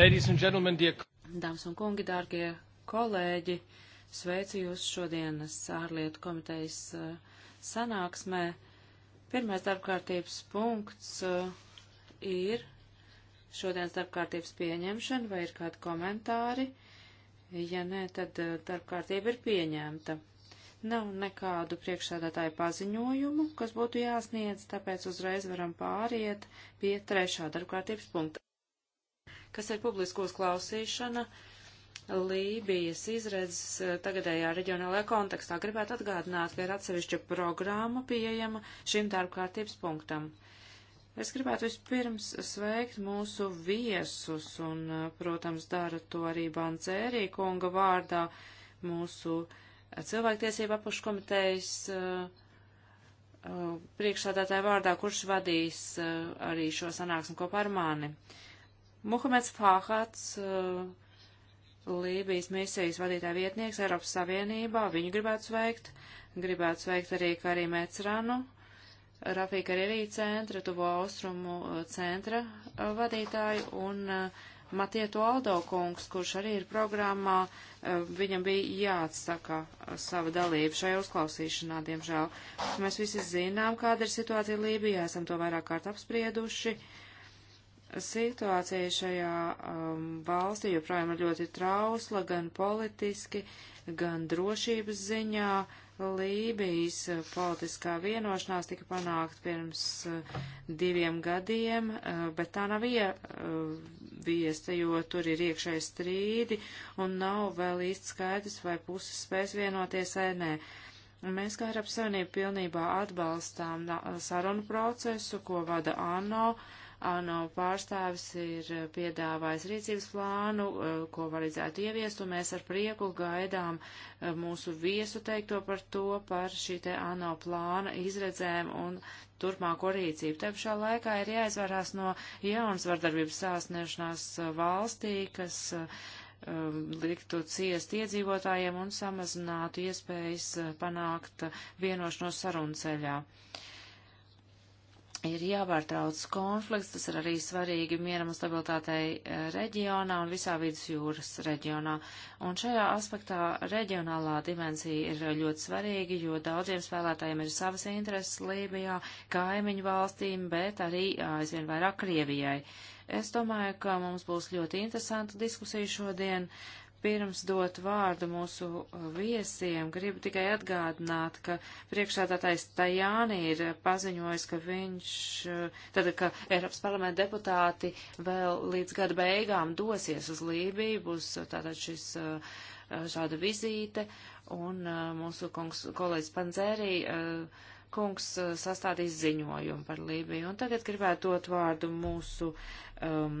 Ladies and gentlemen, dear... Dāmas un kungi, dārgie kolēģi, sveicu jūs šodienas ārlietu komitejas eh, sanāksmē. Pirmais darbkārtības punkts eh, ir šodienas darbkārtības pieņemšana, vai ir kādi komentāri? Ja nē, tad eh, darbkārtība ir pieņemta. Nav nekādu priekšsādātāju paziņojumu, kas būtu jāsniedz, tāpēc uzreiz varam pāriet pie trešā darbkārtības punkta kas ir publisko klausīšana Lībijas izredzes eh, tagadējā reģionālajā kontekstā. Gribētu atgādināt, ka ir atsevišķa programma pieejama šim darbkārtības punktam. Es gribētu vispirms sveikt mūsu viesus un, eh, protams, dara to arī Bandzērī kunga vārdā mūsu eh, cilvēktiesība apuškomitejas priekšsādātāja vārdā, kurš vadīs arī šo sanāksmu kopā ar mani. Muhameds Fāhats, eh, Lībijas misijas vadītāja vietnieks Eiropas Savienībā, viņu gribētu sveikt, gribētu sveikt arī Karim Ecranu, Rafīka Rīrī centra, Tuvo Austrumu eh, centra eh, vadītāju un Matietu Aldo kungs, kurš arī ir programmā, viņam bija jāatsaka sava dalība šajā uzklausīšanā, diemžēl. Mēs visi zinām, kāda ir situācija Lībijā, esam to vairāk kārt apsprieduši. Uh, Situācija šajā um, valstī joprojām ir ļoti trausla gan politiski, gan drošības ziņā. Lībijas uh, politiskā vienošanās tika panākt pirms uh, diviem gadiem, uh, bet tā nav ieviesta, uh, jo tur ir iekšēji strīdi un nav vēl īsti skaidrs, vai puses spēs vienoties vai nē. Mēs kā Eiropas Savienība pilnībā atbalstām uh, sarunu procesu, ko vada ANO. Uh, ANO pārstāvis ir eh, piedāvājis rīcības plānu, eh, ko vajadzētu ieviest, un mēs ar prieku gaidām eh, mūsu viesu teikto par to, par šī te ANO plāna izredzēm un turpmāko rīcību. Te pašā laikā ir jāizvarās no jaunas vardarbības sāsniešanās valstī, kas um, liktu ciest iedzīvotājiem un samazinātu iespējas panākt vienošanos sarunceļā. ceļā ir jāpārtrauc konflikts, tas ir arī svarīgi mieram un stabilitātei e, reģionā un visā vidusjūras reģionā. Un šajā aspektā reģionālā dimensija ir ļoti svarīga, jo daudziem spēlētājiem ir savas intereses Lībijā, kaimiņu valstīm, bet arī aizvien vairāk Krievijai. Es domāju, ka mums būs ļoti interesanta diskusija šodien. Uh, Pirms dot vārdu mūsu uh, viesiem, gribu tikai atgādināt, ka priekšsādātais Tajāni ir paziņojis, ka viņš, uh, tad, ka Eiropas parlamenta deputāti vēl līdz gada beigām dosies uz Lībiju, būs uh, tātad šis šāda vizīte, un mūsu kungs, kolēģis Panzerī kungs eh, sastādīs ziņojumu par Lībiju. Un tagad gribētu dot vārdu mūsu um,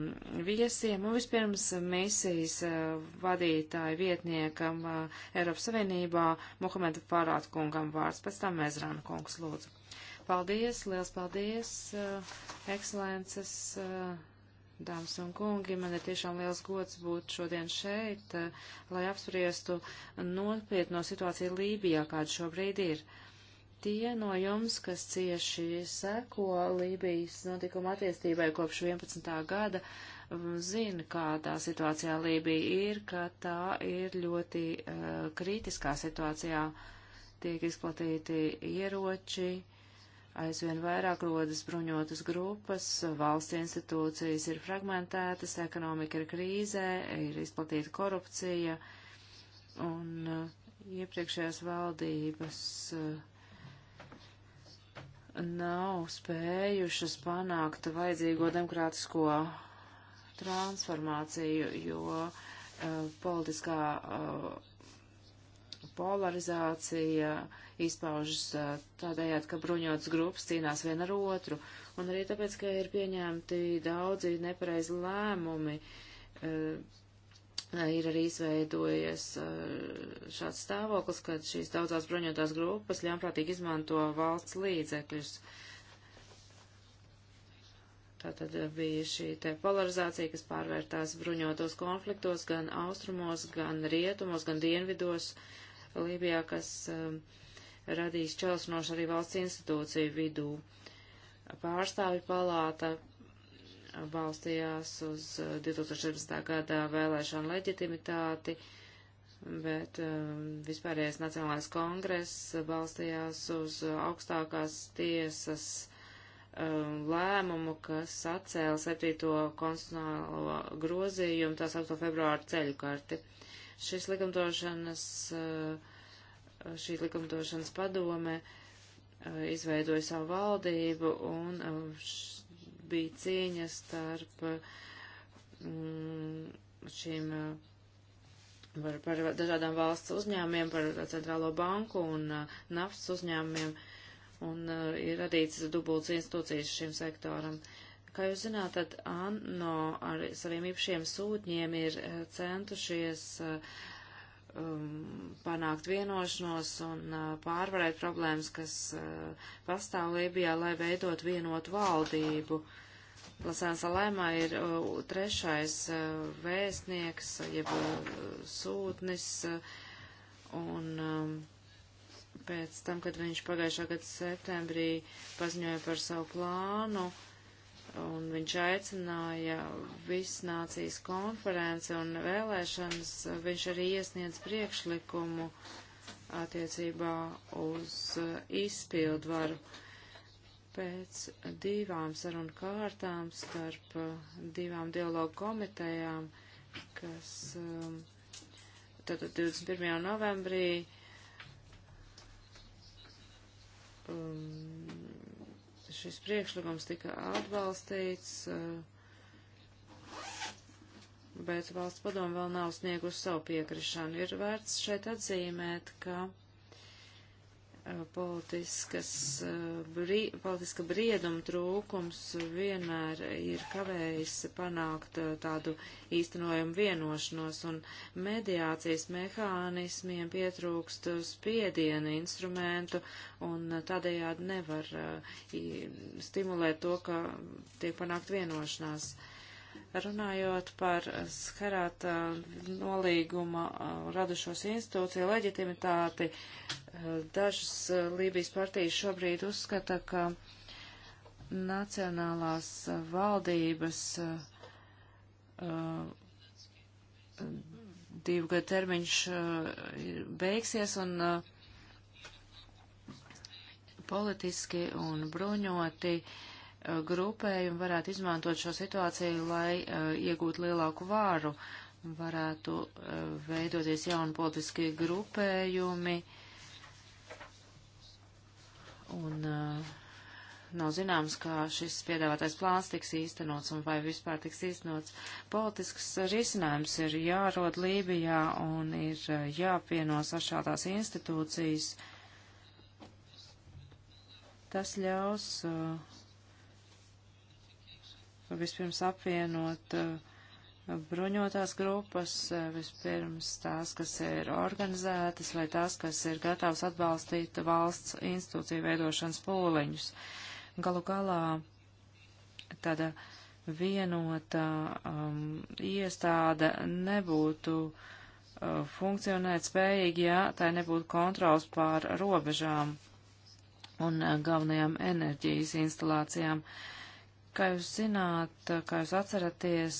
viesiem un vispirms misijas uh, eh, vadītāju vietniekam uh, Eiropas Savienībā Muhameda Pārāt kungam vārds, pēc tam Mezrāna kungs lūdzu. Paldies, liels paldies, uh, ekscelences. Uh, Dāmas un kungi, man ir tiešām liels gods būt šodien šeit, uh, lai apspriestu nopietno situāciju Lībijā, kāda šobrīd ir. Uh, Tie no jums, kas cieši seko Lībijas notikuma attīstībai kopš 11. gada, um, zina, kā tā situācijā Lībija ir, ka tā ir ļoti uh, kritiskā situācijā. Tiek izplatīti ieroči, aizvien vairāk rodas bruņotas grupas, valsts institūcijas ir fragmentētas, ekonomika ir krīzē, ir izplatīta korupcija un uh, iepriekšējās valdības. Uh, nav spējušas panākt vajadzīgo demokrātisko transformāciju, jo uh, politiskā uh, polarizācija izpaužas uh, tādējādi, ka bruņotas grupas cīnās viena ar otru, un arī tāpēc, ka ir pieņemti daudzi nepareizi lēmumi. Uh, ir arī izveidojies šāds stāvoklis, kad šīs daudzās bruņotās grupas ļaunprātīgi izmanto valsts līdzekļus. Tātad bija šī te polarizācija, kas pārvērtās bruņotos konfliktos gan austrumos, gan rietumos, gan dienvidos Lībijā, kas um, radīs čelsnošu arī valsts institūciju vidū. Pārstāvi palāta balstījās uz 2014. Eh, gadā vēlēšanu leģitimitāti, bet eh, vispārējais Nacionālais kongress balstījās uz eh, augstākās tiesas lēmumu, kas atcēla 7. konstitucionālo grozījumu, tā saucamo februāru ceļu karti. Šis likumdošanas, šī likumdošanas padome izveidoja savu valdību un bija cīņa starp mm, šīm par, par dažādām valsts uzņēmumiem, par centrālo banku un uh, naftas uzņēmumiem, un uh, ir radīts dubults institūcijas šim sektoram. Kā jūs zināt, tad ANO ar saviem īpašiem sūtņiem ir centušies uh, um, panākt vienošanos un uh, pārvarēt problēmas, kas uh, pastāv Lībijā, lai veidot vienotu valdību. Uh, Lasēns Alēmā ir uh, trešais uh, vēstnieks, jeb uh, sūtnis, un um, pēc tam, kad viņš pagājušā gada septembrī paziņoja par savu plānu, un viņš aicināja visnācijas konferenci un vēlēšanas, viņš arī iesniedz priekšlikumu attiecībā uz izpildvaru. varu Pēc divām sarunu kārtām starp uh, divām dialogu komitejām, kas um, tātad 21. novembrī um, šis priekšlikums tika atbalstīts, uh, bet valsts padomu vēl nav sniegusi savu piekrišanu. Ir vērts šeit atzīmēt, ka Eh, politiskas, eh, brī, politiska brieduma trūkums vienmēr ir kavējis panākt eh, tādu īstenojumu vienošanos, un mediācijas mehānismiem pietrūkst spiediena instrumentu, un tādējādi nevar stimulēt to, ka tiek panākt vienošanās. Uh, Runājot par skarāta nolīguma uh, radušos institūciju leģitimitāti, uh, dažas uh, Lībijas partijas šobrīd uzskata, ka nacionālās valdības divu gadu termiņš beigsies un politiski un bruņoti uh, Uh, grupējumi varētu izmantot šo situāciju, lai uh, iegūtu lielāku vāru, varētu uh, veidoties jauni politiskie grupējumi. Un nav zināms, kā šis piedāvātais plāns tiks īstenots un vai vispār tiks īstenots. Politisks risinājums ir jārod Lībijā un ir jāpieno sašķeltās institūcijas. Tas ļaus uh, vispirms apvienot eh, bruņotās grupas, eh, vispirms tās, kas ir organizētas, vai tās, kas ir gatavs atbalstīt valsts institūciju veidošanas pūliņus. Galu galā tāda vienota um, iestāde nebūtu uh, funkcionēt spējīgi, ja tai nebūtu kontrols pār robežām un uh, galvenajām enerģijas instalācijām. Uh, Kā jūs zināt, kā jūs atceraties,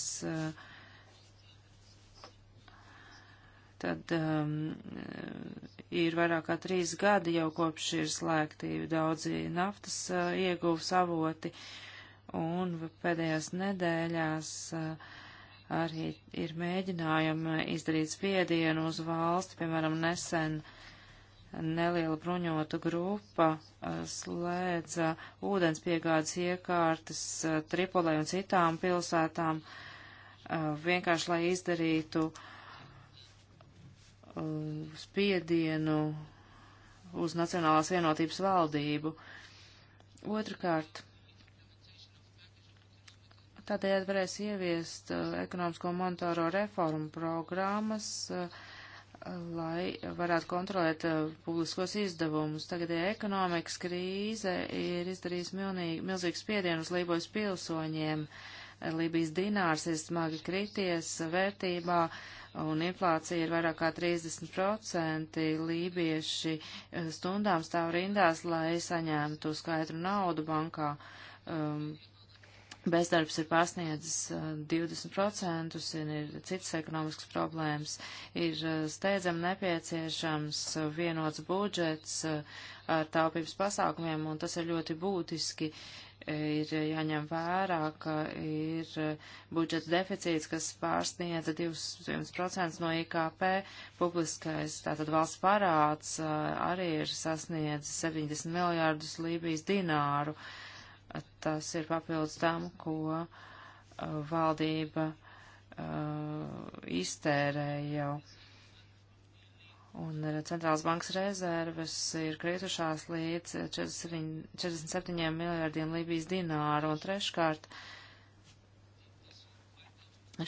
tad um, ir vairāk kā trīs gadi jau kopš ir slēgti daudzi naftas uh, ieguvs avoti, un pēdējās nedēļās uh, arī ir mēģinājumi izdarīt spiedienu uz valsti, piemēram, nesen uh, neliela bruņotu grupa eh, slēdza ūdens piegādes iekārtas eh, Tripolē un citām pilsētām eh, vienkārši, lai izdarītu spiedienu uz Nacionālās vienotības valdību. Otrakārt, tādējādi varēs ieviest ekonomisko monetāro reformu programmas, uh, lai varētu kontrolēt uh, publiskos izdevumus. Tagadējā ja ekonomikas krīze ir izdarījusi milzīgu spiedienu uz Lībijas pilsoņiem. Uh, Lībijas dinārs ir smagi krities vērtībā un inflācija ir vairāk kā 30%. Lībieši uh, stundām stāv rindās, lai saņemtu skaidru naudu bankā. Um, bezdarbs ir pārsniedzis 20%, un ir citas ekonomiskas problēmas. Ir steidzam nepieciešams vienots budžets ar taupības pasākumiem, un tas ir ļoti būtiski. Ir jāņem vērā, ka ir budžeta deficīts, kas pārsniedza 200% no IKP. Publiskais, tātad valsts parāds, arī ir sasniedzis 70 miljārdus Lībijas dināru. Uh, Tas ir papildus tam, ko uh, valdība uh, iztērē jau. Un uh, centrālās bankas rezerves ir kritušās līdz 47, 47 miljārdiem Lībijas dināru. Un treškārt, uh,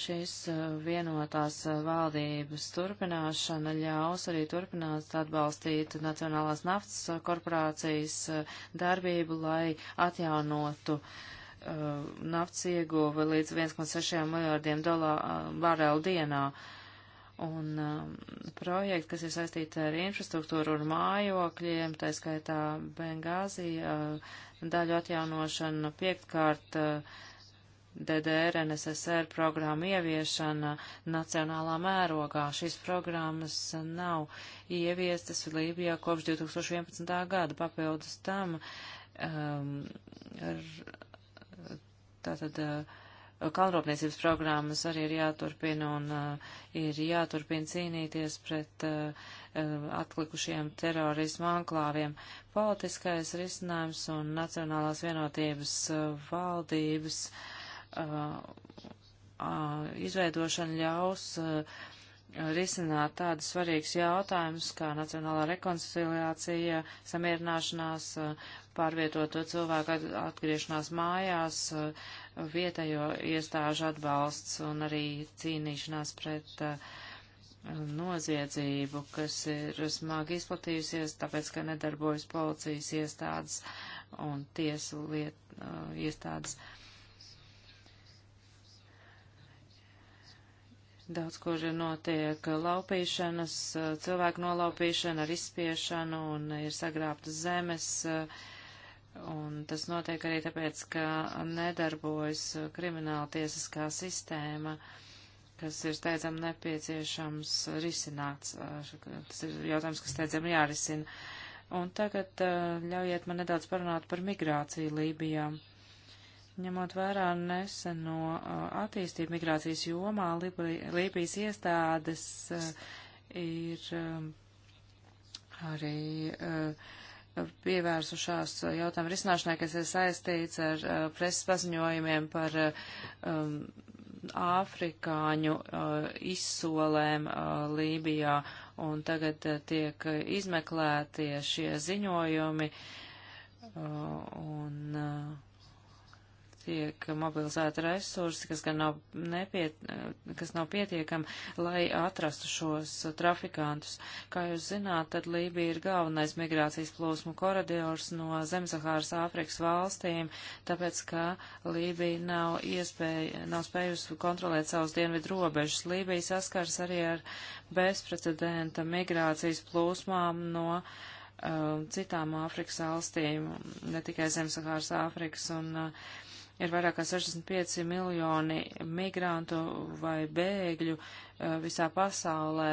Šīs eh, vienotās eh, valdības turpināšana ļaus arī turpināt atbalstīt Nacionālās naftas eh, korporācijas darbību, lai atjaunotu uh, naftas ieguve līdz 1,6 miljārdiem barelu dienā. Un um, projekti, kas ir saistīti ar infrastruktūru un mājokļiem, tā skaitā Bengāzija, uh, daļu atjaunošana, piektkārt. Uh, DDR NSSR programmu ieviešana nacionālā mērogā. Šīs programmas nav ieviestas Lībijā kopš 2011. gada. Papildus tam um, tātad uh, kalnrūpniecības programmas arī ir jāturpina un uh, ir jāturpina cīnīties pret uh, uh atlikušiem terorismu anklāviem. Politiskais risinājums un Nacionālās vienotības uh, valdības uh, Uh, uh, izveidošana ļaus uh, risināt tādus svarīgus jautājumus kā nacionālā rekonciliācija, samierināšanās, pārvietoto cilvēku atgriešanās mājās, vietējo iestāžu atbalsts un arī cīnīšanās pret noziedzību, kas ir smagi izplatījusies, tāpēc, ka nedarbojas policijas iestādes un tiesu liet, iestādes. Uh, Daudz, kur notiek laupīšanas, eh, cilvēku nolaupīšana ar izspiešanu un ir sagrābtas zemes. Eh, un tas notiek arī tāpēc, ka nedarbojas eh, krimināla tiesiskā sistēma, kas ir steidzam nepieciešams risināt. Tas ir jautājums, kas steidzam jārisina. Un tagad ļaujiet man nedaudz parunāt par migrāciju Lībijām. Ņemot vērā neseno uh, attīstību migrācijas jomā, Lībijas iestādes uh, ir um, arī uh, pievērsušās jautājumu risināšanai, kas ir saistīts ar preses paziņojumiem par um, afrikāņu izsolēm Lībijā, un tagad tiek izmeklētie šie ziņojumi. Un, uh, tiek mobilizēta resursi, kas gan nav, nepiet, kas nav pietiekami, lai atrastu šos trafikantus. Kā jūs zināt, tad Lībija ir galvenais migrācijas plūsmu koridors no Zemsahāras Āfrikas valstīm, tāpēc, ka Lībija nav, iespēja, nav spējusi kontrolēt savus dienvidu robežas. Lībija saskars arī ar bezprecedenta migrācijas plūsmām no um, citām Āfrikas valstīm, ne tikai Zemsahāras Āfrikas un uh, ir vairāk kā 65 miljoni migrantu vai bēgļu uh, visā pasaulē.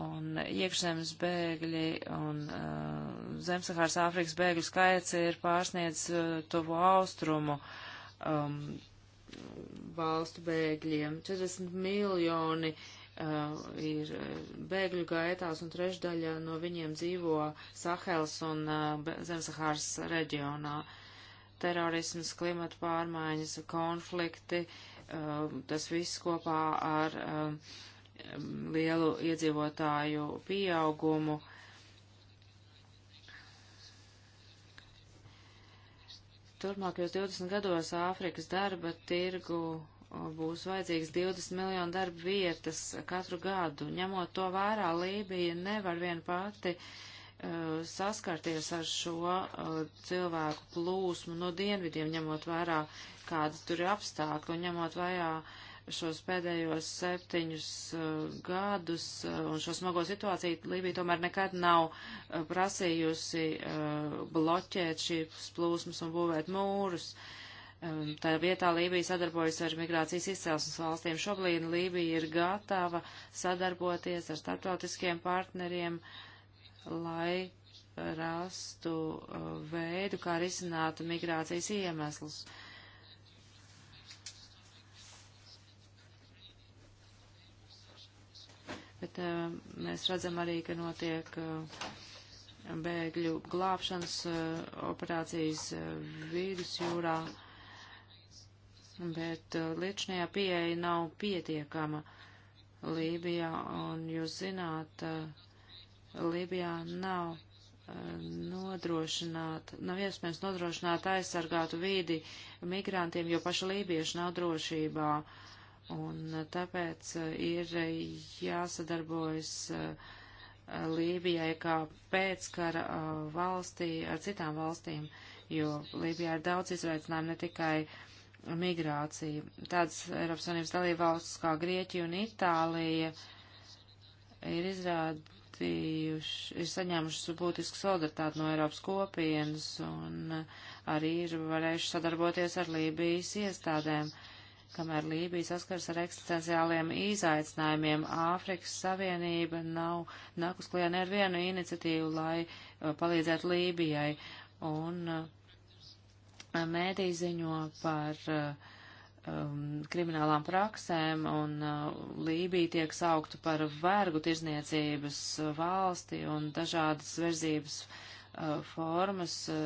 Un iekšzemes bēgļi un uh, Zemsahāras Āfrikas bēgļu skaits ir pārsniedz uh, tuvo austrumu um, valstu bēgļiem. 40 miljoni uh, ir uh, bēgļu gaitās un trešdaļa no viņiem dzīvo Sahels un uh, Zemsahāras reģionā. Uh, terorisms, klimata pārmaiņas, konflikti, um, tas viss kopā ar um, lielu iedzīvotāju pieaugumu. Turmākajos 20 gados Āfrikas darba tirgu uh, būs vajadzīgs 20 miljonu darba vietas katru gadu. Ņemot to vērā, Lībija nevar vien pati uh, Uh, saskarties ar šo uh, cilvēku plūsmu no dienvidiem, ņemot vērā, kāda tur ir apstākļi, un ņemot vērā šos pēdējos septiņus uh, gadus uh, un šo smago situāciju, Lībija tomēr nekad nav uh, prasījusi uh, bloķēt šīs plūsmas un būvēt mūrus. Um, tā vietā Lībija sadarbojas ar migrācijas izcelsmes valstīm. Šobrīd Lībija ir gatava sadarboties ar starptautiskiem partneriem uh, lai rastu uh, veidu, kā risināt migrācijas iemeslus. Bet uh, mēs redzam arī, ka notiek uh, bēgļu glābšanas operācijas vidusjūrā, bet liečnajā pieeja nav pietiekama Lībijā, un jūs zināt, uh, Libijā nav eh, nodrošināt, nav iespējams nodrošināt aizsargātu vīdi migrantiem, jo paši lībieši nav drošībā. Un eh, tāpēc eh, ir jāsadarbojas Lībijai kā pēckara valstī ar citām valstīm, jo Lībijā ir daudz izveicinājumu ne tikai migrācija. Tādas Eiropas Savienības dalībvalstis kā Grieķija un Itālija ir izrāda bijuši, ir saņēmušas būtisku solidaritāti no Eiropas kopienas un arī ir varējuši sadarboties ar Lībijas iestādēm, kamēr Lībija saskars ar eksistenciāliem izaicinājumiem. Āfrikas Savienība nav nākus klien ar vienu iniciatīvu, lai uh, palīdzētu Lībijai. Un uh, mēdī ziņo par uh, um, kriminālām praksēm, un uh, Lībija tiek saukta par vergu tirzniecības uh, valsti, un dažādas verzības uh, formas uh,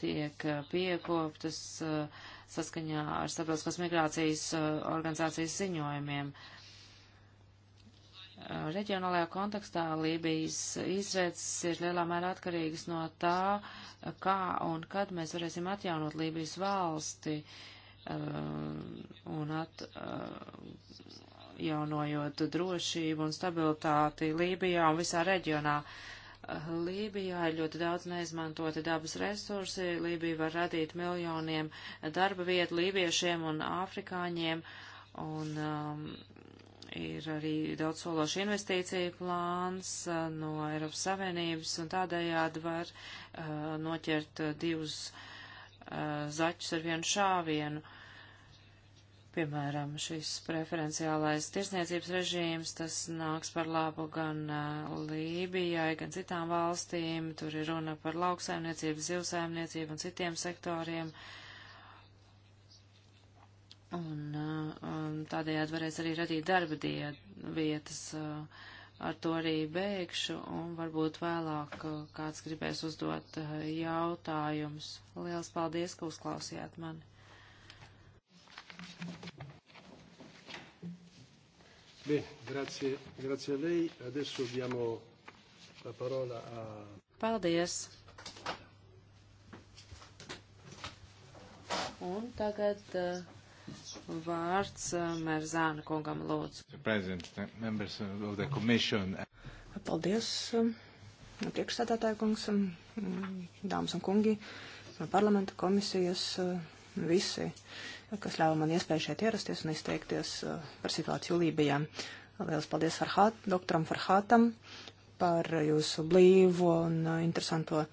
tiek uh, piekoptas uh, saskaņā ar starptautiskās migrācijas uh, organizācijas ziņojumiem. Uh, reģionālajā kontekstā Lībijas izredzes ir lielā mērā atkarīgas no tā, kā un kad mēs varēsim atjaunot Lībijas valsti. Uh, Uh, un atjaunojot uh, drošību un stabilitāti Lībijā un visā reģionā. Uh, Lībijā ir ļoti daudz neizmantoti dabas resursi, Lībija var radīt miljoniem darba vietu lībiešiem un afrikāņiem, un um, ir arī daudz sološu investīciju plāns uh, no Eiropas Savienības, un tādējādi var uh, noķert uh, divus uh, zaķus ar vienu šāvienu. Uh, Piemēram, šis preferenciālais tirsniecības režīms, tas nāks par labu gan Lībijai, gan citām valstīm. Tur ir runa par lauksaimniecību, zivsaimniecību un citiem sektoriem. Un, un tādējādi varēs arī radīt darba vietas. Ar to arī beigšu, un varbūt vēlāk kāds gribēs uzdot jautājumus. Lielas paldies, ka uzklausījāt mani! Beh, grazie, grazie a lei. Adesso diamo la parola a... Paldies. Un tagad uh, vārds uh, eh, Mērzāna kungam lūdzu. Paldies, eh, priekšsēdētāja kungs, dāmas un kungi, parlamenta komisijas, visi. Uh, kas ļāva man iespēju šeit ierasties un izteikties eh, par situāciju Lībijā. Lielas paldies Farhāt, doktoram Farhātam par jūsu blīvo un eh, interesanto eh,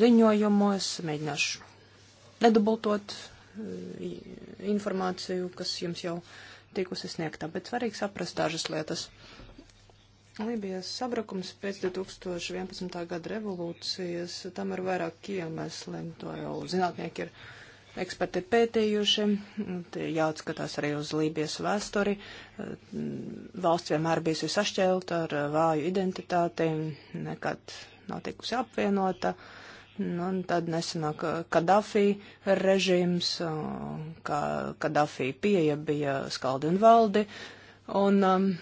ziņojumu. Es mēģināšu nedubultot informāciju, kas jums jau tikusi sniegta, bet svarīgi saprast dažas lietas. Lībijas sabrukums pēc 2011. gada revolūcijas, tam ir vairāk iemesli, to jau zinātnieki ir Eksperti ir pētījuši, jāatskatās arī uz Lībijas vēsturi. Eh, valsts vienmēr bijusi sašķelta ar eh, vāju identitāti, nekad nav tikusi apvienota. Nu, un tad nesenāk eh, Kadafī režīms, kā Kadafī pieeja bija skaldi un valdi. Un um,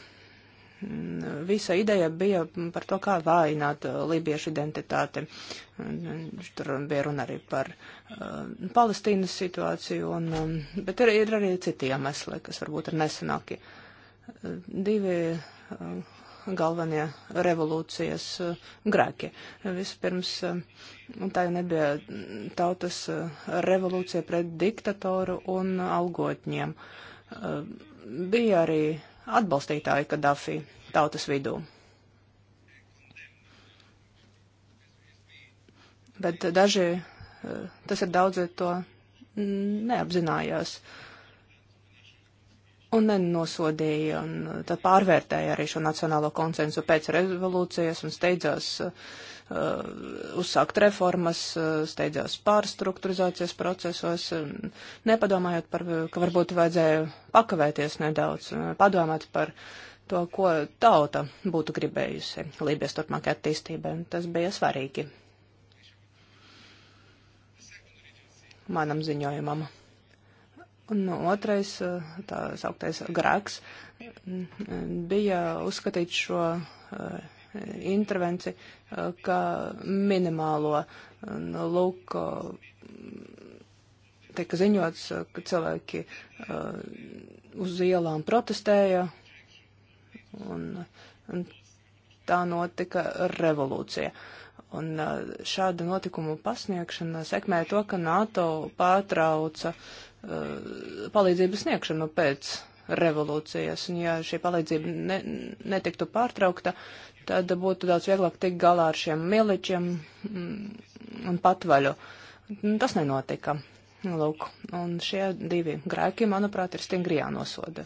Mm, visa ideja bija par to, kā vājināt uh, lībiešu identitāti. Tur bija runa arī par uh, Palestīnas situāciju, un, um, bet ir, ir arī citi iemesli, kas varbūt ir nesenāki. Uh, divi uh, galvenie revolūcijas uh, grēki. Vispirms uh, tā nebija tautas uh, revolūcija pret diktatoru un algotņiem. Uh, bija arī atbalstītāji Kadafī tautas vidū. Bet daži, eh, tas ir daudzi to neapzinājās un nenosodīja, un tad pārvērtēja arī šo nacionālo konsensu pēc revolūcijas un steidzās uh, Uh, uzsākt reformas, uh, steidzās pārstruktūrizācijas procesos, um, nepadomājot par, ka varbūt vajadzēja pakavēties nedaudz, uh, padomāt par to, ko tauta būtu gribējusi Lībijas turpmākajai attīstībai. Tas bija svarīgi manam ziņojumam. Un otrais, tā sauktais grēks, mm, mm, bija uzskatīt šo intervenciju, eh, kā minimālo. Nu, lūk, eh, tika ziņots, eh, ka cilvēki uz ielām protestēja, un, un tā notika revolūcija. Un šāda notikuma pasniegšana sekmēja to, ka NATO pārtrauca palīdzības sniegšanu pēc revolūcijas, un ja šī palīdzība ne, netiktu pārtraukta, uh, tad būtu daudz vieglāk tikt galā ar šiem miličiem mm, un patvaļu. Tas nenotika. Lūk, un šie divi grēki, manuprāt, ir stingri jānosoda.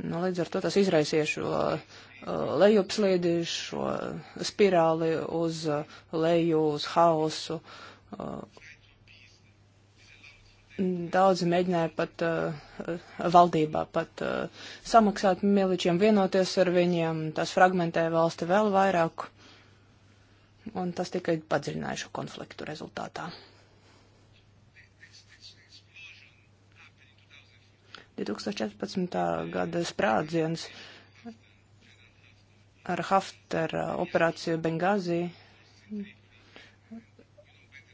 Nu, līdz ar to tas izraisīja šo uh, lejupslīdi, šo spirāli uz uh, leju, uz hausu. Uh, Daudzi mēģināja pat uh, valdībā pat uh, samaksāt miličiem, vienoties ar viņiem, tas fragmentē valsti vēl vairāk, un tas tikai padziļināja šo konfliktu rezultātā. 2014. gada sprādziens ar Haftara operāciju Bengāzī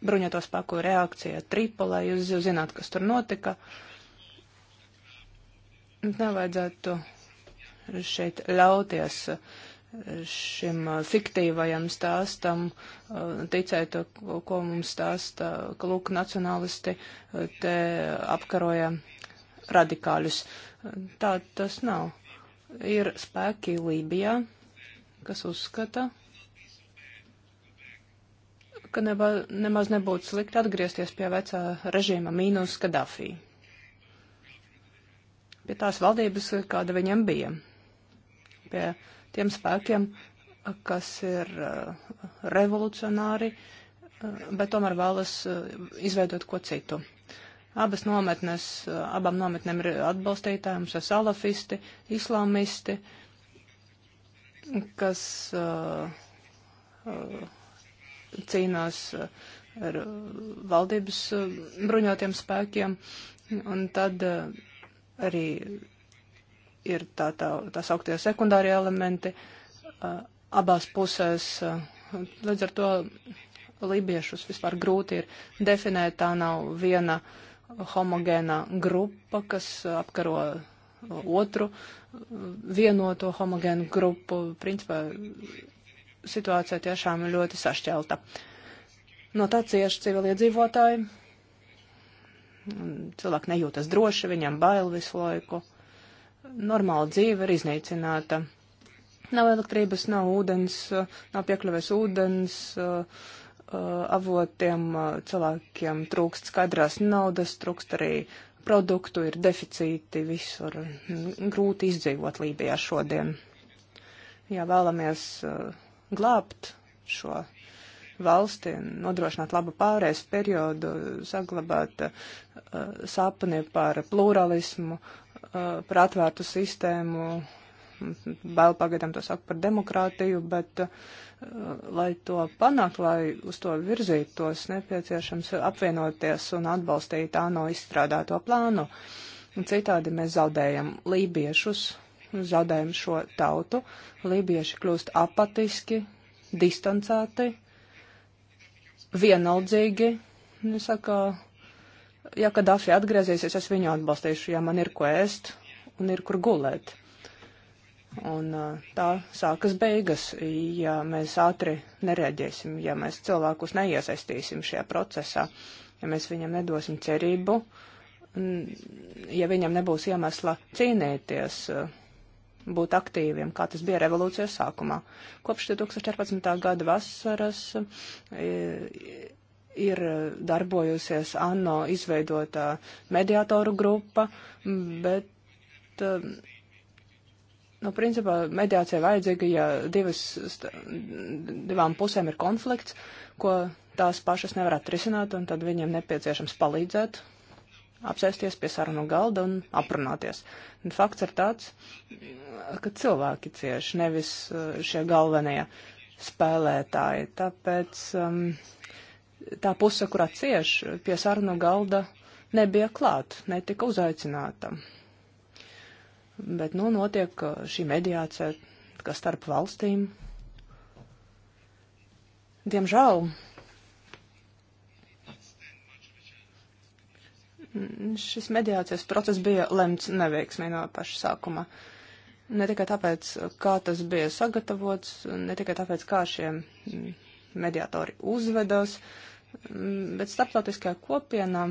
bruņoto spēku reakcija Tripolē. Jūs jau zināt, kas tur notika. Nevajadzētu šeit ļauties šim uh, fiktīvajam stāstam, uh, ticēt, ko mums stāsta, ka lūk, nacionālisti uh, te apkaroja radikāļus. Tā tas nav. Ir spēki Lībijā, kas uzskata, ka neba, nemaz nebūtu slikti atgriezties pie vecā režīma mīnus Kadafī. Pie tās valdības, kāda viņam bija. Pie tiem spēkiem, kas ir uh, revolucionāri, uh, bet tomēr vēlas uh, izveidot ko citu. Abas nometnes, abām nometnēm ir atbalstītāji, mums ir salafisti, islamisti, kas uh, uh, cīnās ar valdības eh, bruņotiem spēkiem, un tad eh, arī ir tā, tā, tā sauktie sekundārie elementi eh, abās pusēs. Līdz ar to libiešus vispār grūti ir definēt, tā nav viena homogēna grupa, kas apkaro otru vienoto homogēnu grupu. Principā situācija tiešām ir ļoti sašķelta. No tā cieši civiliedzīvotāji. Cilvēki nejūtas droši, viņam bail visu laiku. Normāla dzīve ir iznīcināta. Nav elektrības, nav ūdens, nav piekļuves ūdens, eh, avotiem, eh, cilvēkiem trūkst skaidrās naudas, trūkst arī produktu, ir deficīti visur. Grūti izdzīvot Lībijā šodien. Ja vēlamies uh, glābt šo valsti, nodrošināt labu pārējais periodu, saglabāt uh, sapni par pluralismu, uh, par atvērtu sistēmu, vēl pagaidām to saku par demokrātiju, bet, uh, lai to panāktu, lai uz to virzītos, nepieciešams apvienoties un atbalstīt ANO izstrādāto plānu. Un citādi mēs zaudējam lībiešus, zaudējam šo tautu. Lībieši kļūst apatiski, distancēti, vienaldzīgi. Viņi saka, ja Kadafi atgriezīsies, es viņu atbalstīšu, ja man ir ko ēst un ir kur gulēt. Un tā sākas beigas, ja mēs ātri nereaģēsim, ja mēs cilvēkus neiesaistīsim šajā procesā, ja mēs viņam nedosim cerību, ja viņam nebūs iemesla cīnīties. Uh, būt aktīviem, kā tas bija revolūcijas sākumā. Kopš 2014. gada vasaras e, ir darbojusies ANO izveidotā mediātoru grupa, bet, e, nu, principā mediācija vajadzīga, ja divas, divām pusēm ir konflikts, ko tās pašas nevar atrisināt, un tad viņiem nepieciešams palīdzēt apsēsties pie sarunu galda un aprunāties. Un fakts ir tāds, ka cilvēki cieši, nevis eh, šie galvenie spēlētāji. Tāpēc um, tā puse, kurā cieši pie sarunu galda, nebija klāt, netika uzaicināta. Bet, nu, notiek šī mediācija, kas starp valstīm. Diemžēl Šis mediācijas process bija lemts neveiksmē no paša sākuma. Ne tikai tāpēc, kā tas bija sagatavots, ne tikai tāpēc, kā šie mediātori uzvedās, bet starptautiskajā kopienā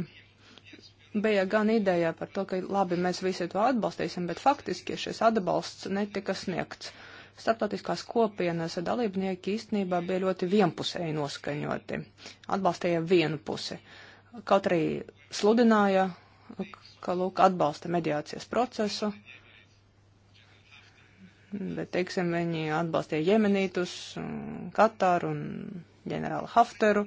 bija gan ideja par to, ka labi, mēs visi to atbalstīsim, bet faktiski šis atbalsts netika sniegts. Startautiskās kopienas dalībnieki īstenībā bija ļoti vienpusēji noskaņoti, atbalstīja vienu pusi. Kaut arī sludināja, ka lūk, atbalsta mediācijas procesu. Bet, teiksim, viņi atbalstīja Jemenītus, Katāru un ģenerāli Hafteru.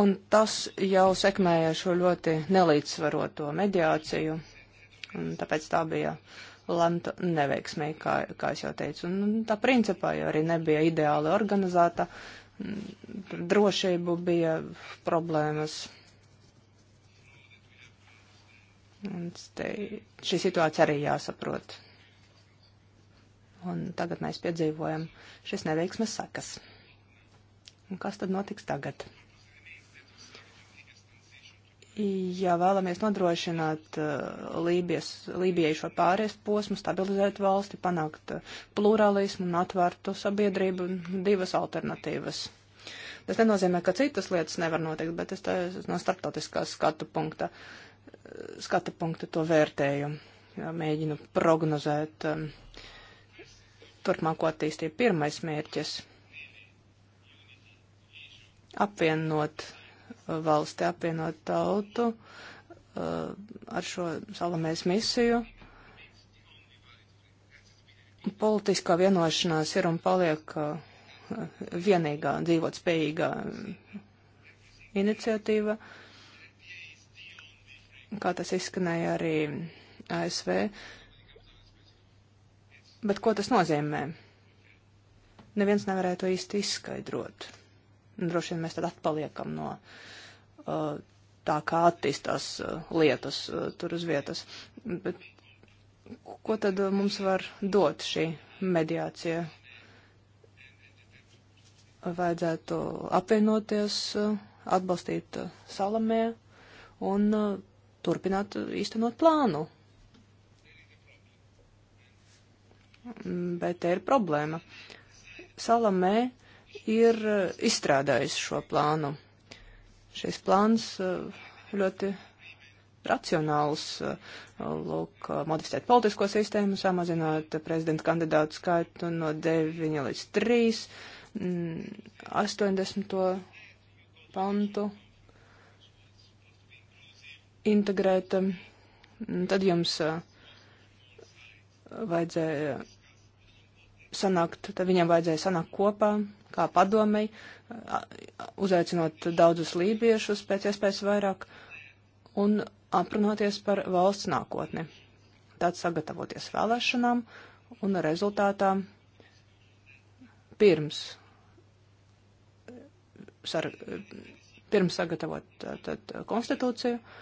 Un tas jau sekmēja šo ļoti nelīdzsvaroto mediāciju. Un tāpēc tā bija lemta neveiksmē, kā, kā es jau teicu. Un tā principā jau arī nebija ideāli organizēta. Drošību bija problēmas Un te, šī situācija arī jāsaprot. Un tagad mēs piedzīvojam šis neveiksmes sakas. Un kas tad notiks tagad? Ja vēlamies nodrošināt uh, Lībijas, Lībijai šo pāries posmu, stabilizēt valsti, panākt uh, pluralismu un atvērtu sabiedrību, divas alternatīvas. Tas nenozīmē, ka citas lietas nevar notikt, bet es tā no starptautiskā skatu punkta. Uh, skata punkta to vērtēju. Mēģinu prognozēt um, turpmāko attīstību. Pirmais mērķis - apvienot uh, valsti, apvienot tautu uh, ar šo salamēs misiju. Politiskā vienošanās ir un paliek uh, vienīgā dzīvot spējīgā um, iniciatīva. Uh, kā tas izskanēja arī ASV. Bet ko tas nozīmē? Neviens nevarēja to īsti izskaidrot. Nu, droši vien mēs tad atpaliekam no uh, tā, kā attīstās uh, lietas uh, tur uz vietas. Bet ko tad uh, mums var dot šī mediācija? Vajadzētu apvienoties, uh, atbalstīt uh, salamē un turpināt uh, īstenot plānu. Bet te ir problēma. Salamē ir uh, izstrādājis šo plānu. Šis plāns uh, ļoti racionāls, lūk, modificēt politisko sistēmu, samazināt prezidenta kandidātu skaitu no 9 līdz 3, 80. Mm, pantu integrēt, um, tad jums uh, vajadzēja sanākt, tad viņam vajadzēja sanākt kopā, kā padomei, uh, uzaicinot daudzus lībiešus pēc iespējas vairāk un aprunāties par valsts nākotni. Tad sagatavoties vēlēšanām un rezultātā pirms, sar, pirms sagatavot tad, konstitūciju. Uh,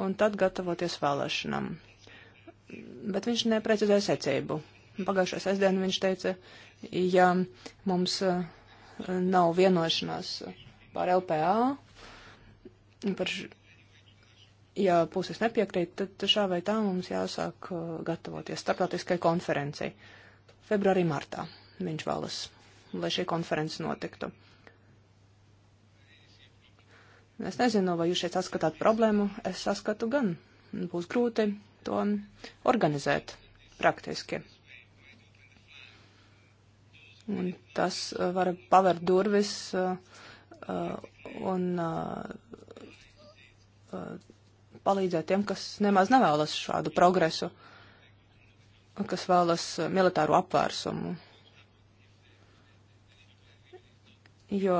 un tad gatavoties vēlēšanām. Bet viņš neprecizēja secību. Pagājušā sestdiena viņš teica, ja mums eh, nav vienošanās par LPA, par š... ja puses nepiekrīt, tad šā vai tā mums jāsāk eh, gatavoties starptautiskai konferencei. Februārī, martā viņš vēlas, lai šī konference notiktu. Es nezinu, vai jūs šeit saskatāt problēmu. Es saskatu gan. Būs grūti to organizēt praktiski. Un tas uh, var pavērt durvis uh, uh un uh, uh, palīdzēt tiem, kas nemaz nevēlas šādu progresu, kas vēlas militāru apvērsumu. jo,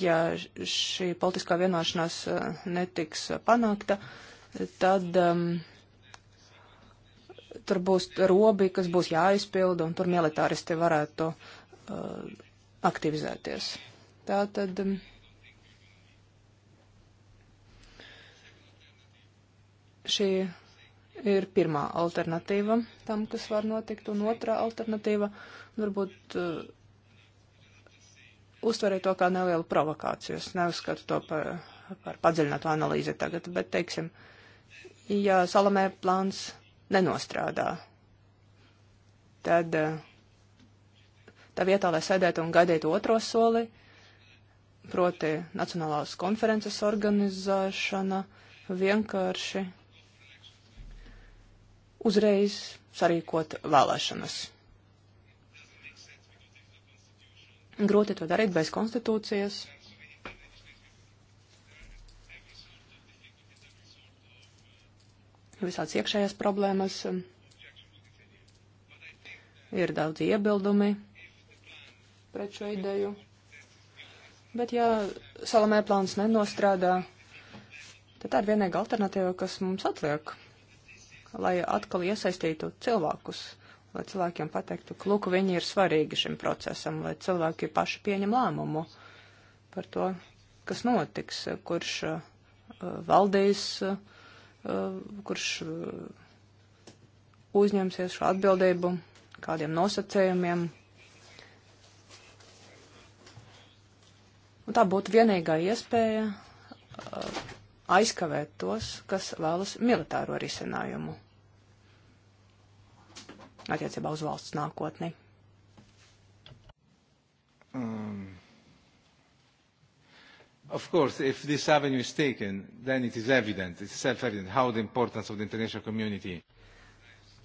ja šī politiskā vienošanās eh, netiks panākta, tad um, tur būs robi, kas būs jāizpilda, un tur militāristi varētu uh, aktivizēties. Tā tad. Um, šī ir pirmā alternatīva tam, kas var notikt, un otrā alternatīva varbūt. Uh, uztverēju to kā nelielu provokāciju. Es neuzskatu to par, par padziļinātu analīzi tagad, bet, teiksim, ja Salamē plāns nenostrādā, tad eh, tā vietā, lai sēdētu un gaidītu otro soli, proti Nacionālās konferences organizēšana, vienkārši uzreiz sarīkot vēlēšanas. Grūti to darīt bez konstitūcijas. Visāds iekšējās problēmas, ir daudz iebildumi pret šo ideju. Bet ja salamē plāns nenostrādā, tad tā ir vienīga alternatīva, kas mums atliek, lai atkal iesaistītu cilvēkus lai cilvēkiem pateiktu, ka lūk, viņi ir svarīgi šim procesam, lai cilvēki paši pieņem lēmumu par to, kas notiks, kurš uh, valdīs, uh, kurš uh, uzņemsies šo atbildību, kādiem nosacējumiem. Un tā būtu vienīgā iespēja aizkavēt tos, kas vēlas militāro risinājumu attiecībā uz valsts nākotni? Um. Of course, if this avenue is taken, then it is evident, it's self-evident how the importance of the international community.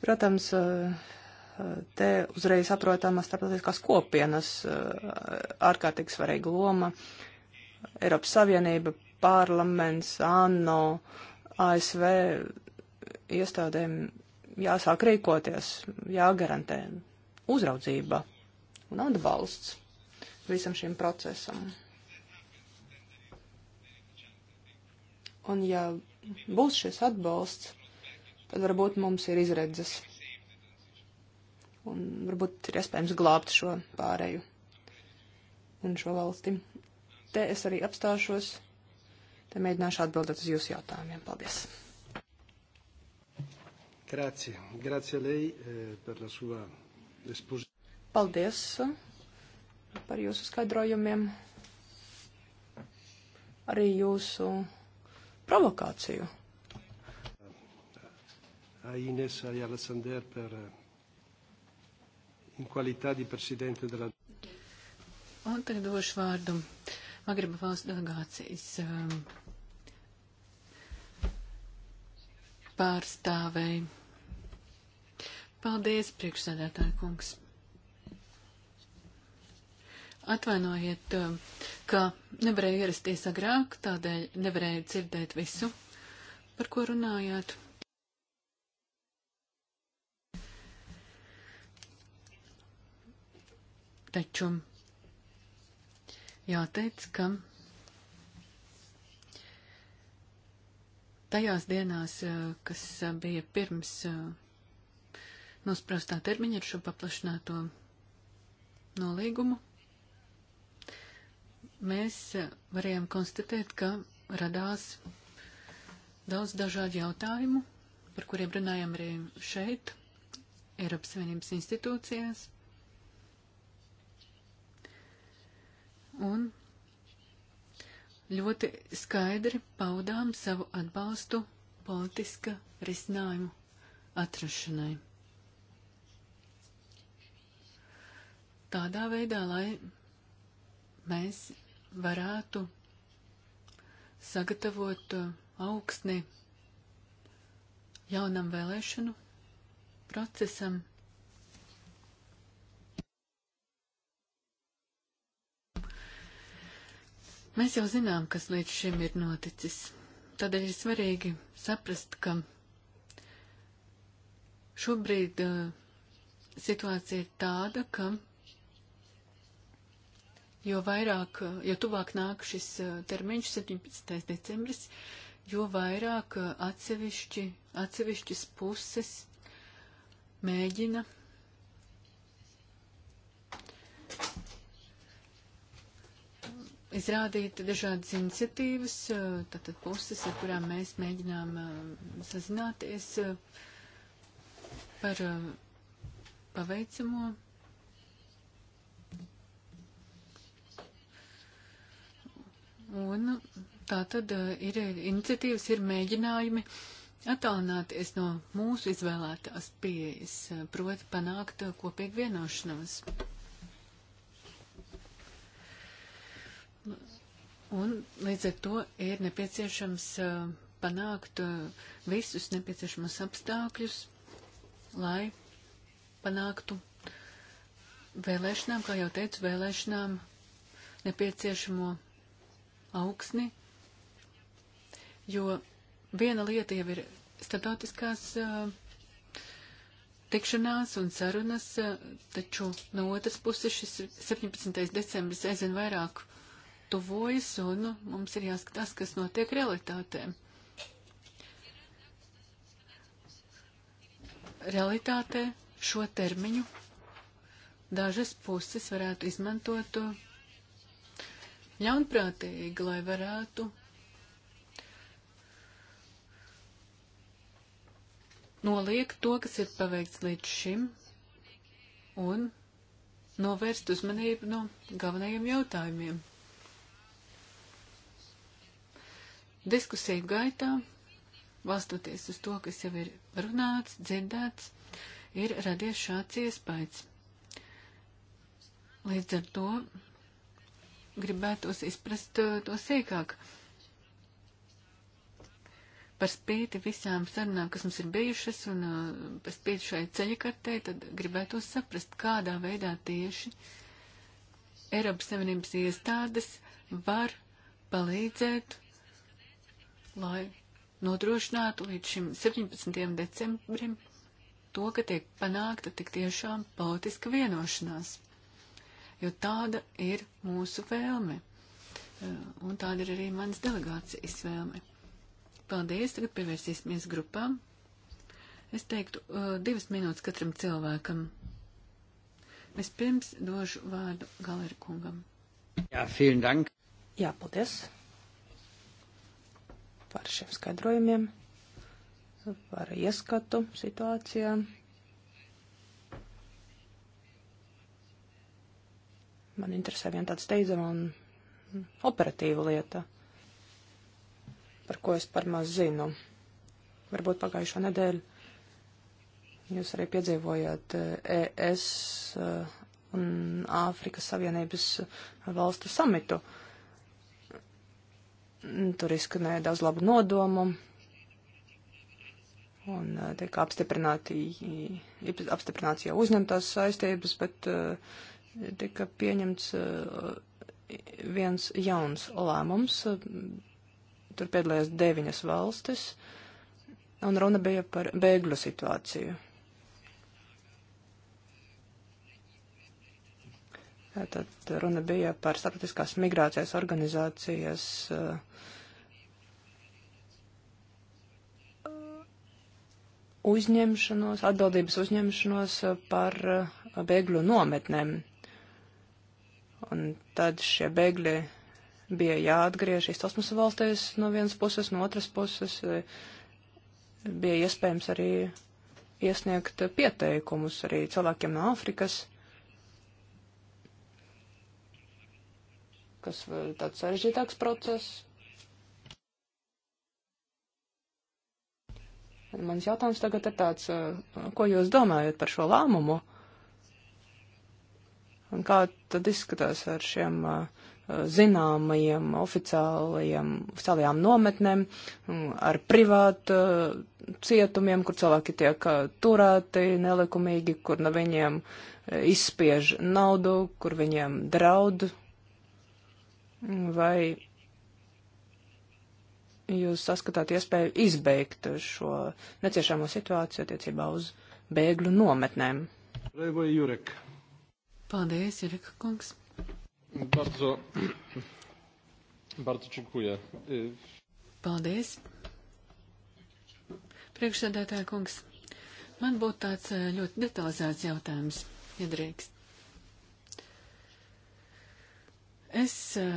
Protams, uh, uh, te uzreiz saprotamas starptautiskās kopienas uh, ārkārtīgi svarīga loma. Eiropas Savienība, parlaments, ANO, ASV iestādēm jāsāk rīkoties, jāgarantē uzraudzība un atbalsts visam šim procesam. Un ja būs šis atbalsts, tad varbūt mums ir izredzes. Un varbūt ir iespējams glābt šo pārēju un šo valsti. Te es arī apstāšos, te mēģināšu atbildēt uz jūsu jautājumiem. Paldies! Grazie. Grazie a lei eh, per la sua esposizione. Paldies eh, par jūsu skaidrojumiem. Arī jūsu provokāciju. A Ines Ayala Sander per eh, in qualità di presidente della Un tagad došu vārdu Magreba valsts delegācijas um, pārstāvēji. Paldies, priekšsēdētāja kungs. Atvainojiet, um, ka nevarēju ierasties agrāk, tādēļ nevarēju dzirdēt visu, par ko runājāt. Taču jāteic, ka tajās dienās, uh, kas uh, bija pirms uh, nosprostā termiņa ar šo paplašināto nolīgumu, mēs eh, varējām konstatēt, ka radās daudz dažādu jautājumu, par kuriem runājam arī šeit, Eiropas Savienības institūcijās. Un ļoti skaidri paudām savu atbalstu politiska risinājumu atrašanai. tādā veidā, lai mēs varētu sagatavot uh, augsni jaunam vēlēšanu procesam. Mēs jau zinām, kas līdz šim ir noticis. Tādēļ ir svarīgi saprast, ka šobrīd uh, situācija ir tāda, ka jo vairāk, jo tuvāk nāk šis termiņš, 17. decembris, jo vairāk atsevišķi, atsevišķas puses mēģina izrādīt dažādas iniciatīvas, tātad puses, ar kurām mēs mēģinām sazināties par paveicamo. Uh, Un tā tad eh, ir iniciatīvas, ir mēģinājumi attālināties no mūsu izvēlētās pieejas, eh, proti panākt eh, kopīgu vienošanos. Un līdz ar to ir nepieciešams panākt visus nepieciešamos apstākļus, lai panāktu vēlēšanām, kā jau teicu, vēlēšanām nepieciešamo augsni, jo viena lieta jau ir starptautiskās uh, tikšanās un sarunas, uh, taču no otras puses šis 17. decembris aizvien vairāk tuvojas un mums ir jāskatās, kas notiek realitātēm. Realitātē šo termiņu dažas puses varētu izmantot. Uh, ļaunprātīgi, lai varētu noliekt to, kas ir paveikts līdz šim, un novērst uzmanību no galvenajiem jautājumiem. Diskusiju gaitā, valstoties uz to, kas jau ir runāts, dzirdēts, ir radies šāds iespējas. Līdz ar to gribētos izprast uh, to sīkāk. Par spīti visām sarunām, kas mums ir bijušas, un uh, par spīti šai ceļakartē, tad gribētos saprast, kādā veidā tieši Eiropas Savienības iestādes var palīdzēt, lai nodrošinātu līdz šim 17. decembrim to, ka tiek panākta tik tiešām politiska vienošanās jo tāda ir mūsu vēlme. Eh, un tāda ir arī manas delegācijas vēlme. Paldies, tagad pievērsīsimies grupām. Es teiktu, eh, divas minūtes katram cilvēkam. Es pirms došu vārdu galeri kungam. Jā, vielen dank. Jā, paldies par šiem skaidrojumiem, par ieskatu situācijām. Man interesē viena tāda steidzama un operatīva lieta, par ko es par maz zinu. Varbūt pagājušo nedēļu jūs arī piedzīvojāt ES eh, e eh, un Āfrikas Savienības valstu samitu. Tur izskanēja daudz labu nodomu un eh, tiek apstiprināti, apstiprināts jau uzņemtās saistības, bet tika pieņemts uh, viens jauns lēmums. Uh, tur piedalījās deviņas valstis, un runa bija par bēgļu situāciju. Tad runa bija par starptautiskās migrācijas organizācijas uh, uzņemšanos, atbildības uzņemšanos par bēgļu nometnēm. Un tad šie bēgļi bija jāatgriež izcelsmes valstīs no vienas puses, no otras puses e, bija iespējams arī iesniegt pieteikumus arī cilvēkiem no Āfrikas, kas tāds sarežģītāks process. Mans jautājums tagad ir tāds, e, ko jūs domājat par šo lēmumu? Uh, Un kā tad izskatās ar šiem uh, zināmajiem oficiālajiem, oficiālajām nometnēm, mm, ar privātu uh, cietumiem, kur cilvēki tiek uh, turēti nelikumīgi, kur no viņiem uh, izspiež naudu, kur viņiem draud. Vai jūs saskatāt iespēju izbeigt šo neciešamo situāciju attiecībā uz bēgļu nometnēm? Reivo Jurek. Paldies, Jereka kungs. Bardzo, bardzo čekuja. Paldies. Priekšsēdētāja kungs, man būtu tāds eh, ļoti detalizēts jautājums, ja drīkst. Es eh,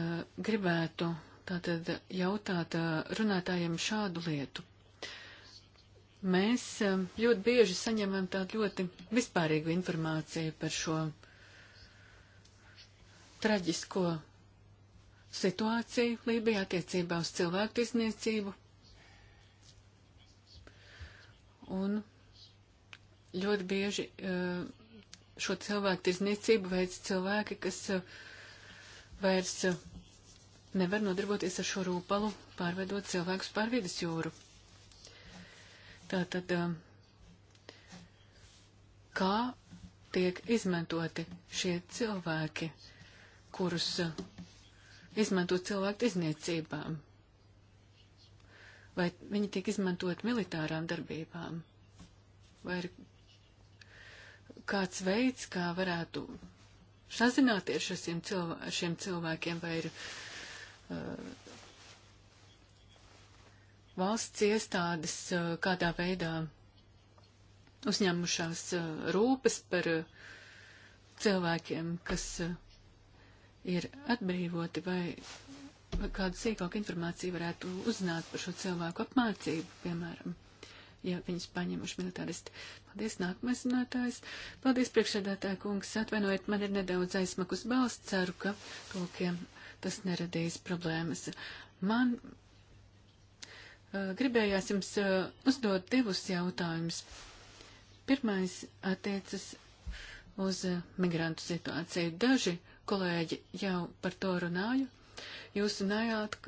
gribētu tātad jautāt eh, runātājiem šādu lietu. Mēs ļoti bieži saņemam tādu ļoti vispārīgu informāciju par šo traģisko situāciju Lībijā attiecībā uz cilvēku tiesniecību. Un ļoti bieži eh, šo cilvēku tiesniecību veids cilvēki, kas eh, vairs eh, nevar nodarboties ar šo rūpalu, pārvedot cilvēkus pār vidas jūru. Tātad, kā tiek izmantoti šie cilvēki? kurus uh, izmanto cilvēku izniecībām, vai viņi tiek izmantot militārām darbībām, vai ir kāds veids, kā varētu sazināties ar šiem, cilvē šiem cilvēkiem, vai ir uh, valsts iestādes uh, kādā veidā uzņemušās uh, rūpes par uh, cilvēkiem, kas uh, ir atbrīvoti vai kādu sīkāku informāciju varētu uzzināt par šo cilvēku apmācību, piemēram, ja viņus paņemuši militāristi. Paldies, nākamais zinātājs. Paldies, priekšsēdētāja kungs. Atvainojiet, man ir nedaudz aizsmakus balsts. Ceru, ka tūkiem tas neradīs problēmas. Man uh, gribējās jums uh, uzdot divus jautājumus. Pirmais attiecas uz uh, migrantu situāciju. Daži uh, kolēģi jau par to runāja. Jūs runājāt,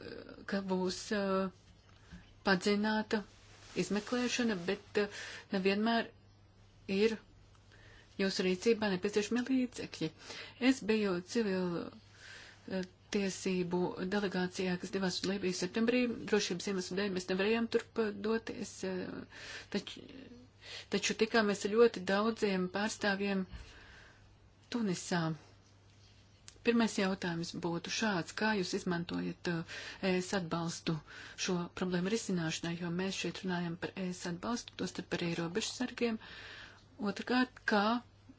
ka būs uh, padzināta izmeklēšana, bet uh, nevienmēr ir jūsu rīcībā nepieciešami līdzekļi. Es biju civilu uh, tiesību delegācijā, kas devās uz Lībiju septembrī. Drošības iemeslu dēļ mēs nevarējām turp doties, uh, taču, taču tikāmies ar ļoti daudziem pārstāvjiem Tunisā. Pirmais jautājums būtu šāds, kā jūs izmantojat uh, ES atbalstu šo problēmu risināšanai, jo mēs šeit runājam par ES atbalstu, tostarp par ierobežu sargiem. Otrakārt, kā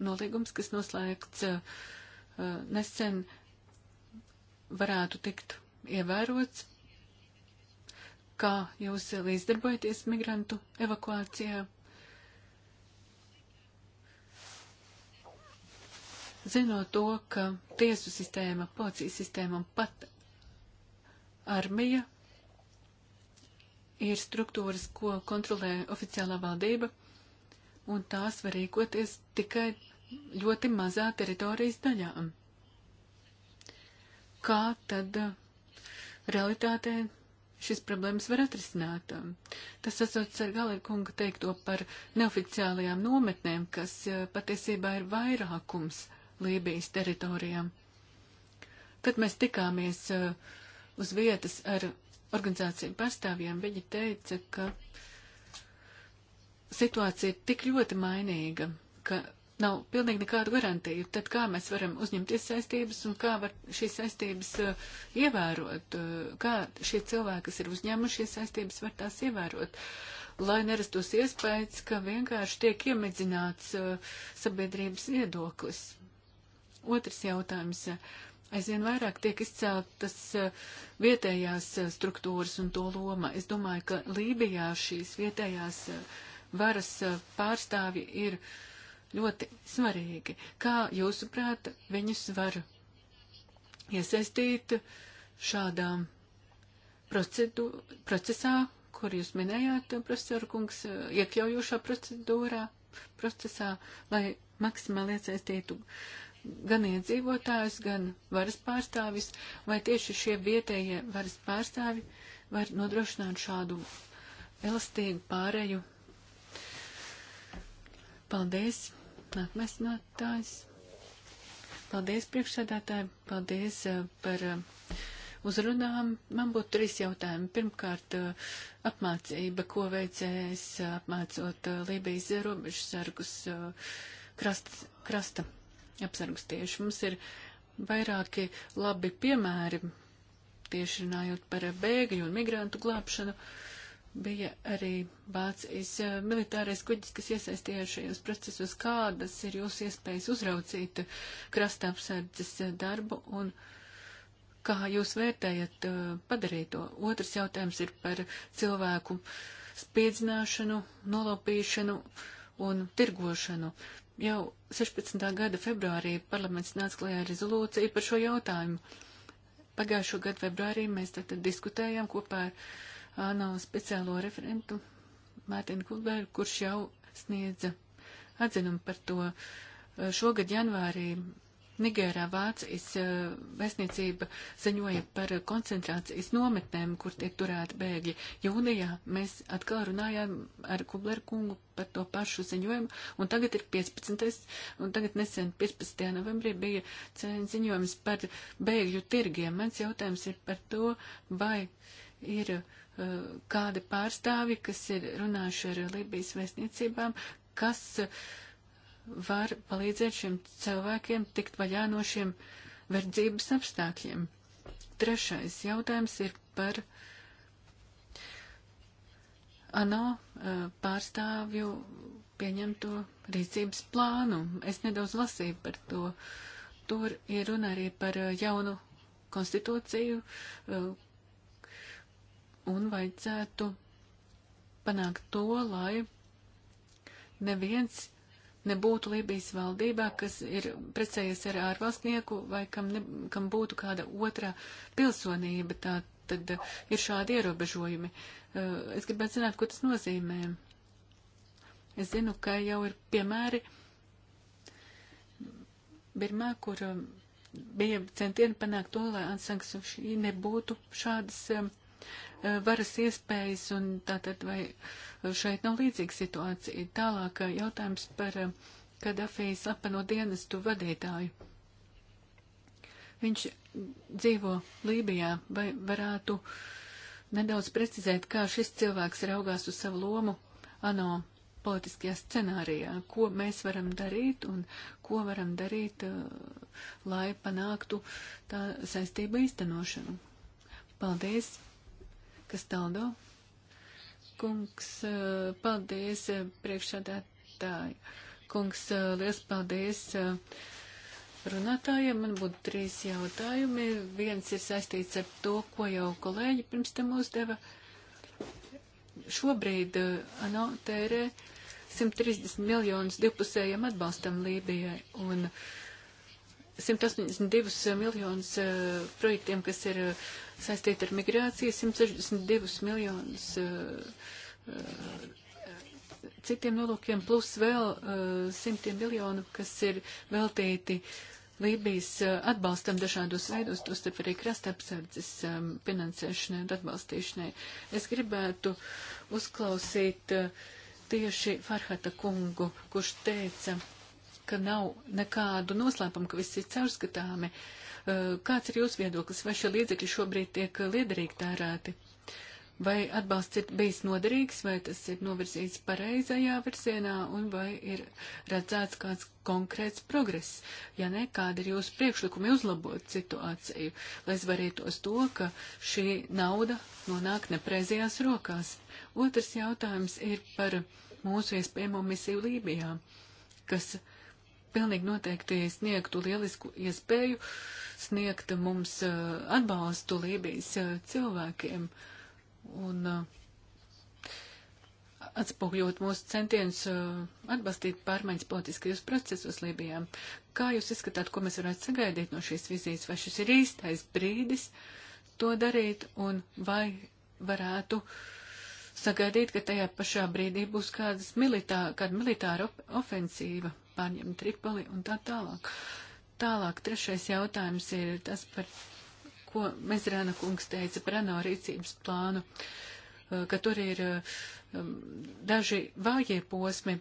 nolīgums, kas noslēgts uh, uh, nesen, varētu tikt ievērots, kā jūs uh, līdzdarbojaties migrantu evakuācijā zinot to, ka tiesu sistēma, policijas sistēma un pat armija ir struktūras, ko kontrolē oficiālā valdība, un tās var rīkoties tikai ļoti mazā teritorijas daļā. Kā tad realitātē šis problēmas var atrisināt. Tas sasaucas ar Galerkunga teikto par neoficiālajām nometnēm, kas eh, patiesībā ir vairākums Lībijas teritorijām. Kad mēs tikāmies uh, uz vietas ar organizāciju pārstāvjiem, viņi teica, ka situācija ir tik ļoti mainīga, ka nav pilnīgi nekādu garantiju. Tad kā mēs varam uzņemties saistības un kā var šīs saistības uh, ievērot, uh, kā šie cilvēki, kas ir uzņēmušies saistības, var tās ievērot, lai nerastos iespējas, ka vienkārši tiek iemidzināts uh, sabiedrības viedoklis. Otrs jautājums. Aizvien vairāk tiek izceltas eh, vietējās eh, struktūras un to loma. Es domāju, ka Lībijā šīs vietējās eh, varas pārstāvi ir ļoti svarīgi. Kā jūsuprāt, viņus var iesaistīt šādā procedu, procesā, kur jūs minējāt, profesor kungs, iekļaujošā procedūrā, procesā, lai maksimāli iesaistītu uh, gan iedzīvotājus, gan varas pārstāvis, vai tieši šie vietējie varas pārstāvi var nodrošināt šādu elastīgu pāreju. Paldies, nākamais nātājs. Paldies, priekšsēdētāji, paldies eh, par eh, uzrunām. Man būtu trīs jautājumi. Pirmkārt, eh, apmācība, ko veicēs apmācot Lībijas robežu sargus krasta, krasta apsargus tieši. Mums ir vairāki labi piemēri, tieši runājot par bēgļu un migrantu glābšanu. Bija arī Vācijas eh, militārais kuģis, kas iesaistījās šajos procesos. Kādas ir jūsu iespējas uzraucīt krasta apsardzes darbu un kā jūs vērtējat eh, padarīto? Otrs jautājums ir par cilvēku spiedzināšanu, nolaupīšanu un tirgošanu. Jau 16. gada februārī parlaments nāca klajā rezolūciju par šo jautājumu. Pagājušo gadu februārī mēs tad diskutējām kopā ar ANO speciālo referentu Mārtiņu Kulbēru, kurš jau sniedza atzinumu par to. Šogad janvārī Nigērā Vācijas eh, vēstniecība ziņoja par koncentrācijas nometnēm, kur tiek turēti bēgļi. Jūnijā mēs atkal runājām ar Kubleru kungu par to pašu ziņojumu, un tagad ir 15. un tagad nesen 15. novembrī bija ziņojums par bēgļu tirgiem. Mans jautājums ir par to, vai ir uh, kādi pārstāvi, kas ir runājuši ar Libijas vēstniecībām, kas uh, var palīdzēt šiem cilvēkiem tikt vaļā no šiem verdzības apstākļiem. Trešais jautājums ir par ANO eh, pārstāvju pieņemto rīcības plānu. Es nedaudz lasīju par to. Tur ir runa arī par eh, jaunu konstitūciju eh, un vajadzētu panākt to, lai neviens nebūtu Lībijas valdībā, kas ir precējies ar ārvalstnieku vai kam, ne, kam būtu kāda otra pilsonība, tā tad ir šādi ierobežojumi. Eh, es gribētu zināt, ko tas nozīmē. Es zinu, ka jau ir piemēri Birmā, kur eh, bija centieni panākt to, lai Ansang Suši nebūtu šādas eh, Eh, varas iespējas, un tātad vai šeit nav līdzīga situācija. Tālāk eh, jautājums par eh, Kadafijas slepeno dienestu vadītāju. Viņš dzīvo Lībijā, vai varētu nedaudz precizēt, kā šis cilvēks raugās uz savu lomu ANO politiskajā scenārijā, ko mēs varam darīt un ko varam darīt, lai panāktu tā saistību īstenošanu. Paldies! kas tāldo. Kungs, eh, paldies eh, priekšādātāji. Kungs, eh, liels paldies runātājiem. Man būtu trīs jautājumi. Viens ir saistīts ar to, ko jau kolēģi pirms tam uzdeva. Šobrīd ANO tērē 130 miljonus divpusējiem atbalstam Lībijai. Un, uh, 182 miljonus uh, projektiem, kas ir uh, saistīti ar migrāciju, 162 miljonus uh, citiem nolūkiem, plus vēl simtiem miljonu, kas ir veltīti Lībijas atbalstam dažādos veidos, tostarp arī krastapsardzes um, finansēšanai un atbalstīšanai. Es gribētu uzklausīt tieši Farhata kungu, kurš teica, ka nav nekādu noslēpumu, ka viss ir caurskatāmi. Eh, kāds ir jūsu viedoklis? Vai šie līdzekļi šobrīd tiek liederīgi tērēti? Vai atbalsts ir bijis noderīgs, vai tas ir novirzīts pareizajā virzienā, un vai ir redzēts kāds konkrēts progress? Ja ne, kāda ir jūsu priekšlikumi uzlabot situāciju, lai svarītos to, ka šī nauda nonāk nepreizajās rokās? Otrs jautājums ir par mūsu iespējamo misiju Lībijā, kas pilnīgi noteikti sniegtu lielisku iespēju sniegt mums eh, atbalstu Lībijas eh, cilvēkiem un eh, atspoguļot mūsu centienus atbalstīt pārmaiņas politiskajos procesos Lībijā. Kā jūs izskatāt, ko mēs varētu sagaidīt no šīs vizītes? Vai šis ir īstais brīdis to darīt un vai varētu sagaidīt, ka tajā pašā brīdī būs kādas militā, kāda militāra op ofensīva pārņemt Tripoli un tā tālāk. Tālāk trešais jautājums ir tas, par ko Mezrāna kungs teica par ANO rīcības plānu, eh, ka tur ir eh, um, daži vājie posmi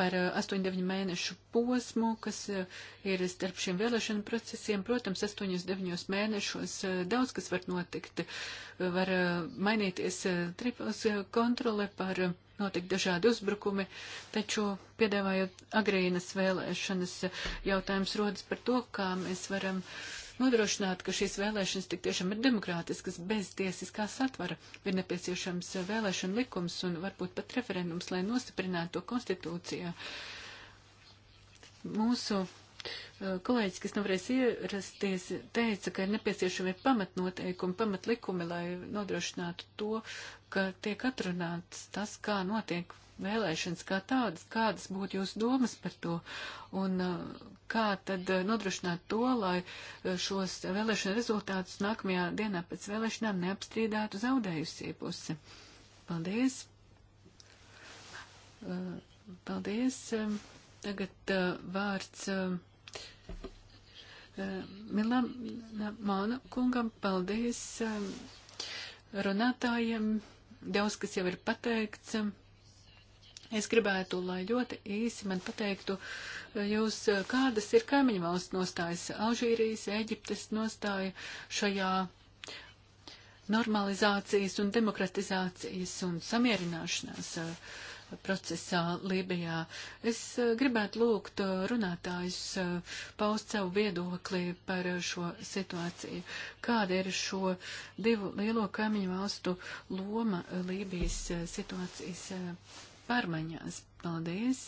par 8-9 eh, mēnešu posmu, kas ir starp šiem vēlēšanu procesiem. Protams, 8-9 mēnešos daudz kas var notikt. Var mainīties tripas kontrole par notikt dažādi uzbrukumi, taču piedāvājot agrīnas vēlēšanas, eh, jautājums rodas par to, kā mēs varam nodrošināt, ka šīs vēlēšanas tik tiešām ir demokrātiskas, bez tiesiskā satvara. Ir nepieciešams eh, vēlēšana likums un varbūt pat referendums, lai nostiprinātu to konstitūcijā. Mūsu eh, kolēģis, kas nevarēs ierasties, teica, ka ir nepieciešami pamatnoteikumi, pamatlikumi, lai nodrošinātu to, ka tiek atrunāts tas, kā notiek vēlēšanas kā tādas, kādas būtu jūsu domas par to, un uh, kā tad uh, nodrošināt to, lai uh, šos vēlēšana rezultātus nākamajā dienā pēc vēlēšanām neapstrīdētu zaudējusie puse. Paldies! Paldies! Um, tagad vārds um, Milam Māna kungam. Paldies um, runātājiem! daudz kas jau ir pateikts. Es gribētu, lai ļoti īsi man pateiktu jūs, kādas ir kaimiņu valsts nostājas, Alžīrijas, Eģiptes nostāja šajā normalizācijas un demokratizācijas un samierināšanās procesā Lībijā. Es eh, gribētu lūgt eh, runātājus eh, paust savu viedokli par šo situāciju. Kāda ir šo divu lielo kaimiņu valstu loma Lībijas situācijas pārmaiņās? Paldies!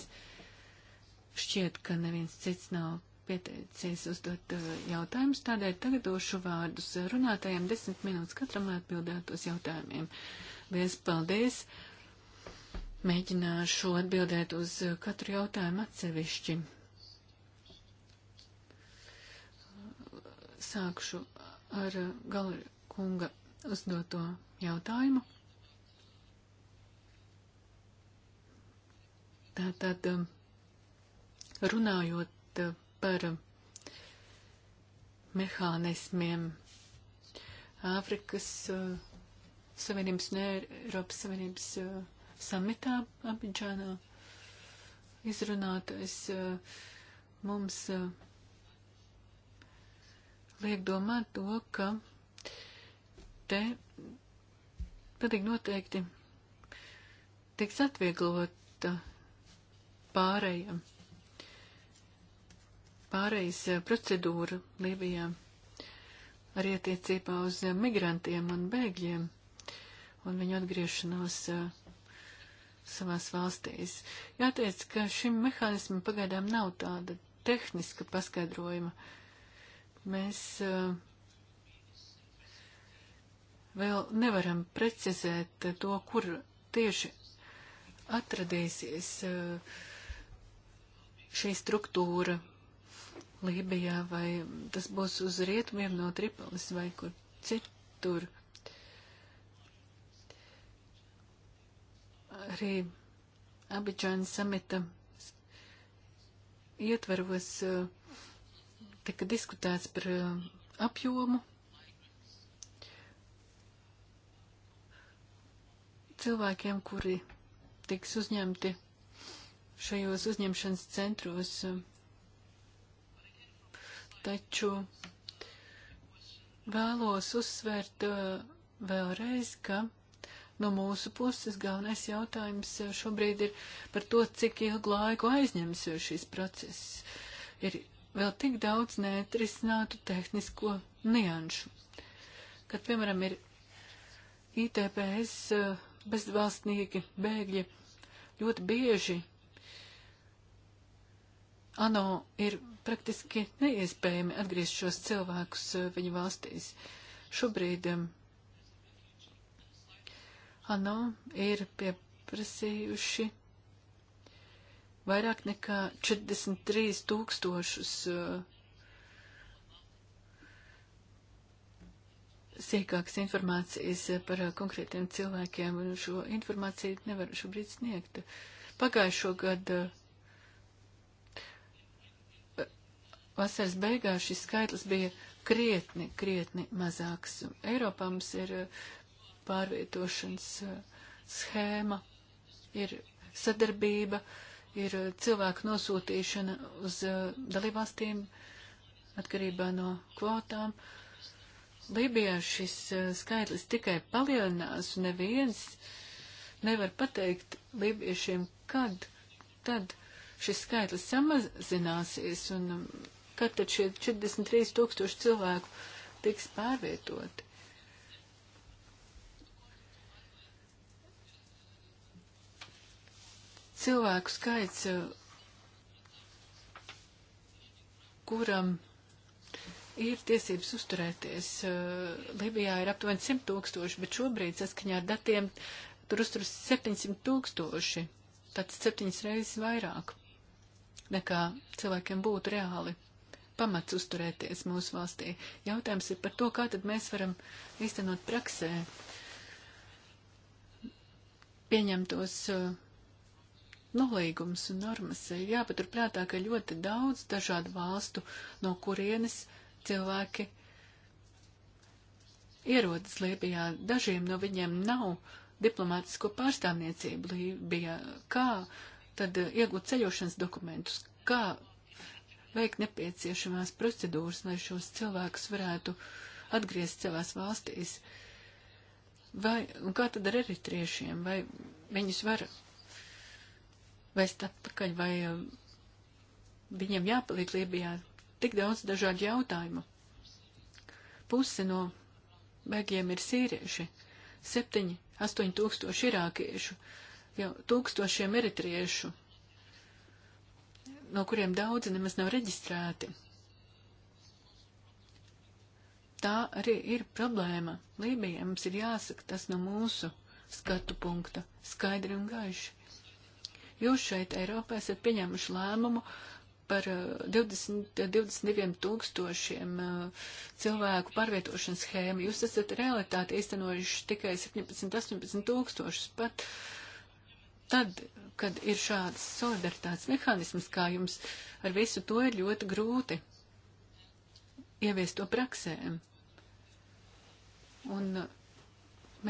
Šķiet, ka neviens cits nav pieteicies uzdot jautājumus, tādēļ tagad došu vārdus runātājiem desmit minūtes katram, lai atbildētu uz jautājumiem. Liels paldies! paldies. Mēģināšu atbildēt uz uh, katru jautājumu atsevišķi. Sākšu ar uh, Galera kunga uzdoto jautājumu. Tātad, um, runājot uh, par um, mehānismiem Āfrikas Savienības un Eiropas Savienības samitā Abidžānā izrunātais eh, mums eh, liek domāt to, ka te patīk noteikti tiks atvieglota pārējiem. Pārējais eh, procedūra Lībijā arī attiecībā uz migrantiem un bēgļiem un viņu atgriešanos uh, savās valstīs. Jāteic, ka šim mehānismam pagaidām nav tāda tehniska paskaidrojuma. Mēs uh, vēl nevaram precizēt to, kur tieši atradīsies uh, šī struktūra Lībijā, vai tas būs uz rietumiem no Tripolis vai kur citur. arī Abidžāna samita ietvaros eh, tika diskutēts par eh, apjomu. Cilvēkiem, kuri tiks uzņemti šajos uzņemšanas centros, eh, taču vēlos uzsvērt vēlreiz, ka no mūsu puses galvenais jautājums eh, šobrīd ir par to, cik ilgu laiku aizņems eh, šis process. Ir vēl tik daudz neatrisinātu tehnisko nianšu. Kad, piemēram, ir ITPS eh, bezvalstnieki, bēgļi, ļoti bieži ANO ir praktiski neiespējami atgriezt šos cilvēkus viņu valstīs. Šobrīd ANO ir pieprasījuši vairāk nekā 43 tūkstošus eh, sīkākas informācijas eh, par eh, konkrētiem cilvēkiem, un šo informāciju nevaru šobrīd sniegt. Pagājušo gadu vasaras beigās šis skaitlis bija krietni, krietni mazāks. Eiropā mums ir pārvietošanas eh, schēma, ir sadarbība, ir eh, cilvēku nosūtīšana uz eh, dalībvalstīm atkarībā no kvotām. Libijā šis skaitlis tikai palielinās, un neviens nevar pateikt libiešiem, kad tad šis skaitlis samazināsies, un mm, kad tad šie 43 tūkstoši cilvēku tiks pārvietoti. cilvēku skaits, eh, kuram ir tiesības uzturēties. Eh, Libijā ir aptuveni 100 tūkstoši, bet šobrīd saskaņā ar datiem tur uzturas 700 tūkstoši, tāds septiņas reizes vairāk nekā cilvēkiem būtu reāli pamats uzturēties mūsu valstī. Jautājums ir par to, kā tad mēs varam īstenot praksē pieņemtos uh, nolīgums un normas. Jāpaturprātā, ka ļoti daudz dažādu valstu, no kurienes cilvēki ierodas Lībijā. Dažiem no viņiem nav diplomātisko pārstāvniecību Lībijā. Kā tad iegūt ceļošanas dokumentus? Kā veikt nepieciešamās procedūras, lai šos cilvēkus varētu atgriezt savās valstīs? Vai, un kā tad ar eritriešiem? Vai viņus var vēst atpakaļ, vai um, viņiem jāpaliek Lībijā. Tik daudz dažādu jautājumu. Puse no bēgļiem ir sīrieši, septiņi, astoņi tūkstoši irākiešu, jau tūkstošiem eritriešu, no kuriem daudzi nemaz nav reģistrēti. Tā arī ir problēma. Lībijai mums ir jāsaka tas no mūsu skatu punkta, skaidri un gaiši. Jūs šeit Eiropā esat pieņēmuši lēmumu par 20, eh, 22 eh, tūkstošiem eh, cilvēku pārvietošanas schēmu. Jūs esat realitāti īstenojuši tikai 17-18 tūkstošus pat tad, kad ir šāds solidaritātes mehānisms, kā jums ar visu to ir ļoti grūti ieviest to praksēm. Un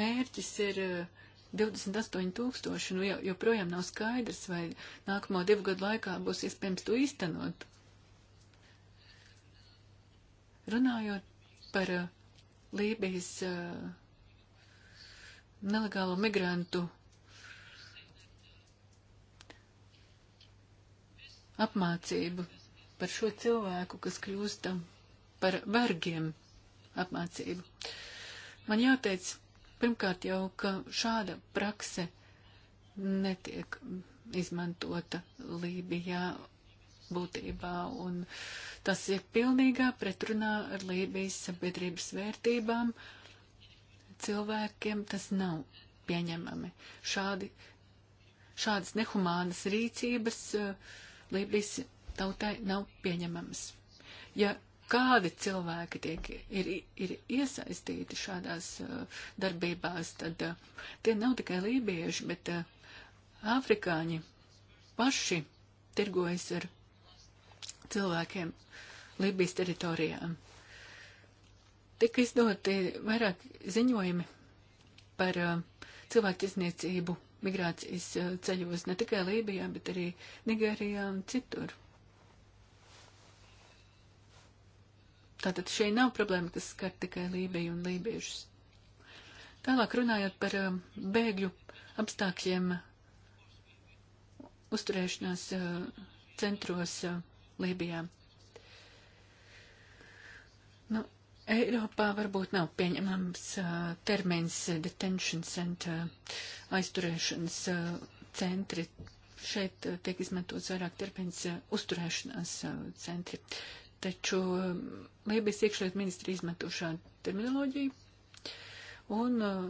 mērķis ir uh, 28,000 nu, joprojām nav skaidrs, vai nākamo divu gadu laikā būs iespējams to īstenot. Runājot par uh, Lībijas uh, nelegālo migrantu apmācību, par šo cilvēku, kas kļūstam par vergiem apmācību. Man jāteic, Pirmkārt jau, ka šāda prakse netiek izmantota Lībijā būtībā, un tas ir pilnīgā pretrunā ar Lībijas sabiedrības vērtībām. Cilvēkiem tas nav pieņemami. Šādi, šādas nehumānas rīcības eh, Lībijas tautai nav pieņemamas. Ja kādi cilvēki tiek, ir, ir iesaistīti šādās uh, darbībās, tad uh, tie nav tikai lībieši, bet uh, afrikāņi paši tirgojas ar cilvēkiem Lībijas teritorijām. Tika izdoti vairāk ziņojumi par uh, cilvēku tiesniecību migrācijas uh, ceļos ne tikai Lībijā, bet arī Nigērijā un citur. Tātad šī nav problēma, kas skar tikai Lībiju un lībiešus. Tālāk runājot par um, bēgļu apstākļiem uzturēšanās uh, centros uh, Lībijā. Nu, Eiropā varbūt nav pieņemams uh, termins detention center, aizturēšanas centri. Šeit tiek izmantots vairāk termins uzturēšanās centri. Uh, Taču um, Lībijas iekšļiet ministri izmetu šādu terminoloģiju. Un uh,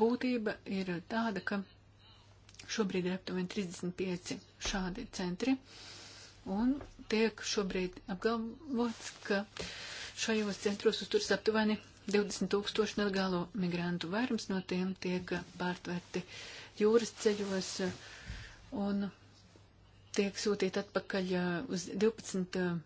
būtība ir tāda, ka šobrīd ir aptuveni 35 šādi centri. Un tiek šobrīd apgalvots, ka šajos centros uzturas aptuveni 20 tūkstoši nelegālo migrantu. Vairums no tiem tiek pārtverti jūras ceļos uh, un tiek sūtīti atpakaļ uh, uz 12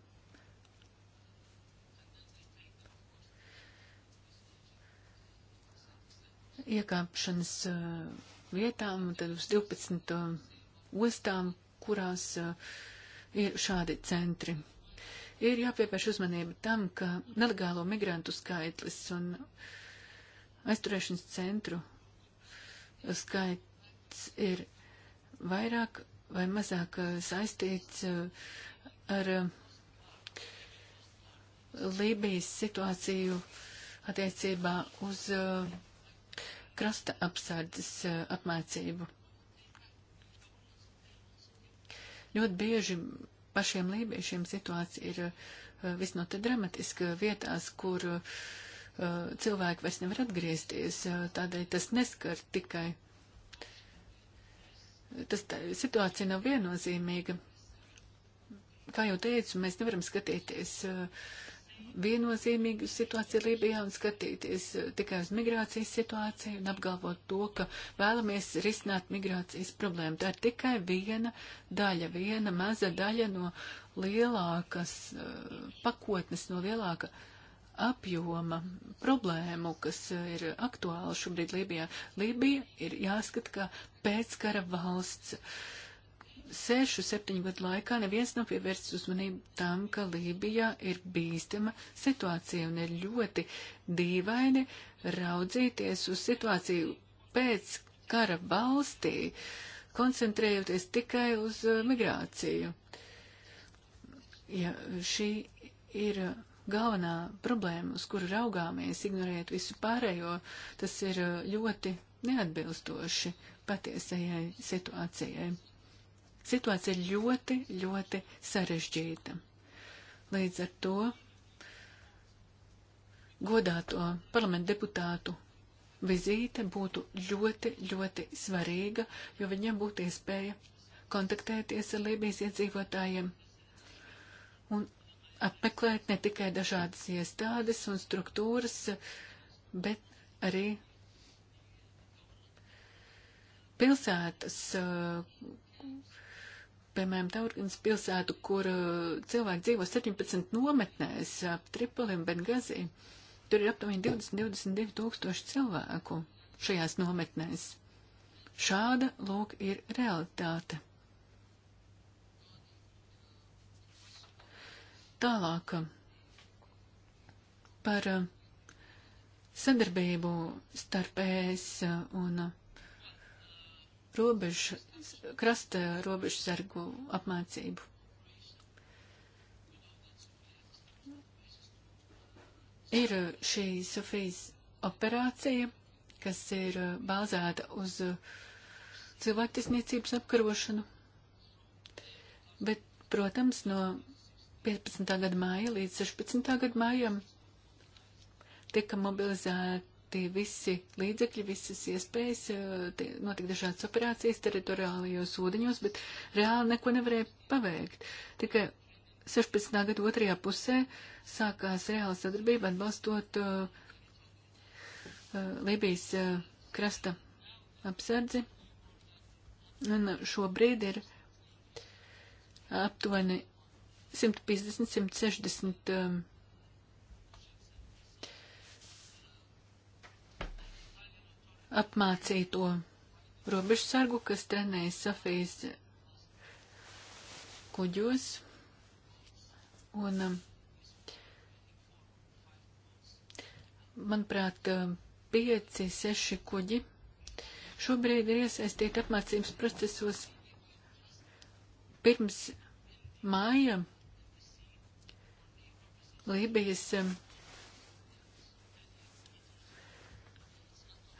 iekāpšanas uh, vietām, tad uz 12 uh, ostām, kurās uh, ir šādi centri. Ir jāpievērš uzmanība tam, ka nelegālo migrantu skaitlis un aizturēšanas centru skaits ir vairāk vai mazāk saistīts ar Lībijas situāciju attiecībā uz uh, krasta apsardzes eh, apmācību. Ļoti bieži pašiem lībiešiem situācija ir eh, visnotaļ dramatiska vietās, kur eh, cilvēki vairs nevar atgriezties, tādēļ tas neskar tikai. Tas tā, situācija nav viennozīmīga. Kā jau teicu, mēs nevaram skatīties uh, viennozīmīgu situāciju Lībijā un skatīties eh, tikai uz migrācijas situāciju un apgalvot to, ka vēlamies risināt migrācijas problēmu. Tā ir tikai viena daļa, viena maza daļa no lielākas eh, pakotnes, no lielāka apjoma problēmu, kas eh, ir aktuāla šobrīd Lībijā. Lībija ir jāskata kā pēckara valsts. Uh, sešu, septiņu gadu laikā neviens nav pievērsts uzmanību tam, ka Lībijā ir bīstama situācija un ir ļoti dīvaini raudzīties uz situāciju pēc kara valstī, koncentrējoties tikai uz uh, migrāciju. Ja šī ir galvenā problēma, uz kuru raugāmies, ignorējot visu pārējo, tas ir uh, ļoti neatbilstoši patiesajai situācijai situācija ir ļoti, ļoti sarežģīta. Līdz ar to godāto parlamentu deputātu vizīte būtu ļoti, ļoti svarīga, jo viņiem būtu iespēja kontaktēties ar Lībijas iedzīvotājiem un apmeklēt ne tikai dažādas iestādes un struktūras, bet arī pilsētas, piemēram, Taurgans pilsētu, kur uh, cilvēki dzīvo 17 nometnēs, uh, ap Tripolim, Bengazī, tur ir aptuveni 20-22 tūkstoši cilvēku šajās nometnēs. Šāda, lūk, ir realitāte. Tālāk uh, par sadarbību starp ES un robežu, krasta robežu sargu apmācību. Ir šī Sofijas operācija, kas ir bāzēta uz cilvēktisniecības apkarošanu, bet, protams, no 15. gada māja līdz 16. gada mājam tika mobilizēta tie visi līdzekļi, visas iespējas, eh, notika dažādas operācijas teritoriālajos ūdeņos, bet reāli neko nevarēja paveikt. Tikai 16. gada otrajā pusē sākās reāla sadarbība atbalstot uh, Libijas uh, krasta apsardzi. Un šobrīd ir aptuveni 150-160 um, apmācīto robežsargu, kas trenējas Safijas kuģos. Un, um, manuprāt, um, pieci, seši kuģi šobrīd ir iesaistīti apmācības procesos pirms māja Lībijas um,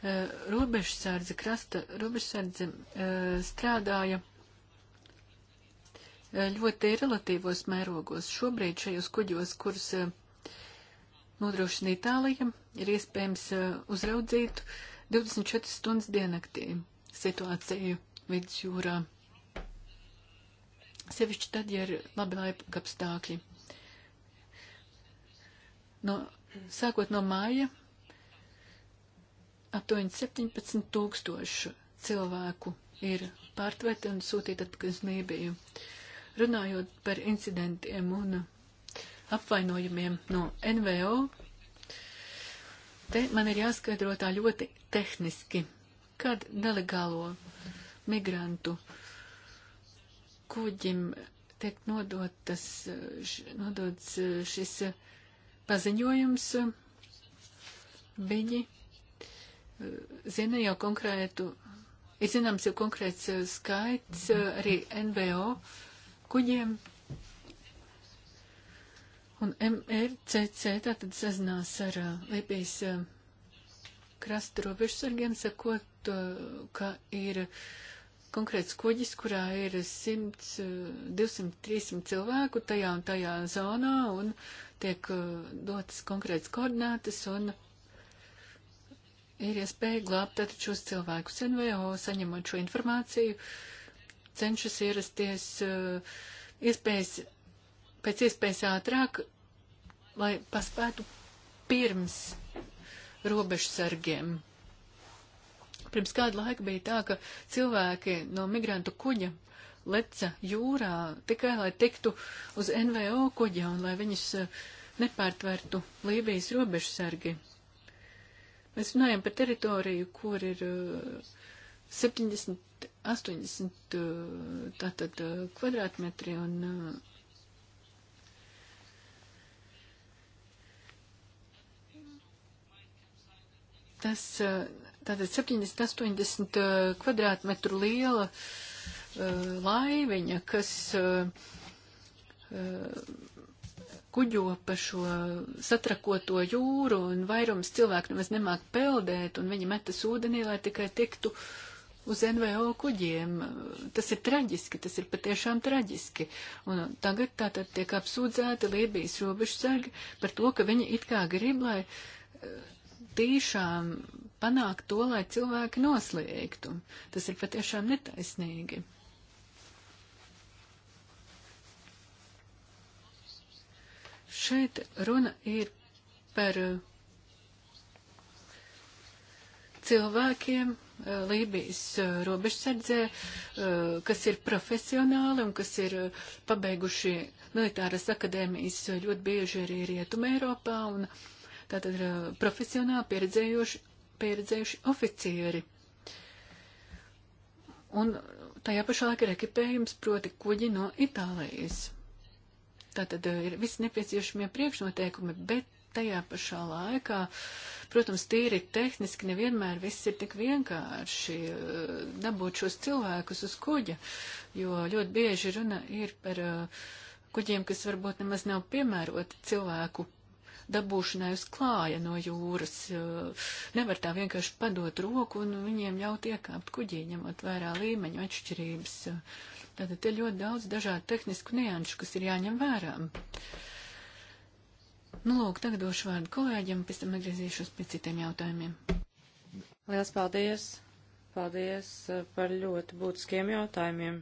Eh, robežsardze, krasta robežsardze eh, strādāja eh, ļoti relatīvos mērogos. Šobrīd šajos kuģos, kurus nodrošina Itālija, ir iespējams uzraudzīt 24 stundas diennaktī situāciju vidusjūrā. Sevišķi tad, ja ir labi laika apstākļi. No, sākot no māja aptuveni 17 tūkstošu cilvēku ir pārtverti un sūtīti atpakaļ uz Lībiju. Runājot par incidentiem un apvainojumiem no NVO, te man ir jāskaidro tā ļoti tehniski, kad nelegālo migrantu kuģim tiek nodotas, nodots šis paziņojums, viņi zina jau konkrētu, ir zināms jau konkrēts eh, skaits eh, arī NVO kuģiem. Un MRCC tātad sazinās ar eh, Lībijas krasta robežsargiem, sakot, ka ir konkrēts kuģis, kurā ir 100, 200, 300 cilvēku tajā un tajā zonā, un tiek dotas konkrētas koordinātas, un ir iespēja glābt tātad šos cilvēkus. NVO saņemot šo informāciju, cenšas ierasties uh, iespējas, pēc iespējas ātrāk, lai paspētu pirms robežsargiem. Pirms kādu laiku bija tā, ka cilvēki no migrantu kuģa leca jūrā tikai, lai tiktu uz NVO kuģa un lai viņus uh, nepārtvertu Lībijas robežsargi. Mēs runājam par teritoriju, kur ir 70, uh, 80 uh, tātad uh, kvadrātmetri un tas tātad 70, 80 kvadrātmetru liela uh, laiviņa, kas uh, uh, kuģo pa šo satrakoto jūru, un vairums cilvēku nemaz nemāk peldēt, un viņi metas ūdenī, lai tikai tiktu uz NVO kuģiem. Tas ir traģiski, tas ir patiešām traģiski. Un tagad tātad tiek apsūdzēti Lībijas robežsargi par to, ka viņi it kā grib, lai eh, tīšām panākt to, lai cilvēki noslēgtu. Tas ir patiešām netaisnīgi. Šeit runa ir par uh, cilvēkiem uh, Lībijas uh, robežsardzē, kas ir profesionāli un kas ir pabeiguši militāras akadēmijas ļoti bieži arī Rietuma Eiropā un tātad profesionāli pieredzējuši, pieredzējuši oficieri. Un tajā pašā laikā ir ekipējums, proti kuģi no Itālijas. Tātad eh, ir visi nepieciešamie priekšnoteikumi, bet tajā pašā laikā, protams, tīri tehniski nevienmēr viss ir tik vienkārši eh, dabūt šos cilvēkus uz kuģa, jo ļoti bieži runa ir par eh, kuģiem, kas varbūt nemaz nav piemēroti cilvēku dabūšanai uz klāja no jūras. Nevar tā vienkārši padot roku un viņiem ļaut iekāpt kuģī, ņemot vērā līmeņu atšķirības. Uh, Tātad te ļoti daudz dažādu tehnisku nianšu, kas ir jāņem vērā. Nu, lūk, tagad došu vārdu kolēģiem, pēc tam atgriezīšos pie citiem jautājumiem. Liels paldies! Paldies eh, par ļoti būtiskiem jautājumiem.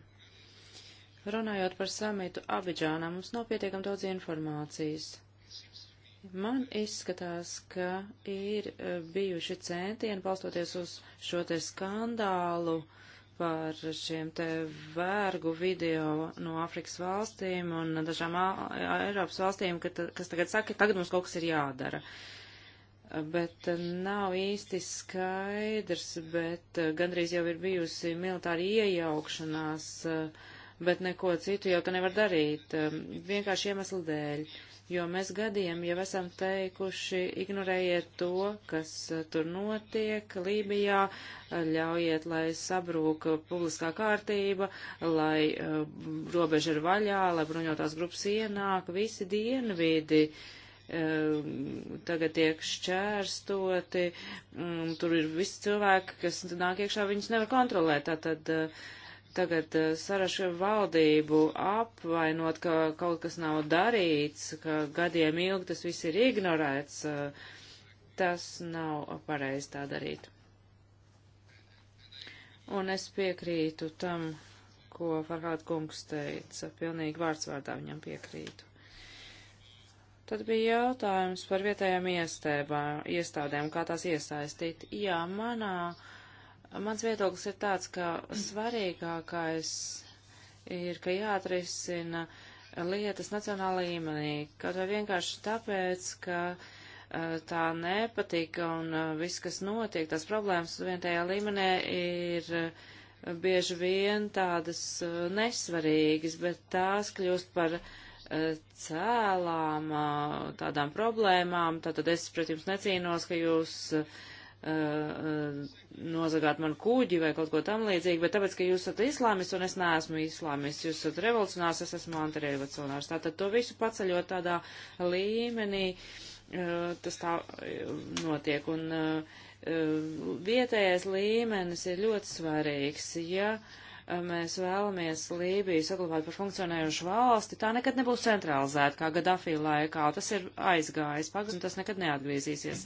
Runājot par samitu Abidžānā, mums nav pietiekam daudz informācijas. Man izskatās, ka ir eh, bijuši centieni, balstoties uz šo te skandālu, uh, par šiem te vērgu video no Afrikas valstīm un dažām Eiropas valstīm, kas tagad saka, ka tagad mums kaut kas ir jādara. Bet nav īsti skaidrs, bet gandrīz jau ir bijusi militāra iejaukšanās, bet neko citu jau tā nevar darīt, um, vienkārši iemeslu dēļ. Uh, jo mēs gadiem jau esam teikuši, ignorējiet to, kas e, tur notiek Lībijā, ļaujiet, lai sabrūk publiskā kārtība, lai uh, robeža ir vaļā, lai bruņotās grupas ienāk, visi dienvidi e, tagad tiek šķērstoti, tur ir visi cilvēki, kas nāk iekšā, viņus nevar kontrolēt, tātad uh, tagad eh, Sarašu valdību apvainot, ka kaut kas nav darīts, ka gadiem ilgi tas viss ir ignorēts, eh, tas nav pareizi tā darīt. Un es piekrītu tam, ko Farhāt kungs teica, pilnīgi vārds vārdā viņam piekrītu. Tad bija jautājums par vietējām iestēbā, iestādēm, kā tās iesaistīt. Jā, manā uh, Mans viedoklis ir tāds, ka svarīgākais ir, ka jāatrisina lietas nacionāla līmenī, kaut vai vienkārši tāpēc, ka tā nepatika un viss, kas notiek, tās problēmas vientajā līmenī ir bieži vien tādas nesvarīgas, bet tās kļūst par cēlām tādām problēmām, tātad es pret jums necīnos, ka jūs uh, Uh, uh, nozagāt man kūģi vai kaut ko tam līdzīgi, bet tāpēc, ka jūs esat islāmists un es neesmu islāmists, jūs esat revolucionārs, es esmu antirevolucionārs. Tātad to visu paceļot tādā līmenī, uh, tas tā uh, notiek. Un uh, vietējais līmenis ir ļoti svarīgs. Ja, uh, mēs vēlamies Lībiju saglabāt par funkcionējušu valsti, tā nekad nebūs centralizēta kā Gadafī laikā. Tas ir aizgājis pagājis un tas nekad neatgriezīsies.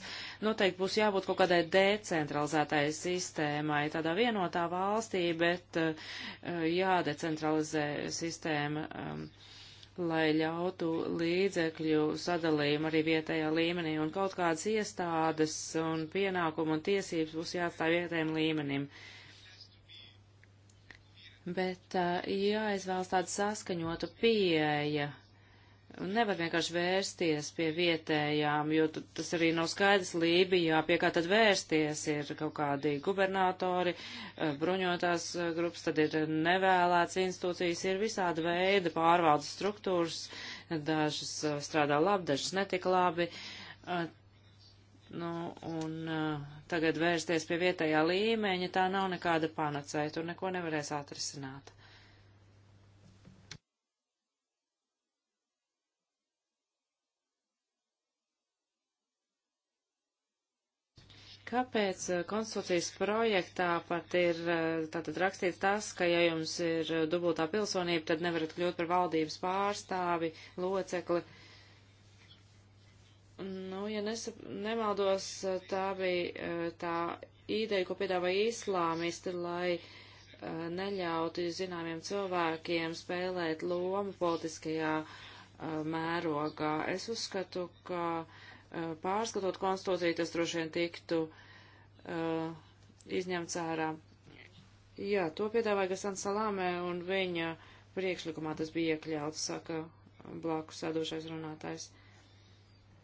Noteikti būs jābūt kaut kādai decentralizētai sistēmai, tādā vienotā valstī, bet eh, jādecentralizē sistēma. Um, lai ļautu līdzekļu sadalījumu arī vietējā līmenī, un kaut kādas iestādes un pienākumu un tiesības būs jāatstāj vietējiem līmenim. Uh, bet jāizvēlas tāda saskaņota pieeja. Nevar vienkārši vērsties pie vietējām, jo tas arī nav skaidrs Lībijā, pie kā tad vērsties. Ir kaut kādi gubernatori, bruņotās grupas, tad ir nevēlēts institūcijas, ir visāda veida pārvaldes struktūras, dažas strādā labi, dažas netik labi Nu, un uh, tagad vērsties pie vietējā līmeņa, tā nav nekāda panacēja, tur neko nevarēs atrisināt. Kāpēc eh, konstitūcijas projektā pat ir eh, tātad rakstīts tas, ka ja jums ir dubultā pilsonība, tad nevarat kļūt par valdības pārstāvi, locekli? Uh, Nu, ja nesap, nemaldos, tā bija eh, tā ideja, ko piedāvāja islāmisti, lai uh, neļautu zināmiem cilvēkiem spēlēt lomu politiskajā uh, mērogā. Es uzskatu, ka uh, pārskatot konstitūciju, tas droši vien tiktu izņemts ārā. Jā, to piedāvāja Gasan Salāmē un viņa priekšlikumā tas bija iekļauts, saka blakus sēdošais runātājs. Uh,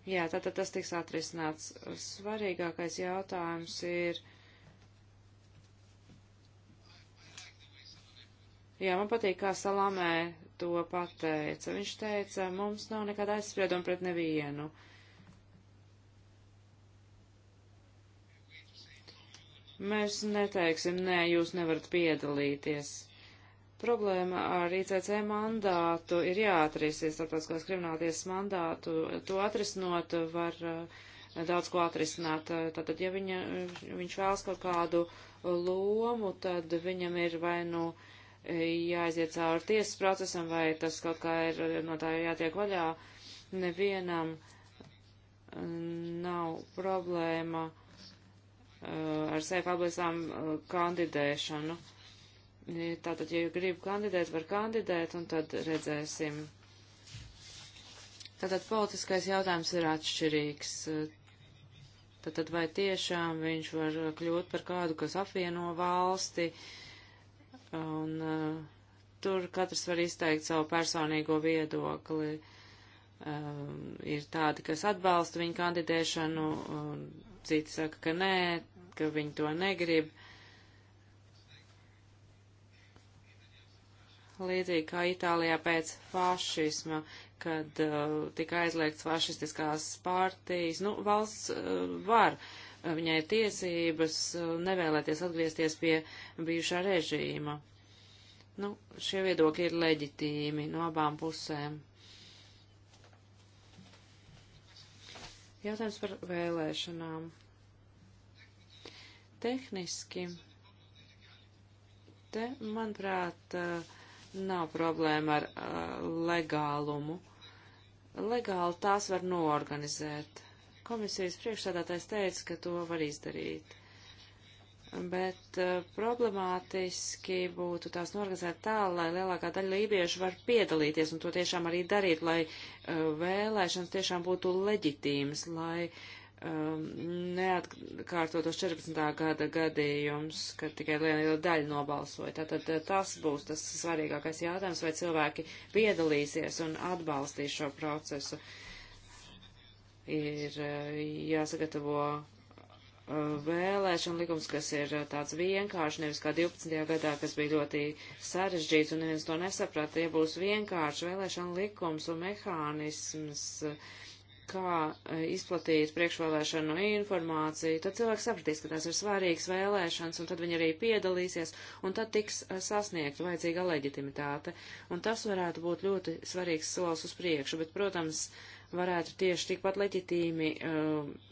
Jā, tātad tas tiks atrisināts. Svarīgākais jautājums ir. Jā, man patīk, kā Salamē to pateica. Viņš teica, mums nav nekāda aizsprieduma pret nevienu. Mēs neteiksim, nē, jūs nevarat piedalīties. Problēma ar ICC mandātu ir jāatrisina, starptautiskās krimināltiesas mandātu. To atrisinot var eh, daudz ko atrisināt. Tātad, ja viņa, viņš vēlas kaut kādu lomu, tad viņam ir vai nu jāaiziet cauri tiesas procesam, vai tas kaut kā ir no tā jātiek vaļā. Nevienam eh, nav problēma eh, ar sevi aplisām kandidēšanu. Uh, Tātad, ja grib kandidēt, var kandidēt, un tad redzēsim. Tātad politiskais jautājums ir atšķirīgs. Tātad, vai tiešām viņš var kļūt par kādu, kas apvieno valsti, un uh, tur katrs var izteikt savu personīgo viedokli. Um, ir tādi, kas atbalsta viņu kandidēšanu, citi saka, ka nē, ka viņi to negrib. līdzīgi kā Itālijā pēc fašisma, kad uh, tika aizliegts fašistiskās partijas. Nu, valsts uh, var, uh, viņai ir tiesības uh, nevēlēties atgriezties pie bijušā režīma. Nu, šie viedokļi ir leģitīmi no abām pusēm. Jautājums par vēlēšanām. Tehniski. Te, manuprāt, uh, Nav problēma ar uh, legālumu. Legāli tās var noorganizēt. Komisijas priekšsēdātais teica, ka to var izdarīt. Bet uh, problemātiski būtu tās norganizēt tā, lai lielākā daļa lībiešu var piedalīties un to tiešām arī darīt, lai uh, vēlēšanas tiešām būtu leģitīmas, lai uh, um, neatkārtotos 14. gada gadījums, kad tikai liela daļa nobalsoja. Tātad eh, tas būs tas svarīgākais jautājums, vai cilvēki piedalīsies un atbalstīs šo procesu. Ir eh, jāsagatavo eh, vēlēšana likums, kas ir tāds vienkārši, nevis kā 12. gadā, kas bija ļoti sarežģīts un neviens to nesaprata. Ja būs vienkārši vēlēšana likums un mehānisms, uh, kā e, izplatīt priekšvēlēšanu informāciju, tad cilvēks sapratīs, ka tās ir svarīgas vēlēšanas, un tad viņi arī piedalīsies, un tad tiks e, sasniegta vajadzīga leģitimitāte. Un tas varētu būt ļoti svarīgs solis uz priekšu, bet, protams, varētu tieši tikpat leģitīmi uh,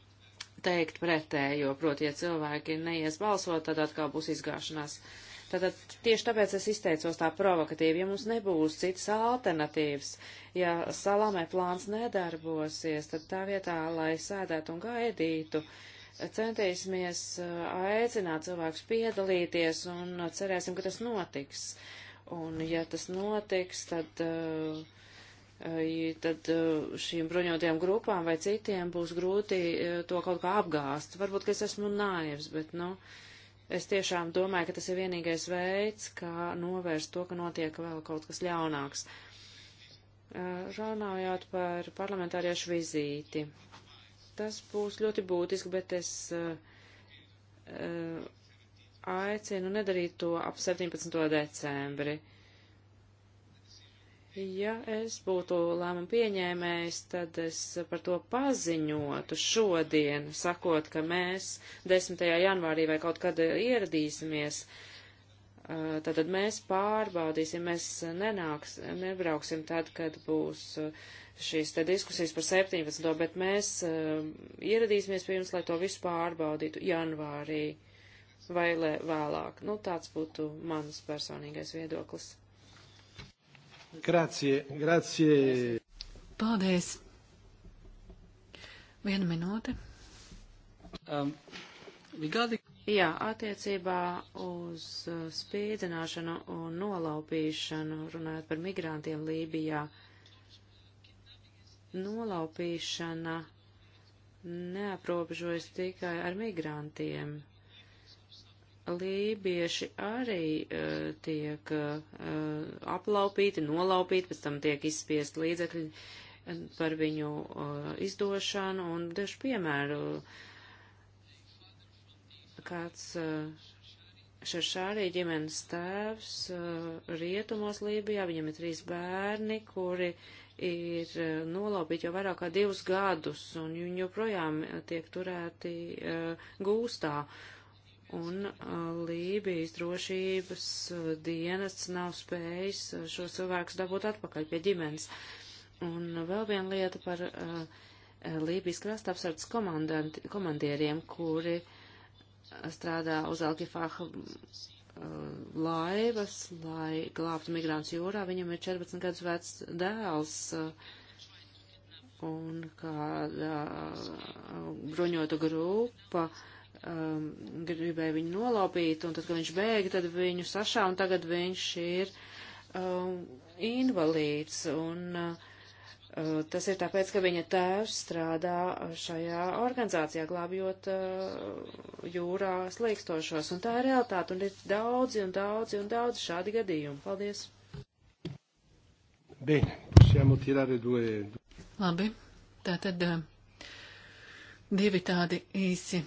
teikt pretējo, proti, ja cilvēki neies balsot, tad atkal būs izgāšanās. Uh, Tātad tieši tāpēc es izteicos tā provokatīvi, ja mums nebūs citas alternatīvas, ja salamē plāns nedarbosies, tad tā vietā, lai sēdētu un gaidītu, centīsimies aicināt cilvēkus piedalīties un cerēsim, ka tas notiks. Un ja tas notiks, tad. Uh, tad šīm bruņotajām grupām vai citiem būs grūti to kaut kā apgāst. Varbūt, ka es esmu naivs, bet, nu, uh, Es tiešām domāju, ka tas ir vienīgais veids, kā novērst to, ka notiek vēl kaut kas ļaunāks. Runājot par parlamentāriešu vizīti, tas būs ļoti būtiski, bet es aicinu nedarīt to ap 17. decembri. Uh, Ja es būtu lēmumu pieņēmējs, tad es par to paziņotu šodien, sakot, ka mēs 10. janvārī vai kaut kad ieradīsimies. Tātad mēs pārbaudīsim, mēs nenāks, nebrauksim tad, kad būs šīs te diskusijas par 17. bet mēs ieradīsimies pie jums, lai to visu pārbaudītu janvārī vai vēlāk. Nu, tāds būtu mans personīgais viedoklis. Grazie, grazie. Paldies. Viena minūte. Um, gadi... Jā, attiecībā uz uh, spīdzināšanu un nolaupīšanu, runājot par migrantiem Lībijā, nolaupīšana neaprobežojas tikai ar migrantiem lībieši arī uh, tiek uh, aplaupīti, nolaupīti, pēc tam tiek izspiest līdzekļi e, par viņu uh, izdošanu un dažu piemēru. Kāds uh, Šešārī ģimenes tēvs uh, rietumos Lībijā, viņam ir trīs bērni, kuri ir uh, nolaupīti jau vairāk kā divus gadus un viņi joprojām tiek turēti uh, gūstā. Uh, un Lībijas drošības dienests nav spējis šos cilvēkus dabūt atpakaļ pie ģimenes. Un vēl viena lieta par uh, Lībijas krastapsardzes komandieriem, kuri strādā uz Alkifaha uh, laivas, lai glābtu migrāntus jūrā. Viņam ir 14 gadus vecs dēls. Uh, un kāda bruņota grupa uh, um, gribēja viņu nolaupīt, un tad, kad viņš bēga, tad viņu sašā, un tagad viņš ir um, invalīds. Un, uh, uh, Tas ir tāpēc, ka viņa tēvs strādā šajā organizācijā, glābjot uh, jūrā slīkstošos. Un tā ir realitāte, un ir daudzi un daudzi un daudzi šādi gadījumi. Paldies! Bene, possiamo tirare due. Labi, tā tad uh, divi tādi īsi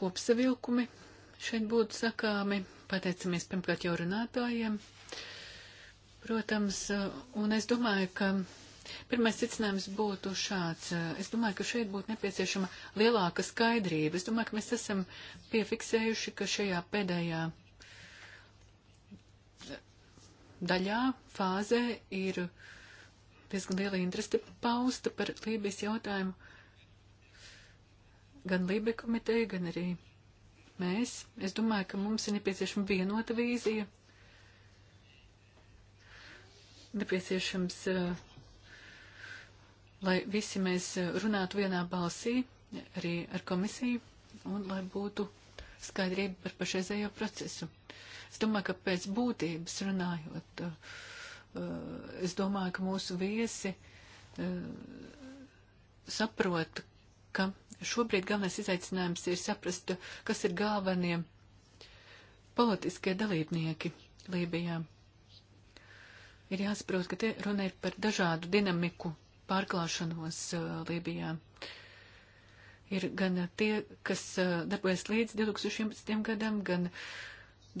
kopsavilkumi šeit būtu sakāmi. Pateicamies pirmkārt jau runātājiem. Protams, un es domāju, ka pirmais secinājums būtu šāds. Es domāju, ka šeit būtu nepieciešama lielāka skaidrība. Es domāju, ka mēs esam piefiksējuši, ka šajā pēdējā daļā, fāzē ir diezgan liela interese pausta par Lībijas jautājumu gan Libe komiteja, gan arī mēs, es domāju, ka mums ir nepieciešama vienota vīzija, nepieciešams, eh, lai visi mēs runātu vienā balsī, arī ar komisiju, un lai būtu skaidrība par pašreizējo procesu. Es domāju, ka pēc būtības runājot, eh, es domāju, ka mūsu viesi eh, saprot, ka šobrīd galvenais izaicinājums ir saprast, kas ir galvenie politiskie dalībnieki Lībijā. Ir jāsaprot, ka te runa ir par dažādu dinamiku pārklāšanos uh, Lībijā. Ir gan tie, kas uh, darbojas līdz 2011. gadam, gan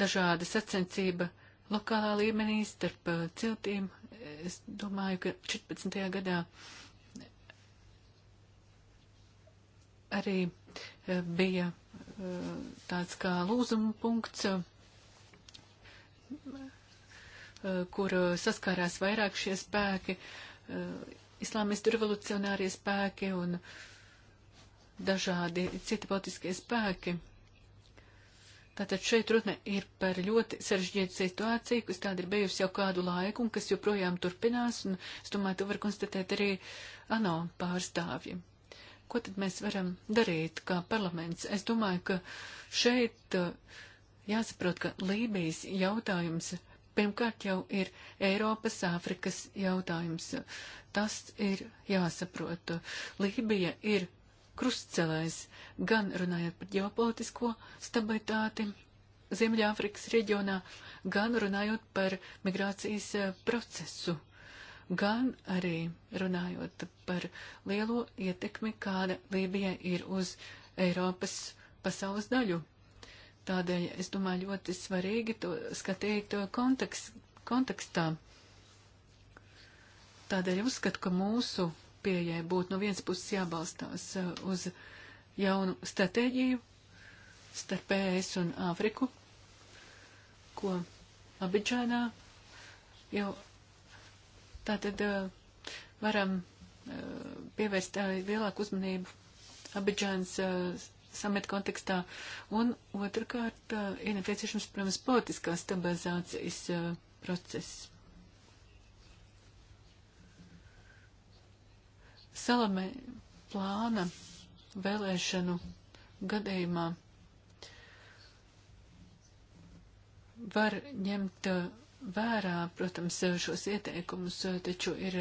dažāda sacensība lokālā līmenī starp uh, ciltīm. Es domāju, ka 14. gadā uh, arī eh, bija eh, tāds kā lūzuma punkts, eh, kur saskārās vairāk šie spēki, islāmistu revolucionārie spēki un dažādi citi politiskie spēki. Tātad šeit runa ir par ļoti sarežģītu situāciju, kas tāda ir bijusi jau kādu laiku un kas joprojām turpinās, un es domāju, to var konstatēt arī ANO pārstāvjiem. Ko tad mēs varam darīt kā parlaments? Es domāju, ka šeit uh, jāsaprot, ka Lībijas jautājums pirmkārt jau ir Eiropas, Āfrikas jautājums. Tas ir jāsaprot. Lībija ir krustcelēs, gan runājot par ģeopolitisko stabilitāti Ziemeļāfrikas reģionā, gan runājot par migrācijas uh, procesu gan arī runājot par lielo ietekmi, kāda Lībija ir uz Eiropas pasaules daļu. Tādēļ, es domāju, ļoti svarīgi to skatīt to kontekst, kontekstā. Tādēļ uzskatu, ka mūsu pieejai būtu no vienas puses jābalstās uh, uz jaunu stratēģiju starp ES un Āfriku, ko Abidžānā jau Tātad eh, varam eh, pievērst eh, lielāku uzmanību Abidžānas sameta kontekstā. Un otrkārt ir nepieciešams, protams, politiskās stabilizācijas process. Salamē plāna vēlēšanu gadījumā var ņemt vērā, protams, šos ieteikumus, taču ir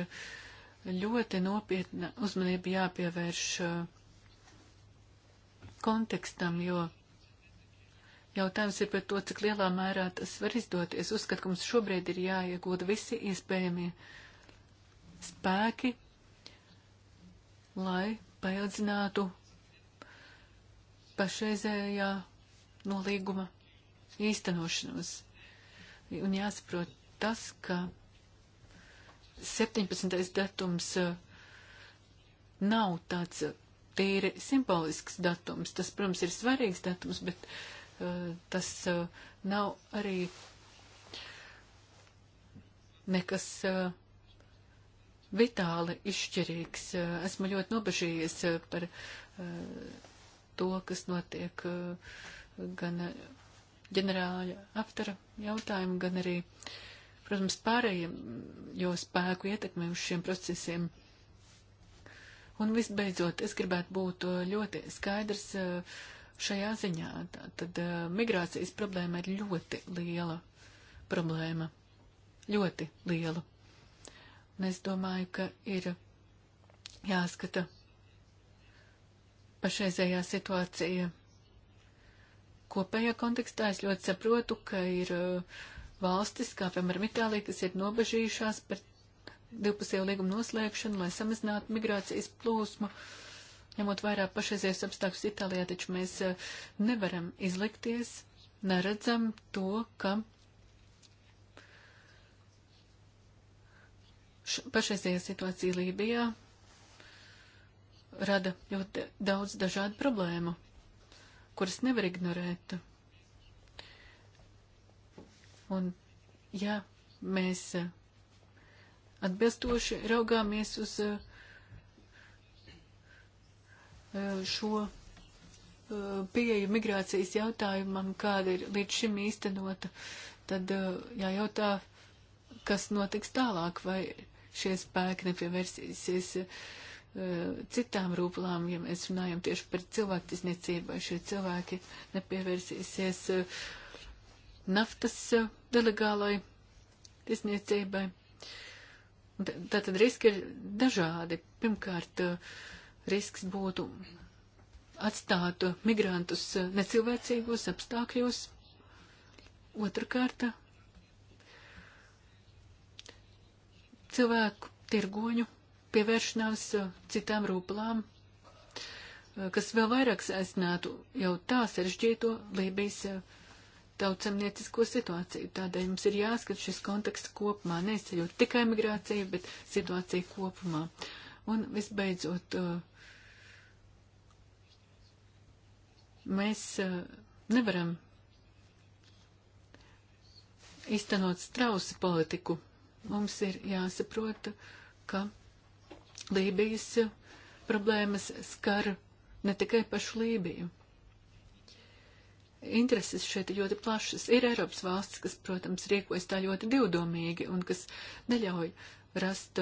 ļoti nopietna uzmanība jāpievērš uh, kontekstam, jo jautājums ir par to, cik lielā mērā tas var izdoties. Uzskat, ka mums šobrīd ir jāiegūda visi iespējamie spēki, lai paildzinātu pašreizējā nolīguma īstenošanos. Un jāsaprot tas, ka 17. datums eh, nav tāds eh, tīri simbolisks datums. Tas, protams, ir svarīgs datums, bet uh, tas uh, nav arī nekas uh, vitāli izšķirīgs. Uh, esmu ļoti nobežījies uh, par uh, to, kas notiek uh, gan. Uh, ģenerāla aptara jautājumu, gan arī, protams, pārējiem jo spēku ietekmēm uz šiem procesiem. Un visbeidzot, es gribētu būt ļoti skaidrs eh, šajā ziņā. Tad eh, migrācijas problēma ir ļoti liela problēma. Ļoti liela. Un es domāju, ka ir jāskata pašreizējā situācija kopējā kontekstā es ļoti saprotu, ka ir uh, valstis, kā piemēram Itālija, kas ir nobežījušās par divpusēju līgumu noslēgšanu, lai samazinātu migrācijas plūsmu. Ņemot vairāk pašreizies apstākļus Itālijā, taču mēs uh, nevaram izlikties, neredzam to, ka pašreizējā situācija Lībijā rada ļoti daudz dažādu problēmu kuras nevar ignorēt. Un, ja mēs eh, atbilstoši raugāmies uz eh, eh, šo pieeju migrācijas jautājumam, kāda ir līdz šim īstenota, tad jājautā, kas notiks tālāk, vai šie spēki nepievērsīsies uh, Eh, citām rūplām, ja mēs runājam tieši par cilvēktisniecību, vai šie cilvēki nepievērsīsies eh, naftas eh, delegālai tisniecībai. Tātad riski ir dažādi. Pirmkārt, risks būtu atstāt migrantus necilvēcīgos apstākļos. Otrakārt, cilvēku tirgoņu pievēršanās uh, citām rūplām, uh, kas vēl vairāk saistinātu jau tā sarežģīto Lībijas uh, tautsamniecisko situāciju. Tādēļ mums ir jāskat šis konteksts kopumā, neizceļot tikai migrāciju, bet situāciju kopumā. Un visbeidzot, mēs nevaram iztenot strausa politiku. Mums ir jāsaprot, ka Lībijas problēmas skar ne tikai pašu Lībiju. Intereses šeit ir ļoti plašas. Ir Eiropas valstis, kas, protams, rīkojas tā ļoti divdomīgi un kas neļauj rast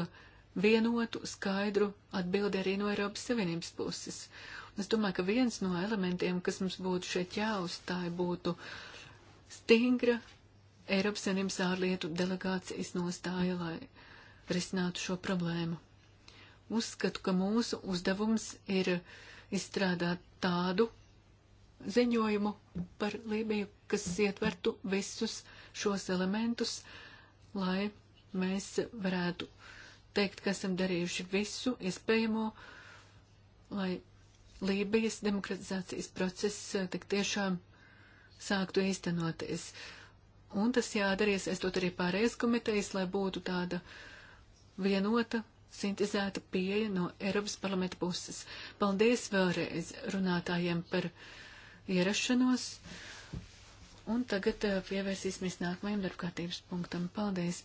vienotu, skaidru atbildi arī no Eiropas Savienības puses. Un es domāju, ka viens no elementiem, kas mums būtu šeit jāuzstāja, būtu stingra Eiropas Savienības ārlietu delegācijas nostāja, lai risinātu šo problēmu. Uzskatu, ka mūsu uzdevums ir izstrādāt tādu ziņojumu par Lībiju, kas ietvertu visus šos elementus, lai mēs varētu teikt, ka esam darījuši visu iespējamo, lai Lībijas demokratizācijas process eh, tik tiešām sāktu īstenoties. Un tas jādarīs, es to arī pārējais komitejas, lai būtu tāda vienota sintezēta pieeja no Eiropas parlamenta puses. Paldies vēlreiz runātājiem par ierašanos. Un tagad eh, pievērsīsimies nākamajam darbkārtības punktam. Paldies!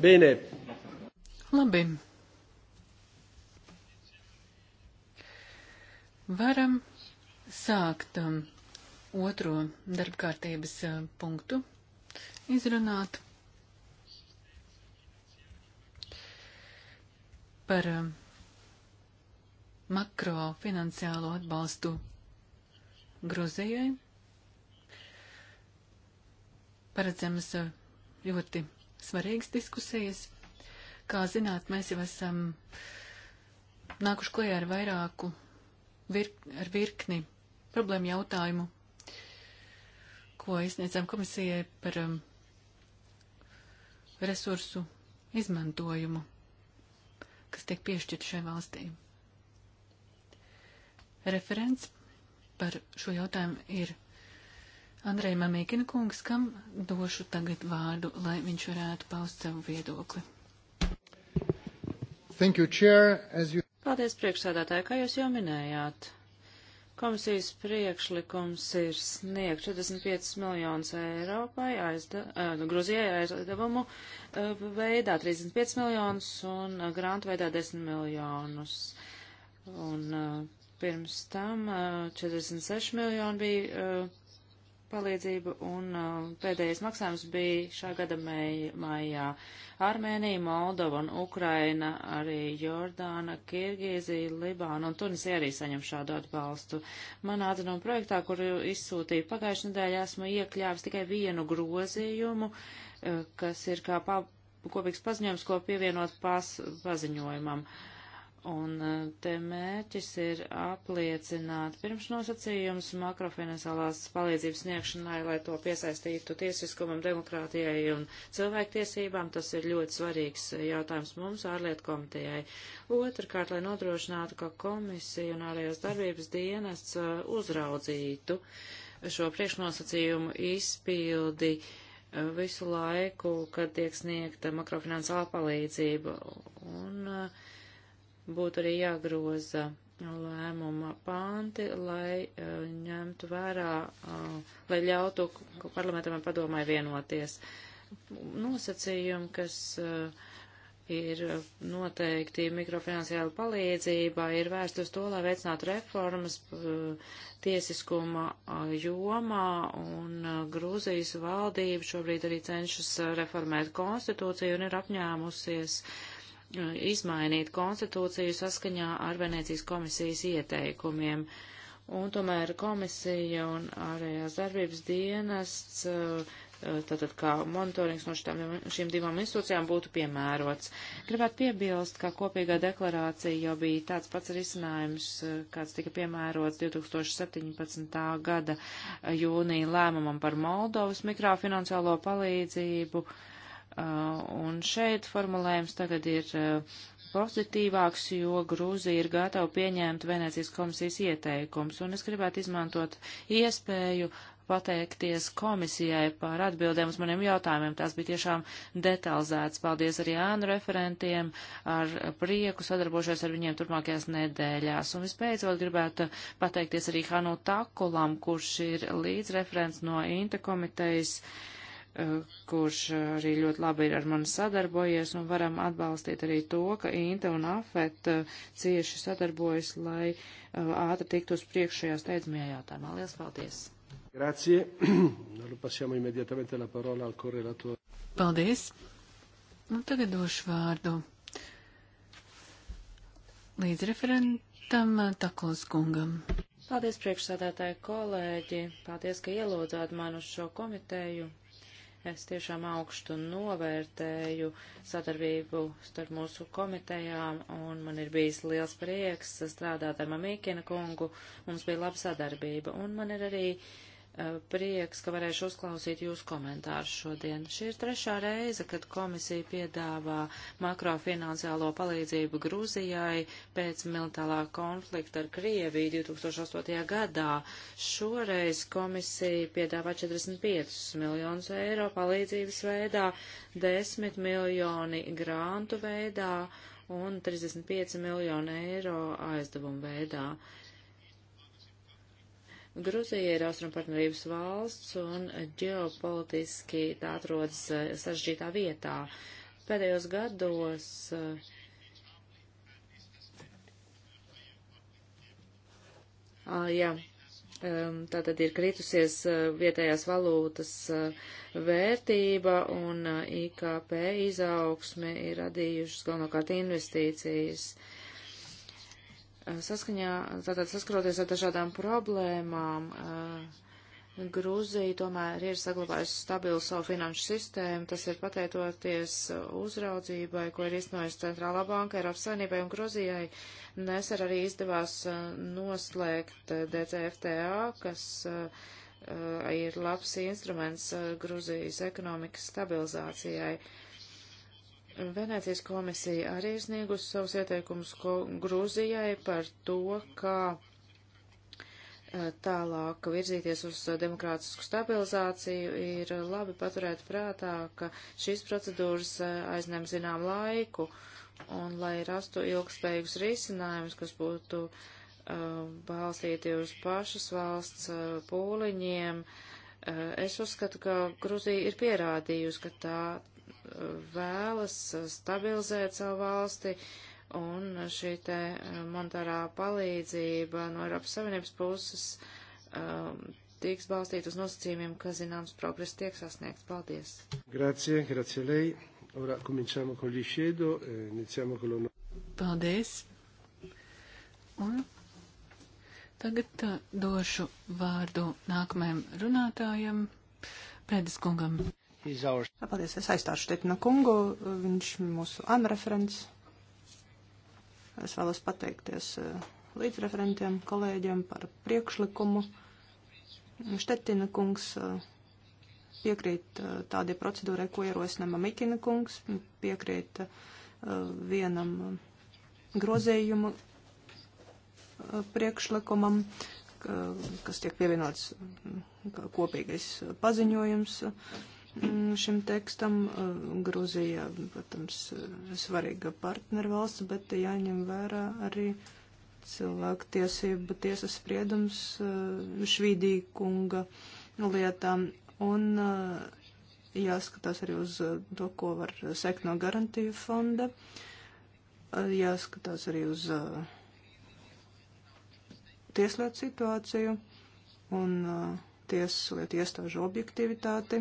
Bene. Labi. Varam sākt um, otro darbkārtības uh, punktu izrunāt par um, makrofinanciālo atbalstu Gruzijai. Paredzamas uh, ļoti svarīgas diskusijas. Kā zināt, mēs jau esam nākuši klajā ar vairāku, virk, ar virkni problēmu jautājumu, ko izniedzām komisijai par um, resursu izmantojumu, kas tiek piešķirt šai valstī. Referents par šo jautājumu ir Andrei Mamīkina kungs, kam došu tagad vārdu, lai viņš varētu paust savu viedokli. Thank you, Chair. As you... Paldies, priekšsēdētāji, kā jūs jau minējāt. Komisijas priekšlikums ir sniegt 45 miljonus Eiropai aizda, uh, Gruzijai aizdevumu uh, veidā 35 miljonus un uh, grantu veidā 10 miljonus. Un uh, pirms tam uh, 46 miljoni bija uh, palīdzību, un uh, pēdējais maksājums bija šā gada maijā Armēnija, Moldova un Ukraina, arī Jordāna, Kirgīzija, Libāna un Tunisija arī saņem šādu atbalstu. Manā atzinuma projektā, kuru izsūtīju pagājušajā nedēļā, esmu iekļāvis tikai vienu grozījumu, uh, kas ir kā pa kopīgs paziņojums, ko pievienot pas paziņojumam. Uh, Un e, te mērķis ir apliecināt pirmšnosacījums makrofinansālās palīdzības sniegšanai, lai to piesaistītu tiesiskumam, demokrātijai un cilvēktiesībām. Tas ir ļoti svarīgs jautājums mums, ārlietu komitejai. Otrakārt, lai nodrošinātu, ka komisija un ārējās darbības dienests e, uzraudzītu šo priekšnosacījumu izpildi e, visu laiku, kad tiek sniegta makrofinansālā palīdzība. Un, uh, būtu arī jāgroza lēmuma panti, lai uh, ņemtu vērā, uh, lai ļautu parlamentam un padomai vienoties. Nosacījumi, kas uh, ir noteikti mikrofinansiāla palīdzība, ir vērst uz to, lai veicinātu reformas tiesiskuma jomā, un Grūzijas valdība šobrīd arī cenšas reformēt konstitūciju un ir apņēmusies uh, Uh, izmainīt konstitūciju saskaņā ar Venecijas komisijas ieteikumiem. Un tomēr komisija un ārējās darbības dienests, uh, uh, tātad kā monitorings no šitām, šīm divām institūcijām būtu piemērots. Gribētu piebilst, ka kopīgā deklarācija jau bija tāds pats risinājums, kāds tika piemērots 2017. gada jūnija lēmumam par Moldovas mikrofinanciālo palīdzību. Uh, Uh, un šeit formulējums tagad ir uh, pozitīvāks, jo Grūzija ir gatava pieņemt Venecijas komisijas ieteikums. Un es gribētu izmantot iespēju pateikties komisijai par atbildēm uz maniem jautājumiem. Tās bija tiešām detalizētas. Paldies arī ānu referentiem. Ar prieku sadarbošos ar viņiem turpmākajās nedēļās. Un vispēcot gribētu pateikties arī Hanu Takulam, kurš ir līdzreferents no Inta komitejas. Uh, Eh, kurš eh, arī ļoti labi ir ar mani sadarbojies, un varam atbalstīt arī to, ka Inte un Afet eh, cieši sadarbojas, lai ātri tiktu uz priekšējā steidzamajā jautājumā. Lielas paldies! Grazie. Passiamo immediatamente la parola al correlatore. Paldies. Un nu, tagad došu vārdu līdz referentam Takos kungam. Paldies priekšsādātāji kolēģi, paldies, ka ielūdzāt man uz šo komiteju Es tiešām augstu novērtēju sadarbību starp mūsu komitejām, un man ir bijis liels prieks strādāt ar Mamīkina kungu. Mums bija laba sadarbība, un man ir arī uh, Eh, prieks, ka varēšu uzklausīt jūsu komentārus šodien. Šī ir trešā reize, kad komisija piedāvā makrofinansiālo palīdzību Grūzijai pēc militārā konflikta ar Krieviju 2008. gadā. Šoreiz komisija piedāvā 45 miljonus eiro palīdzības veidā, 10 miljoni grantu veidā un 35 miljonu eiro aizdevumu veidā. Uh, Gruzija ir austrumpartnerības valsts un ģeopolitiski tā atrodas eh, sažģītā vietā. Pēdējos gados eh, Ah, jā, tā tad ir kritusies eh, vietējās valūtas vērtība un IKP izaugsme ir radījušas galvenokārt investīcijas. Uh, saskaņā, tātad saskaroties ar dažādām problēmām, eh, Grūzija tomēr ir saglabājusi stabilu savu finanšu sistēmu. Tas ir pateicoties uzraudzībai, ko ir iznojusi Centrālā banka Eiropas Savienībai un Grūzijai. Nesen arī izdevās eh, noslēgt eh, DCFTA, kas ir labs instruments Grūzijas ekonomikas stabilizācijai. Uh, Venēcijas komisija arī ir sniegusi savus ieteikumus Grūzijai par to, kā eh, tālāk virzīties uz demokrātisku stabilizāciju, ir labi paturēt prātā, ka šīs procedūras eh, aizņem zinām laiku, un lai rastu ilgspējīgus risinājumus, kas būtu uh, balstīti uz pašas valsts uh, pūliņiem, uh, es uzskatu, ka Gruzija ir pierādījusi, ka tā vēlas stabilizēt savu valsti, un šī te monetārā palīdzība no Eiropas Savienības puses um, tiks balstīta uz nosacījumiem, ka zināms progress tiek sasniegts. Paldies! Grazie, grazie lei. Ora cominciamo con gli scedo, eh, iniziamo con l'onore. Paldies! Un tagad eh, došu vārdu nākamajam runātājam, Pēdiskungam. Our... Paldies, es aizstāšu Tetina kungu, viņš mūsu anreferents. Es vēlos pateikties eh, līdzreferentiem, kolēģiem par priekšlikumu. Štetina kungs eh, piekrīt eh, tādai procedūrai, ko ierosinama Mikina kungs, piekrīt vienam grozējumu priekšlikumam, kas tiek pievienots kopīgais paziņojums. Uh, Mm, šim tekstam. Eh, Grūzija, protams, eh, svarīga partnervalsts, bet jāņem vērā arī cilvēktiesība tiesas spriedums eh, Švīdī kunga lietām. Un jāskatās arī uz to, ko var sekt no garantiju fonda. Jāskatās arī uz tieslietu situāciju un tieslietu iestāžu objektivitāti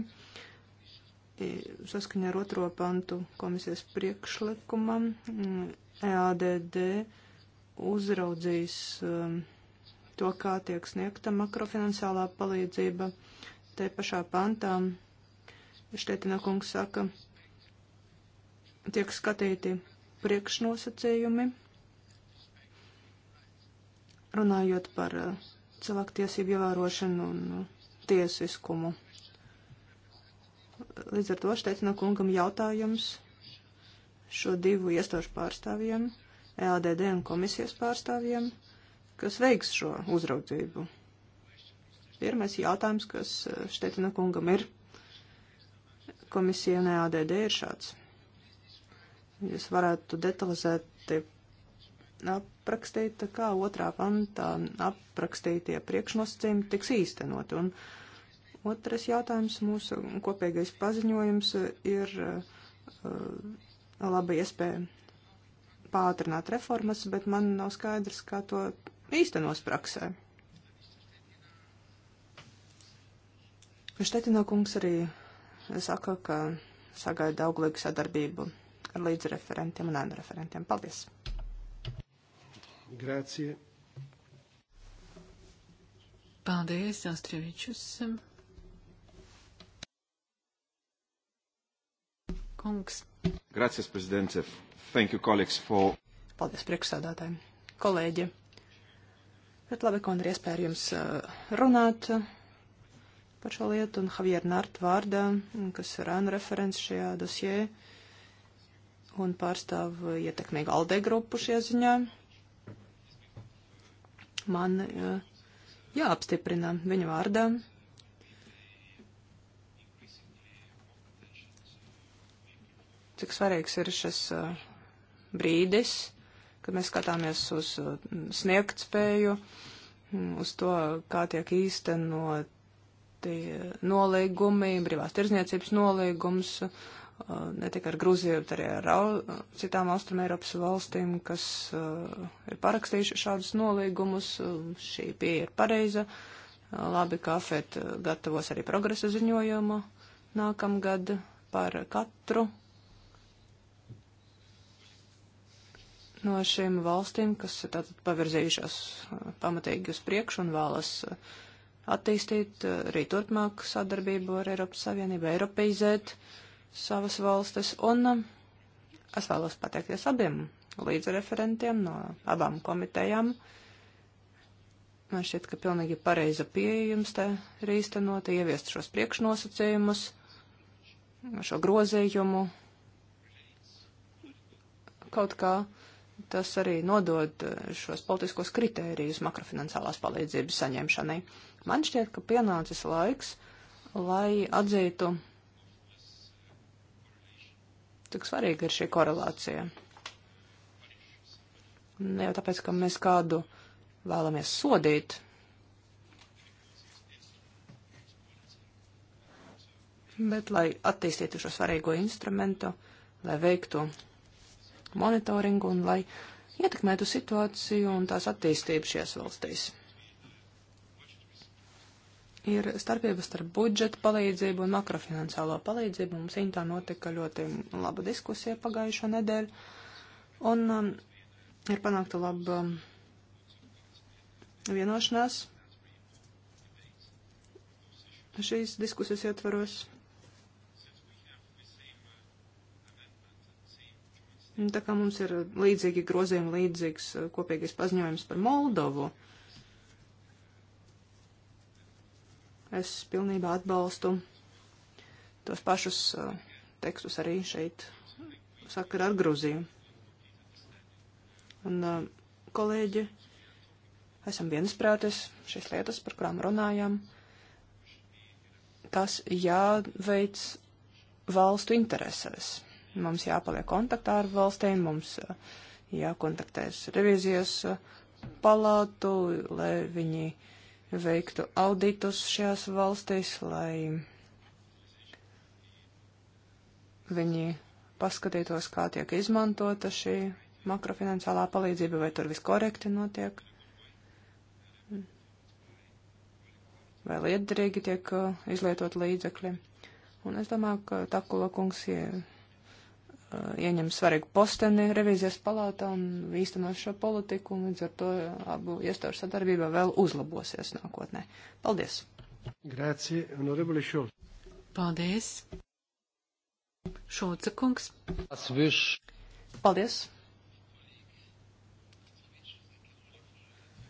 saskaņā ar otro pantu komisijas priekšlikumam mm, EADD uzraudzīs um, to, kā tiek sniegta makrofinansālā palīdzība. Te pašā pantā Štetina kungs saka, tiek skatīti priekšnosacījumi, runājot par uh, cilvēktiesību ievērošanu un tiesiskumu. Līdz ar to Šteicina kungam jautājums šo divu iestāžu pārstāvjiem, EADD un komisijas pārstāvjiem, kas veiks šo uzraudzību. Pirmais jautājums, kas eh, Šteicina kungam ir komisija un EADD ir šāds. Jūs varētu detalizēti aprakstīt, kā otrā pantā aprakstītie priekšnosacījumi tiks īstenoti. Un, uh, Otrais jautājums - mūsu kopīgais paziņojums ir uh, laba iespēja pātrināt reformas, bet man nav skaidrs, kā to īstenos praksē. Štetina kungs arī saka, ka sagaida auglīgu sadarbību ar līdzreferentiem un ēnreferentiem. Paldies! Grācie! Paldies, Austrievičus! kungs. Gracias, prezidente. Thank you, colleagues, for. Paldies priekšsādātājiem. Kolēģi. Bet labi, ka man ir iespēja ar jums eh, runāt eh, par šo lietu un Javier Nart vārdā, kas ir ēna referents šajā dosjē un pārstāv ietekmīgu Alde grupu šajā ziņā. Man eh, jāapstiprina viņa vārdā cik svarīgs ir šis uh, brīdis, kad mēs skatāmies uz uh, sniegtspēju, mm, uz to, kā tiek īstenoti uh, nolīgumi, brīvās tirzniecības nolīgums, uh, ne tikai ar Gruziju, bet arī ar au, citām Austrum Eiropas valstīm, kas uh, ir parakstījuši šādus nolīgumus. Uh, šī pieeja ir pareiza. Labi, ka AFET gatavos arī progresa ziņojumu nākamgad par katru no šīm valstīm, kas ir tātad pavirzījušās uh, pamatīgi uz priekšu un vēlas uh, attīstīt uh, arī turpmāk sadarbību ar Eiropas Savienību, eiropeizēt savas valstis. Un um, es vēlos pateikties abiem līdzreferentiem no abām komitejām. Man šķiet, ka pilnīgi pareiza pieeja jums te ir īstenota, ieviest šos priekšnosacījumus, šo grozījumu, kaut kā uh, tas arī nodod eh, šos politiskos kritērijus makrofinansālās palīdzības saņemšanai. Man šķiet, ka pienācis laiks, lai atzītu, cik svarīga ir šī korelācija. Ne jau tāpēc, ka mēs kādu vēlamies sodīt. Bet, lai attīstītu šo svarīgo instrumentu, lai veiktu monitoringu un lai ietekmētu situāciju un tās attīstību šajās valstīs. Ir starpības starp budžeta palīdzību un makrofinansālo palīdzību. Mums intā notika ļoti laba diskusija pagājušo nedēļu. Un um, ir panākta laba um, vienošanās šīs diskusijas ietvaros Nu, tā kā mums ir līdzīgi grozījumi, līdzīgs eh, kopīgais paziņojums par Moldovu. Es pilnībā atbalstu tos pašus eh, tekstus arī šeit sakara ar Gruziju. Un, eh, kolēģi, esam viensprātis šīs lietas, par kurām runājām. Tas jāveic valstu interesēs. Mums jāpaliek kontaktā ar valstīm, mums uh, jākontaktēs revizijas uh, palātu, lai viņi veiktu auditus šajās valstīs, lai viņi paskatītos, kā tiek izmantota šī makrofinansālā palīdzība, vai tur viss korekti notiek, vai liederīgi tiek uh, izlietot līdzekļi. Un es domāju, ka Takula kungs ir Uh, ieņem svarīgu posteni revīzijas palātā un īstenos šo politiku, un līdz ar to uh, abu iestāžu sadarbība vēl uzlabosies nākotnē. Paldies! Grācija, honorable Šulc. Paldies! Šulca kungs. Paldies!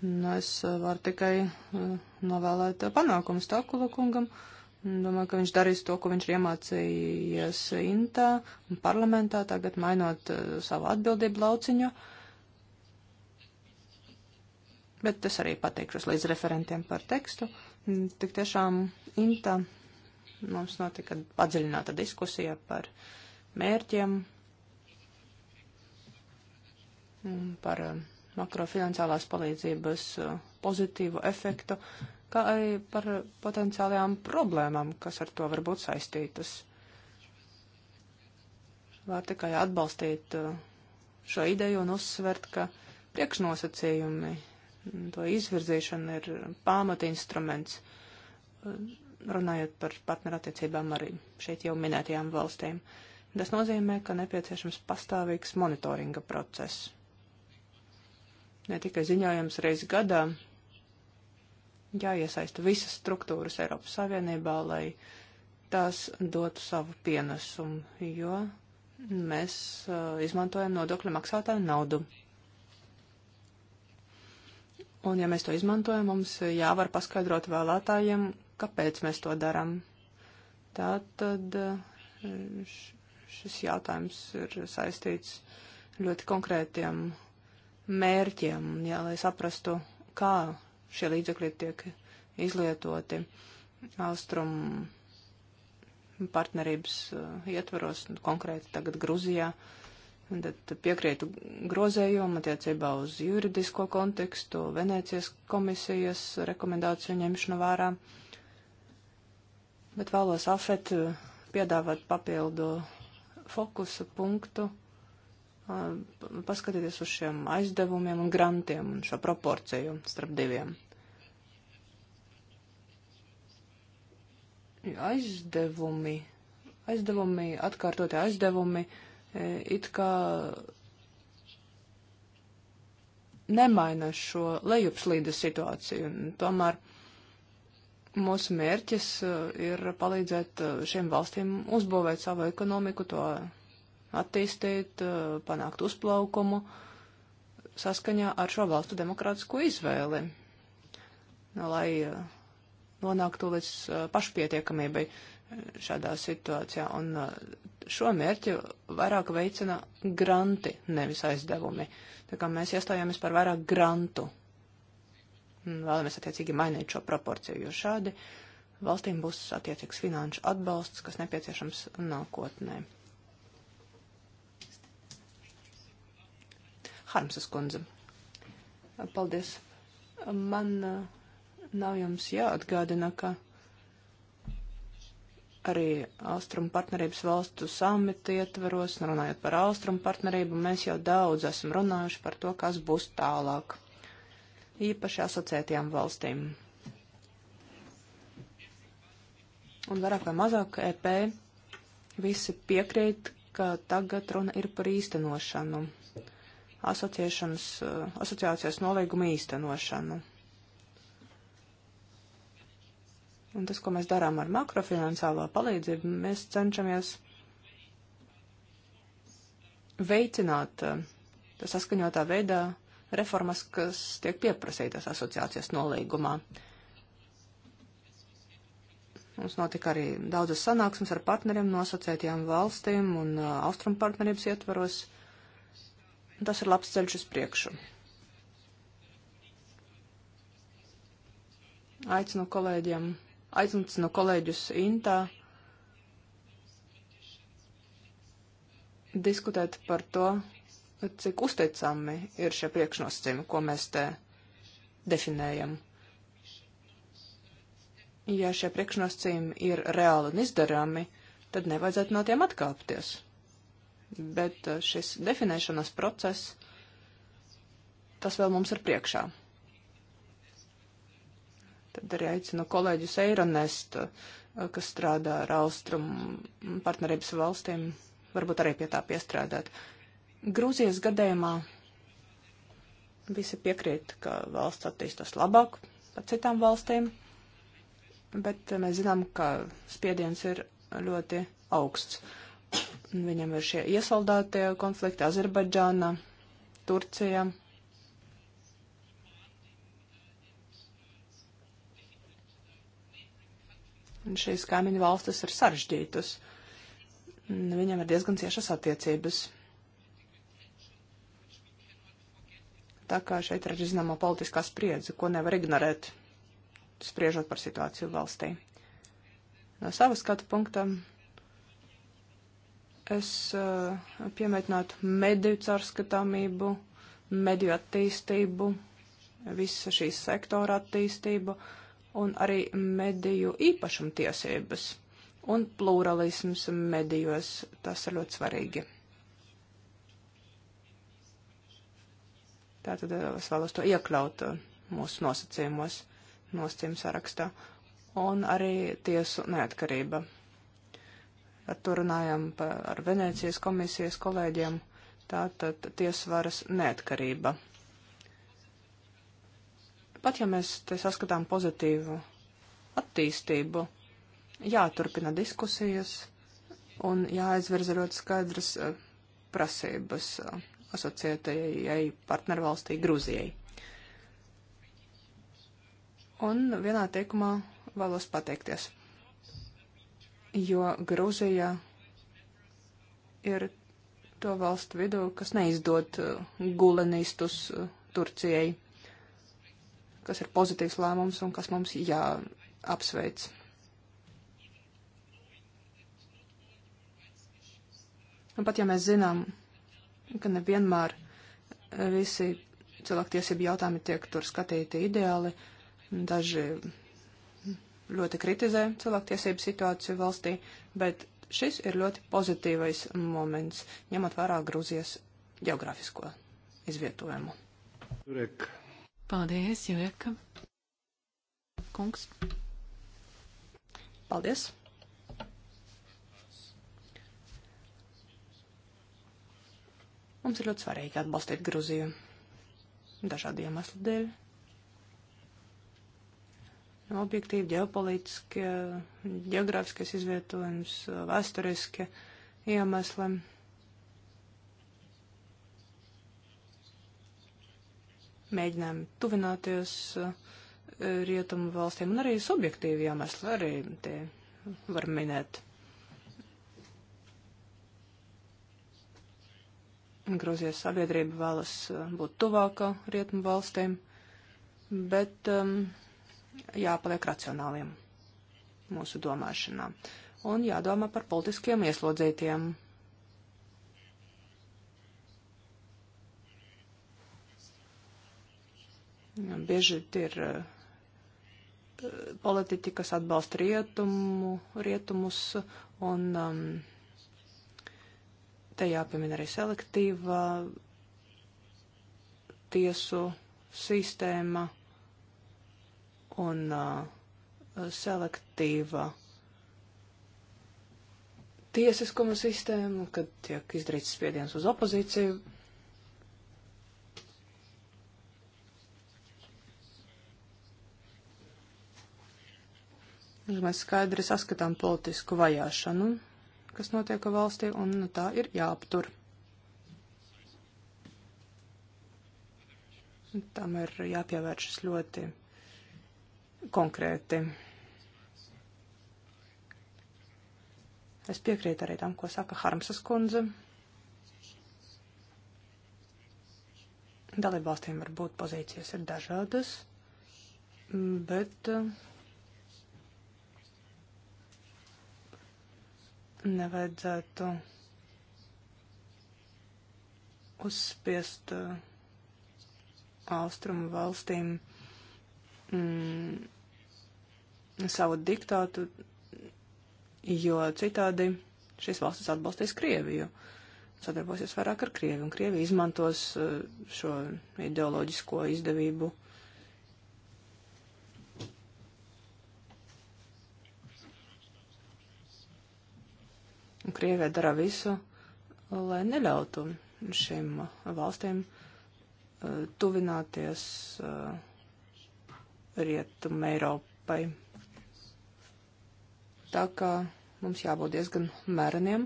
Nu, es uh, varu tikai novēlēt panākumu Stakula kungam. Uh, Domāju, ka viņš darīs to, ko viņš ir iemācījies intā un parlamentā, tagad mainot uh, savu atbildību lauciņu. Bet es arī pateikšos līdz referentiem par tekstu. Mm, tik tiešām intā mums notika padziļināta diskusija par mērķiem, par uh, makrofinansālās palīdzības uh, pozitīvu efektu. Uh, kā arī par potenciālajām problēmām, kas ar to var būt saistītas. Var tikai atbalstīt uh, šo ideju un uzsvert, ka priekšnosacījumi, to izvirzīšana ir pamata instruments, uh, runājot par partnerattiecībām arī šeit jau minētajām valstīm. Tas nozīmē, ka nepieciešams pastāvīgs monitoringa process. Ne tikai ziņojums reiz gadā, jāiesaista visas struktūras Eiropas Savienībā, lai tās dotu savu pienesumu, jo mēs uh, izmantojam nodokļu maksātāju naudu. Un ja mēs to izmantojam, mums jāvar paskaidrot vēlētājiem, kāpēc mēs to darām. Tā tad uh, šis jautājums ir saistīts ļoti konkrētiem mērķiem, jā, lai saprastu, kā šie līdzekļi tiek izlietoti austrumu partnerības uh, ietvaros, nu, konkrēti tagad Gruzijā. Tad piekrītu grozējumu attiecībā uz juridisko kontekstu, Venēcijas komisijas rekomendāciju ņemšanu vērā, bet vēlos afet uh, piedāvāt papildu fokusu punktu paskatieties uz šiem aizdevumiem un grantiem un šo proporciju starp diviem. Aizdevumi, aizdevumi, atkārtotie aizdevumi, it kā nemaina šo lejupslīdes situāciju. Tomēr mūsu mērķis ir palīdzēt šiem valstīm uzbūvēt savu ekonomiku, to attīstīt, eh, panākt uzplaukumu saskaņā ar šo valstu demokrātisko izvēli, lai eh, nonāktu līdz eh, pašpietiekamībai šādā situācijā. Un šo mērķi vairāk veicina granti, nevis aizdevumi. Tā kā mēs iestājāmies par vairāk grantu. Un vēlamies attiecīgi mainīt šo proporciju, jo šādi valstīm būs attiecīgs finanšu atbalsts, kas nepieciešams nākotnē. Harmsas kundze. Paldies. Man eh, nav jums jāatgādina, ka arī Austrumu partnerības valstu samita ietveros, nu, runājot par Austrumu partnerību, mēs jau daudz esam runājuši par to, kas būs tālāk, īpaši asociētajām valstīm. Un vairāk vai mazāk EP visi piekrīt, ka tagad runa ir par īstenošanu. Eh, asociācijas nolīguma īstenošanu. Un tas, ko mēs darām ar makrofinansālo palīdzību, mēs cenšamies veicināt eh, saskaņotā veidā reformas, kas tiek pieprasītas asociācijas nolīgumā. Mums notika arī daudzas sanāksmes ar partneriem no asociētajām valstīm un eh, austrumu partnerības ietvaros. Uh, Tas ir labs ceļš uz priekšu. Aicinu kolēģiem, aicinu kolēģus Intā diskutēt par to, cik uzticami ir šie priekšnosacījumi, ko mēs te definējam. Ja šie priekšnosacījumi ir reāli un izdarāmi, tad nevajadzētu no tiem atkāpties bet uh, šis definēšanas process, tas vēl mums ir priekšā. Tad arī aicinu kolēģus Eironest, uh, kas strādā ar austrumu partnerības valstīm, varbūt arī pie tā piestrādāt. Grūzijas gadījumā visi piekrīt, ka valsts attīstas labāk par citām valstīm, bet mēs zinām, ka spiediens ir ļoti augsts. Uh, Viņam ir šie iesaldētie konflikti Azerbaidžāna, Turcija. Un šīs kaimiņu valstis ir sarežģītas. Viņam ir diezgan ciešas attiecības. Tā kā šeit ir zināmā politiskā spriedze, ko nevar ignorēt, spriežot par situāciju valstī. No sava skatu punkta es uh, piemētinātu mediju cārskatāmību, mediju attīstību, visa šīs sektora attīstību un arī mediju īpašumtiesības un pluralisms medijos. Tas ir ļoti svarīgi. Tātad eh, es vēlos to iekļaut eh, mūsu nosacījumos, nosacījumu sarakstā. Un arī tiesu neatkarība. Ar to runājam pa, ar Venēcijas komisijas kolēģiem. Tātad tiesvaras neatkarība. Pat ja mēs te saskatām pozitīvu attīstību, jāturpina diskusijas un jāizvirza ļoti skaidras eh, prasības eh, asociētajai partnervalstī Gruzijai. Un vienā teikumā vēlos pateikties jo Grūzija ir to valstu vidū, kas neizdod uh, gulenistus uh, Turcijai, kas ir pozitīvs lēmums un kas mums jāapsveic. Un pat ja mēs zinām, ka nevienmēr visi cilvēktiesību jautājumi tiek tur skatīti ideāli, daži ļoti kritizē cilvēktiesību situāciju valstī, bet šis ir ļoti pozitīvais moments, ņemot vērā Grūzijas geogrāfisko izvietojumu. Jurek. Paldies, Jureka. Kungs. Paldies. Mums ir ļoti svarīgi atbalstīt Gruziju dažādu iemeslu dēļ objektīvi, ģeopolitiski, geogrāfiskais izvietojums, vēsturiski iemesli. Mēģinām tuvināties eh, rietumu valstīm un arī subjektīvi iemesli arī tie var minēt. Grūzijas sabiedrība vēlas eh, būt tuvāka rietumu valstīm, bet um, jāpaliek racionāliem mūsu domāšanā un jādomā par politiskiem ieslodzītiem. Bieži ir eh, politiķi, kas atbalsta rietumu, rietumus, un um, te jāpiemina arī selektīva tiesu sistēma un uh, selektīva tiesiskuma sistēma, kad tiek izdarīts spiediens uz opozīciju. Mēs skaidri saskatām politisku vajāšanu, kas notiek valstī, un tā ir jāaptur. Tam ir jāpievēršas ļoti konkrēti. Es piekrītu arī tam, ko saka Harmsas kundze. Dalībvalstīm varbūt pozīcijas ir dažādas, bet mm, nevajadzētu uzspiest uh, austrumu valstīm mm, savu diktātu, jo citādi šīs valstis atbalstīs Krieviju, sadarbosies vairāk ar Krieviju, un Krievija izmantos eh, šo ideoloģisko izdevību. Un Krievija dara visu, lai neļautu šīm valstīm uh, tuvināties uh, Rietuma Eiropai. Tā kā mums jābūt diezgan mēreniem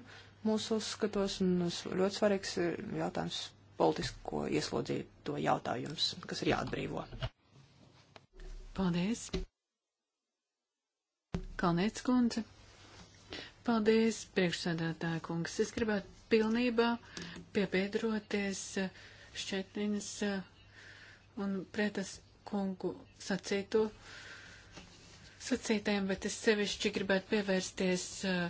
mūsu uzskatos, un ļoti svarīgs ir jautājums politisko ieslodzīto jautājums, kas ir jāatbrīvo. Paldies! Kalnēts kundze. Paldies, priekšsēdētāja kungs. Es gribētu pilnībā piebiedroties Šķetninas uh, un pretas kungu sacīto, sacītajiem, bet es sevišķi gribētu pievērsties uh,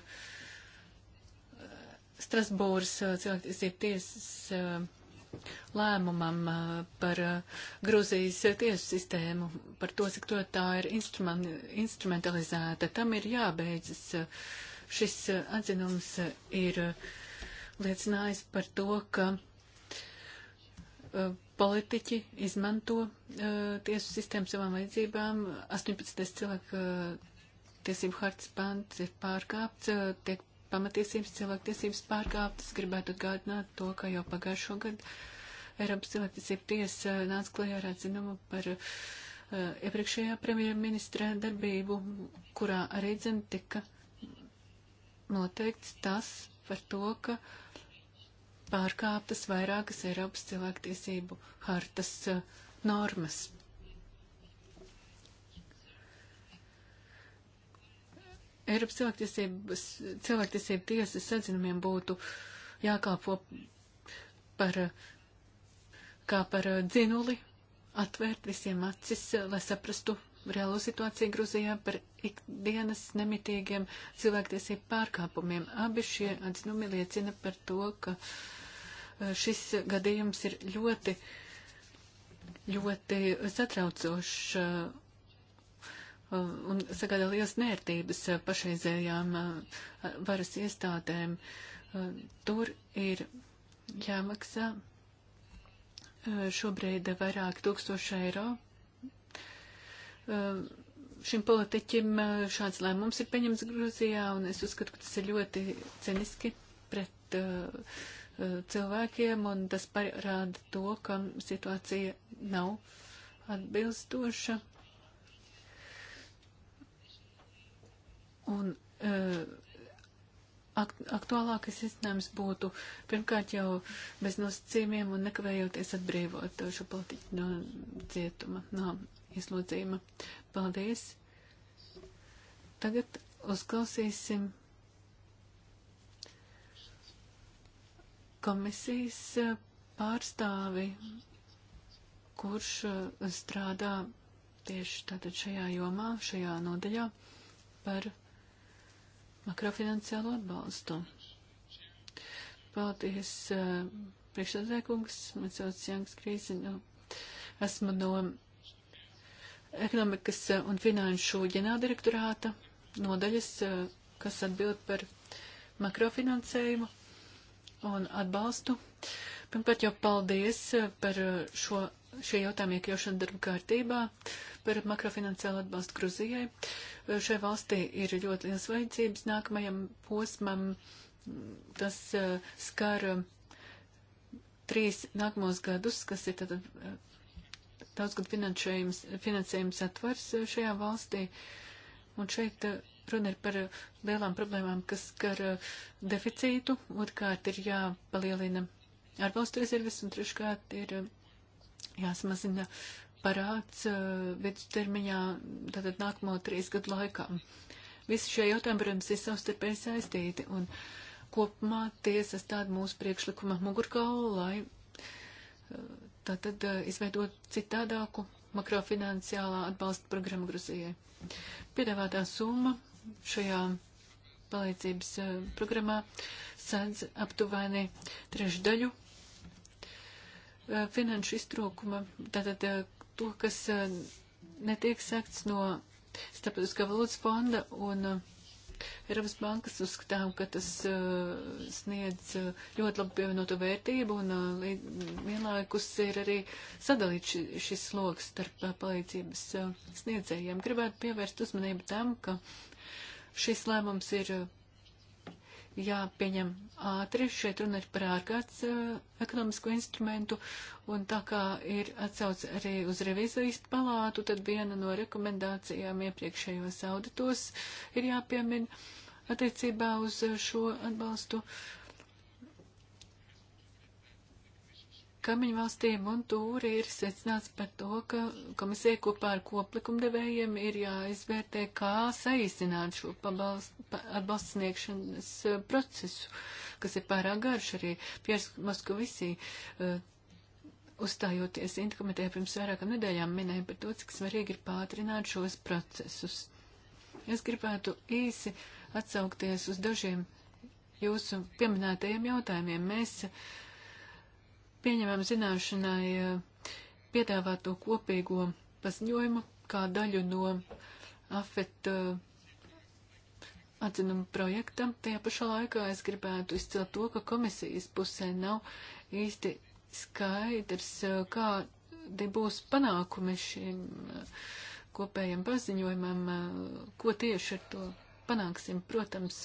Strasbūras uh, cilvēktiesību tiesas uh, lēmumam uh, par Grūzijas tiesu sistēmu, par to, cik to tā ir instrument, instrumentalizēta. Tam ir jābeidzas. Šis atzinums ir liecinājis par to, ka politiķi izmanto uh, tiesu sistēmu savām vajadzībām. 18. cilvēku uh, tiesību hartas pants ir pārkāpts, uh, tiek pamatiesības cilvēktiesības pārkāptas. Gribētu atgādināt to, ka jau pagājušo gadu Eiropas cilvēktiesība tiesa uh, nāca klajā ar atzinumu par uh, iepriekšējā premjerministra darbību, kurā arī dzem tika noteikts tas par to, ka uh, pārkāptas vairākas Eiropas cilvēktiesību hartas eh, normas. Eiropas cilvēktiesību tiesas sadzinumiem būtu jākalpo par, eh, kā par eh, dzinuli, atvērt visiem acis, lai saprastu reālo situāciju Gruzijā par ikdienas nemitīgiem cilvēktiesību pārkāpumiem. Abi šie atzinumi liecina par to, ka uh, Eh, šis gadījums ir ļoti, ļoti satraucošs eh, un sagādā liels nērtības pašreizējām eh, varas iestādēm. Tur ir jāmaksā šobrīd vairāk tūkstoši eiro. Šim politiķim šāds lēmums ir pieņemts Grūzijā, un es uzskatu, ka tas ir ļoti ceniski pret uh, cilvēkiem, un tas parāda to, ka situācija nav atbilstoša. Un eh, aktuālākais izcinājums būtu pirmkārt jau bez nosacījumiem un nekavējoties atbrīvot šo politiķu no cietuma, no ieslodzījuma. Paldies! Tagad uzklausīsim komisijas eh, pārstāvi, kurš eh, strādā tieši tātad šajā jomā, šajā nodaļā par makrofinanciālo atbalstu. Paldies, eh, priekšsēdētājkungs, man sauc Jānis Krīzi, no, nu, esmu no ekonomikas un finanšu ģenerāldirektorāta nodaļas, kas atbild par makrofinansējumu un atbalstu. Pirmkārt jau paldies eh, par eh, šo, šie jautājumi iekļaušanu darba kārtībā, par makrofinanciālu atbalstu Gruzijai. Eh, šai valstī ir ļoti liels vajadzības nākamajam posmam. Tas uh, skar trīs nākamos gadus, kas ir tātad daudzgad finansējums, finansējums atvars šajā valstī. Un šeit uh, Runa ir par uh, lielām problēmām, kas skar uh, deficītu. Otkārt ir jāpalielina ārvalstu rezerves un treškārt ir uh, jāsamazina parāds vidustermiņā, tātad nākamo trīs gadu laikā. Visi šie jautājumi, protams, ir savstarpēji saistīti, un kopumā tie sastāv mūsu priekšlikuma mugurkaulu, lai tātad izveidot citādāku makrofinanciālā atbalsta programmu Gruzijai. Piedāvātā summa šajā palīdzības eh, programmā sēdz aptuveni trešdaļu eh, finanšu iztrūkuma, tātad eh, to, kas netiek sekts no Starptautiskā valūtas fonda un Eiropas bankas uzskatām, ka tas sniedz ļoti labu pievienoto vērtību un vienlaikus ir arī sadalīts šis sloks starp palīdzības sniedzējiem. Gribētu pievērst uzmanību tam, ka Šis lēmums ir uh, jāpieņem ātri. Šeit runa ir par ārkārtas uh, ekonomisko instrumentu, un tā kā ir atsauc arī uz revizijas palātu, tad viena no rekomendācijām iepriekšējos auditos ir jāpiemina attiecībā uz uh, šo atbalstu. Uh, Kamiņu valstīm un tūri ir secināts par to, ka komisija kopā ar koplikumdevējiem ir jāizvērtē, kā saīsināt šo atbalsts sniegšanas eh, procesu, kas ir pārāk garš arī Piers Moskovisī. Eh, uzstājoties intkomitē pirms vairākām nedēļām minēja par to, cik svarīgi ir pātrināt šos procesus. Es gribētu īsi atsaukties uz dažiem jūsu pieminētajiem jautājumiem. Mēs uh, pieņemam zināšanai eh, piedāvāto kopīgo paziņojumu kā daļu no AFET eh, atzinuma projekta. Tajā pašā laikā es gribētu izcelt to, ka komisijas pusē nav īsti skaidrs, eh, kādi būs panākumi šim kopējam paziņojumam, ko tieši ar to panāksim. Protams,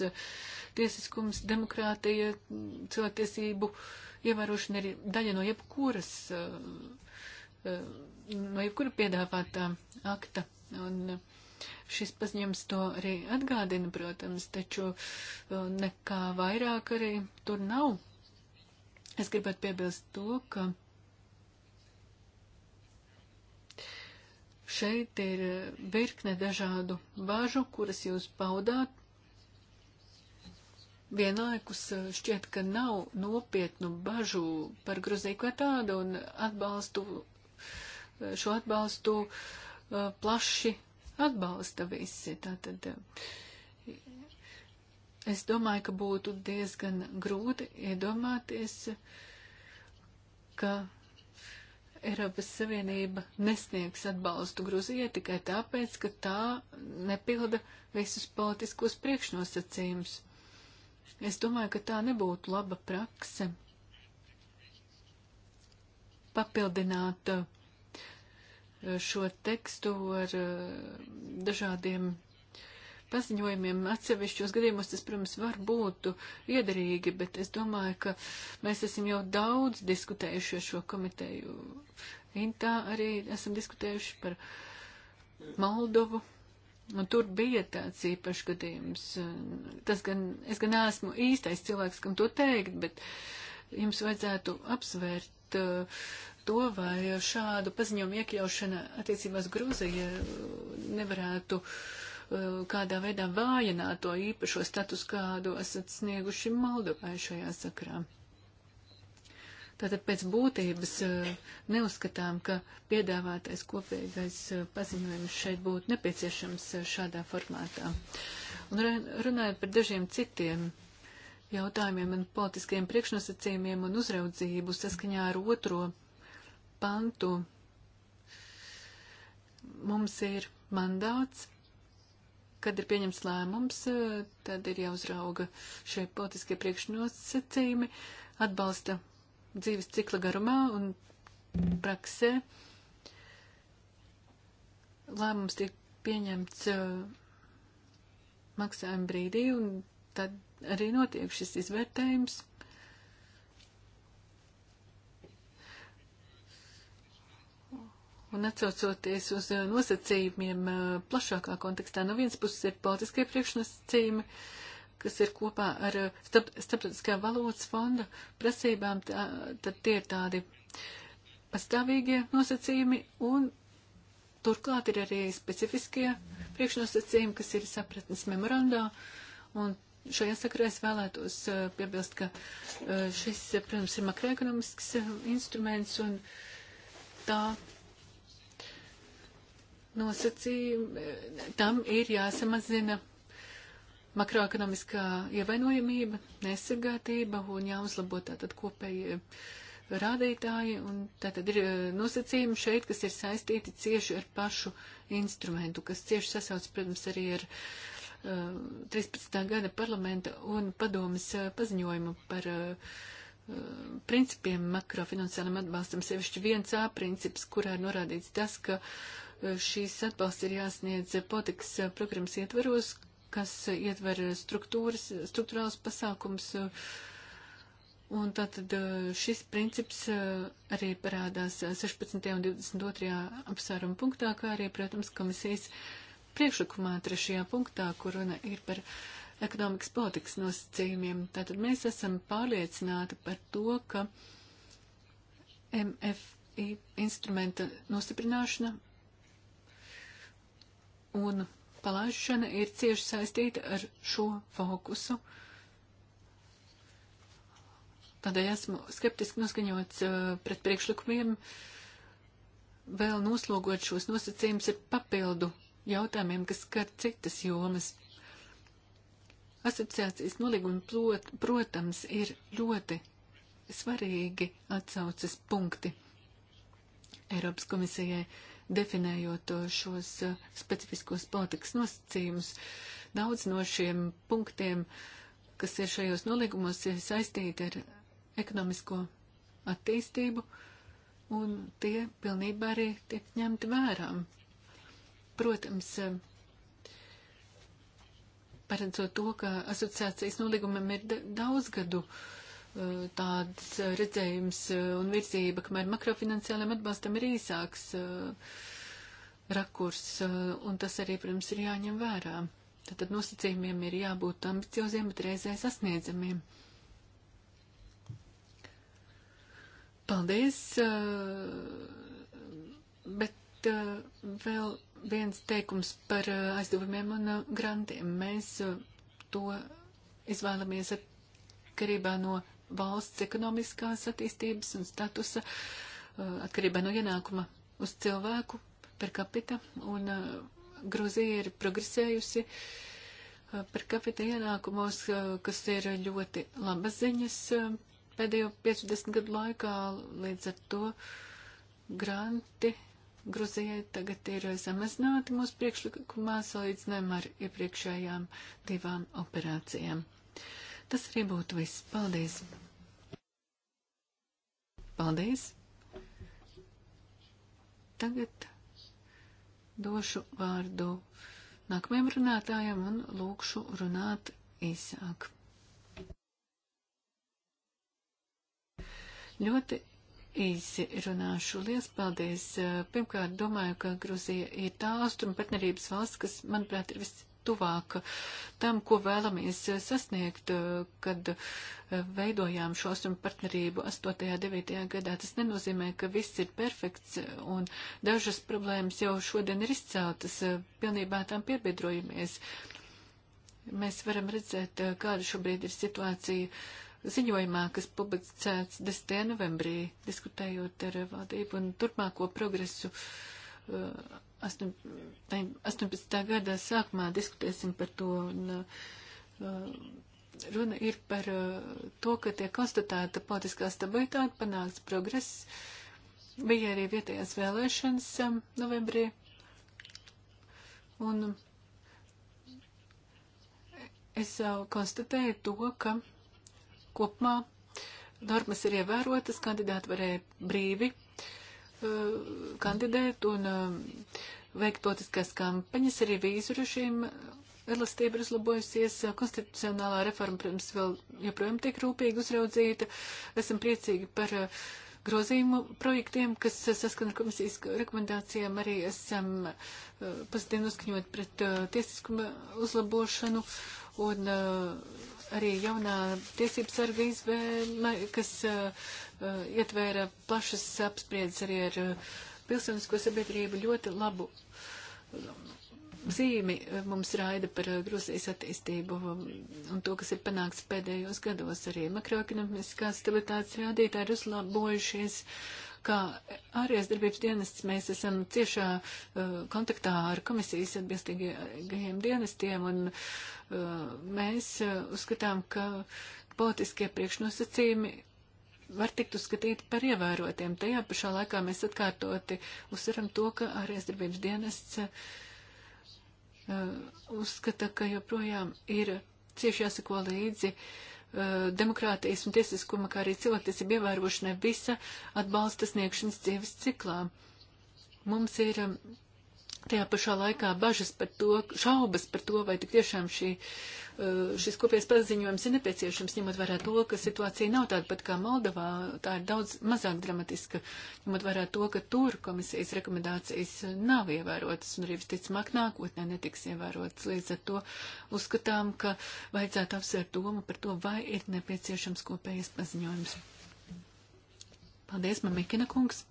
tiesiskums, demokrātija, mm, cilvēktiesību. Uh, ievērošana ir daļa no jebkuras, eh, eh, no jebkura piedāvātā akta. Un eh, šis paziņojums to arī atgādina, protams, taču nekā vairāk arī tur nav. Es gribētu piebilst to, ka šeit ir virkne dažādu bažu, kuras jūs paudāt Vienlaikus eh, šķiet, ka nav nopietnu bažu par Gruziju kā tādu un atbalstu, eh, šo atbalstu eh, plaši atbalsta visi. Tātad es domāju, ka būtu diezgan grūti iedomāties, ka Eiropas Savienība nesniegs atbalstu Gruzijai tikai tāpēc, ka tā nepilda visus politiskos priekšnosacījumus. Es domāju, ka tā nebūtu laba prakse papildināt eh, šo tekstu ar eh, dažādiem paziņojumiem. Atsevišķos gadījumos tas, protams, var būt iederīgi, bet es domāju, ka mēs esam jau daudz diskutējuši ar šo komiteju. Intā arī esam diskutējuši par Moldovu. Un tur bija tāds īpašs gadījums. Tas gan, es gan esmu īstais cilvēks, kam to teikt, bet jums vajadzētu apsvērt uh, to, vai šādu paziņojumu iekļaušana attiecībās Grūzija uh, nevarētu uh, kādā veidā vājināt to īpašo status, kādu esat snieguši Moldovai šajā sakrā. Tātad pēc būtības eh, neuzskatām, ka piedāvātais kopīgais eh, paziņojums šeit būtu nepieciešams eh, šādā formātā. Un runājot par dažiem citiem jautājumiem un politiskiem priekšnosacījumiem un uzraudzību saskaņā ar otro pantu. Mums ir mandāts, kad ir pieņems lēmums, tad ir jāuzrauga šie politiskie priekšnosacījumi, atbalsta dzīves cikla garumā un praksē lēmums tiek pieņemts uh, maksājuma brīdī, un tad arī notiek šis izvērtējums. Un atcaucoties uz uh, nosacījumiem uh, plašākā kontekstā, no vienas puses ir politiskie priekšnosacījumi, uh, kas ir kopā ar uh, starp, starptautiskā valodas fonda prasībām, tā, tad tie ir tādi pastāvīgie nosacījumi un turklāt ir arī specifiskie priekšnosacījumi, kas ir sapratnes memorandā. Un šajā sakarā es vēlētos uh, piebilst, ka uh, šis, protams, ir makroekonomisks instruments un tā nosacījumi, tam ir jāsamazina makroekonomiskā ievainojamība, nesargātība un jāuzlabo tātad kopējie eh, rādītāji. Un tātad ir eh, nosacījumi šeit, kas ir saistīti cieši ar pašu instrumentu, kas cieši sasauc, protams, arī ar uh, eh, 13. gada parlamenta un padomas uh, paziņojumu par uh, principiem makrofinansālam atbalstam, sevišķi viens A princips, kurā ir norādīts tas, ka šīs atbalsts ir jāsniedz politikas programmas ietvaros, kas ietver struktūras, struktūrāls pasākums. Un tātad eh, šis princips eh, arī parādās 16. un 22. apsvērumu punktā, kā arī, protams, komisijas priekšlikumā trešajā punktā, kur runa ir par ekonomikas politikas nosacījumiem. Tātad mēs esam pārliecināti par to, ka MFI instrumenta nostiprināšana un palaišana ir cieši saistīta ar šo fokusu. Tādēļ esmu skeptiski noskaņots uh, pret priekšlikumiem. Vēl noslogot šos nosacījumus ar papildu jautājumiem, kas skar citas jomas. Asociācijas nolīgumi, plot, protams, ir ļoti svarīgi atsauces punkti Eiropas komisijai. Uh, definējot uh, šos uh, specifiskos politikas nosacījumus. Daudz no šiem punktiem, kas ir šajos nolīgumos, ir saistīti ar ekonomisko attīstību, un tie pilnībā arī tiek ņemti vērām. Protams, uh, paredzot to, ka asociācijas nolīgumam ir daudzgadu gadu tāds redzējums un virzība, kamēr makrofinanciāliem atbalstam ir īsāks eh, rakurs, eh, un tas arī, protams, ir jāņem vērā. Tātad nosacījumiem ir jābūt ambicioziem, bet reizē sasniedzamiem. Paldies, eh, bet vēl viens teikums par aizdevumiem un grantiem. Mēs to izvēlamies atkarībā no valsts ekonomiskās attīstības un statusa uh, atkarībā no ienākuma uz cilvēku per capita, un uh, Gruzija ir progresējusi uh, par capita ienākumos, kas ir ļoti labas ziņas pēdējo 50 gadu laikā, līdz ar to granti Gruzijai tagad ir samazināti mūsu priekšlikumā salīdzinājumā ar iepriekšējām divām operācijām. Uh, Tas arī būtu viss. Paldies! Paldies! Tagad došu vārdu nākamajam runātājam un lūkšu runāt īsāk. Ļoti īsi runāšu. Lielas paldies! Pirmkārt, domāju, ka Gruzija ir tā austrumu partnerības valsts, kas, manuprāt, ir viss tuvāk tam, ko vēlamies sasniegt, kad veidojām šo austrumu partnerību 8. un 9. gadā. Tas nenozīmē, ka viss ir perfekts un dažas problēmas jau šodien ir izceltas, pilnībā tam piebiedrojamies. Mēs varam redzēt, kāda šobrīd ir situācija ziņojumā, kas publicēts 10. novembrī, diskutējot ar valdību un turpmāko progresu uh, 18. gada sākumā diskutēsim par to. Un, uh, runa ir par uh, to, ka tiek konstatēta politiskā stabilitāte, panākts progress. Bija arī vietējās vēlēšanas um, novembrī. Un es konstatēju to, ka kopumā normas ir ievērotas, kandidāti varēja brīvi Eh, kandidēt un eh, veikt politiskās kampaņas. Arī vīzu režīma elastība ir uzlabojusies. Konstitucionālā reforma, protams, vēl joprojām tiek rūpīgi uzraudzīta. Esam priecīgi par eh, grozījumu projektiem, kas saskana ar komisijas rekomendācijām. Arī esam pozitīvi noskaņot pret tiesiskuma uzlabošanu. Un, uh, arī jaunā tiesības sarga izvēle, kas uh, ietvēra plašas apspriedzes arī ar uh, pilsonisko sabiedrību ļoti labu um, zīmi uh, mums raida par uh, Grūzijas attīstību um, un to, kas ir panākts pēdējos gados arī makroekonomiskās stabilitātes rādītāji ir uzlabojušies. Uh, kā ārējās darbības dienests mēs esam ciešā uh, kontaktā ar komisijas atbilstīgajiem dienestiem, un uh, mēs uh, uzskatām, ka politiskie priekšnosacījumi var tikt uzskatīti par ievērotiem. Tajā pašā laikā mēs atkārtoti uzsveram to, ka ārējās darbības dienests uh, uzskata, ka joprojām ir cieši jāsako līdzi uh, Uh, demokrātijas un tiesiskuma, kā arī cilvēktiesība ievērošanai visa atbalsta sniegšanas dzīves ciklā. Mums ir um, Tajā pašā laikā bažas par to, šaubas par to, vai tik tiešām šī, uh, šis kopējais paziņojums ir nepieciešams, ņemot vērā to, ka situācija nav tāda pat kā Moldovā, tā ir daudz mazāk dramatiska, ņemot vērā to, ka tur komisijas rekomendācijas nav ievērotas un arī visticamāk nākotnē netiks ievērotas. Līdz ar to uzskatām, ka vajadzētu apsvērt domu par to, vai ir nepieciešams kopējais paziņojums. Paldies, Mamikina kungs!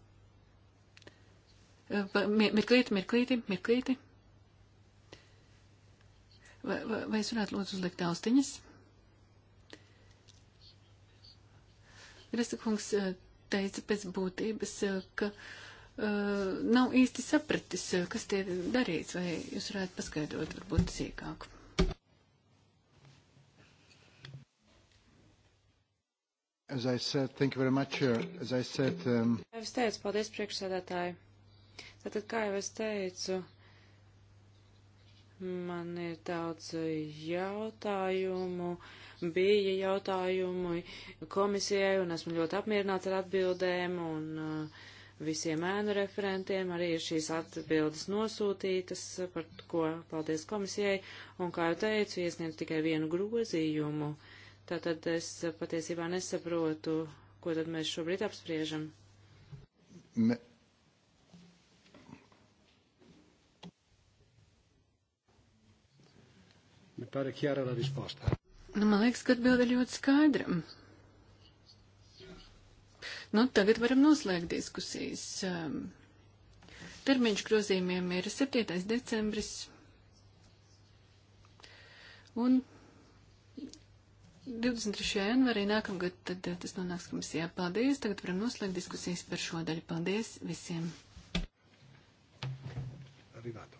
Mirklīti, mirklīti, mirklīti. Vai, vai, vai es varētu lūdzu uzlikt austiņas? Grasakungs eh, teica pēc būtības, eh, ka uh, nav īsti sapratis, kas tie darīts, vai jūs varētu paskaidrot varbūt sīkāk. As I said, thank you very much. Uh, as I said, um... Es teicu, paldies priekšsēdētāji. Tātad, kā jau es teicu, man ir daudz jautājumu, bija jautājumu komisijai, un esmu ļoti apmierināts ar atbildēm, un uh, visiem ēnu referentiem arī ir šīs atbildes nosūtītas, par ko paldies komisijai, un, kā jau teicu, iesniedz tikai vienu grozījumu. Tātad es patiesībā nesaprotu, ko tad mēs šobrīd apspriežam. Ne. Mi pare chiara la risposta. Nu, man liekas, ka atbilde ļoti skaidra. Nu, tagad varam noslēgt diskusijas. Ehm, termiņš grozījumiem ir 7. decembris. Un 23. janvarī nākamgad tad tas nonāks komisijā. Paldies. Tagad varam noslēgt diskusijas par šo daļu. Paldies visiem. Arrivato.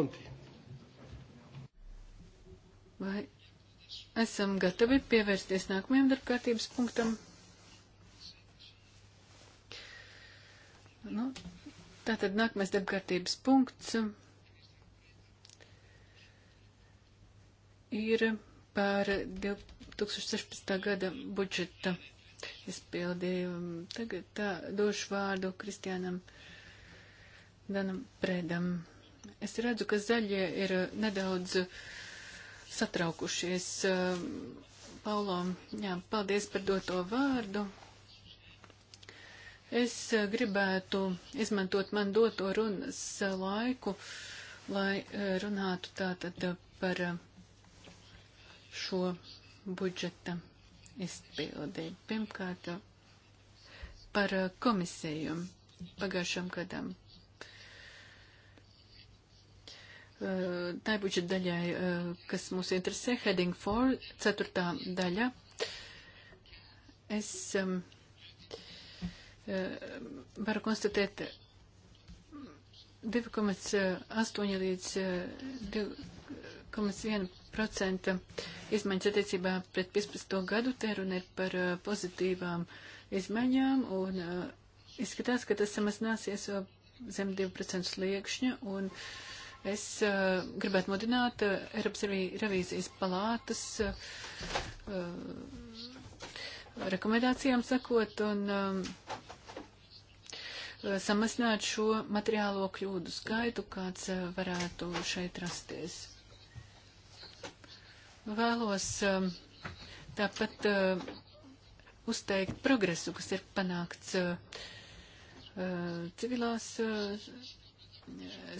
pronti. Vai esam gatavi pievērsties nākamajam darbkārtības punktam? Nu, tātad nākamais darbkārtības punkts ir par 2016. gada budžeta izpildījumu. Tagad tā, došu vārdu Kristiānam Danam Predam. Es redzu, ka zaļie ir nedaudz satraukušies. Ehm, Paulo, jā, paldies par doto vārdu. Es eh, gribētu izmantot man doto runas eh, laiku, lai eh, runātu tātad par šo budžeta izpildi. Pirmkārt, par komisiju pagājušam gadam. Eh, tai budžeta daļai, eh, kas mūs interesē, Heading 4, ceturtā daļa. Es um, varu konstatēt 2,8 līdz 2,1% izmaiņas attiecībā pret 15. gadu. Te runa ir par pozitīvām izmaiņām un uh, izskatās, ka tas samazināsies zem 2% sliekšņa un uh, Es uh, gribētu mudināt uh, Eiropas revīzijas palātas uh, rekomendācijām sakot un um, samazināt šo materiālo kļūdu skaitu, kāds uh, varētu šeit rasties. Vēlos um, tāpat uh, uzteikt progresu, kas ir panākts uh, civilās. Uh,